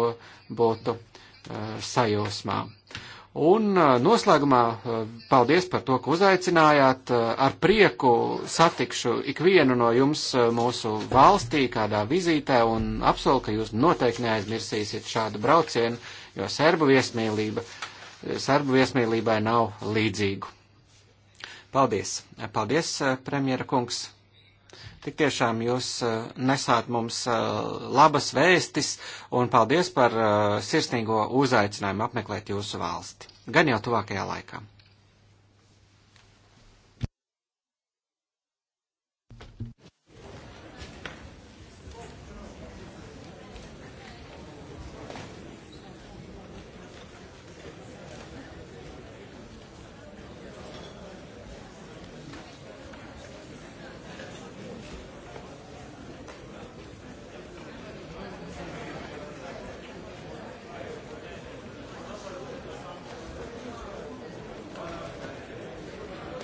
C: būtu eh, sajūsmā. Un eh, noslēgumā paldies par to, ka uzaicinājāt. Ar prieku satikšu ikvienu no jums mūsu valstī kādā vizītē un apsolu, ka jūs noteikti neaizmirsīsiet šādu braucienu, jo serbu viesmīlība, serbu viesmīlībai nav līdzīgu. Paldies. Paldies, premjera kungs. Tik tiešām jūs eh, nesāt mums eh, labas vēstis un paldies par eh, sirsnīgo uzaicinājumu apmeklēt jūsu valsti. Gan jau tuvākajā laikā.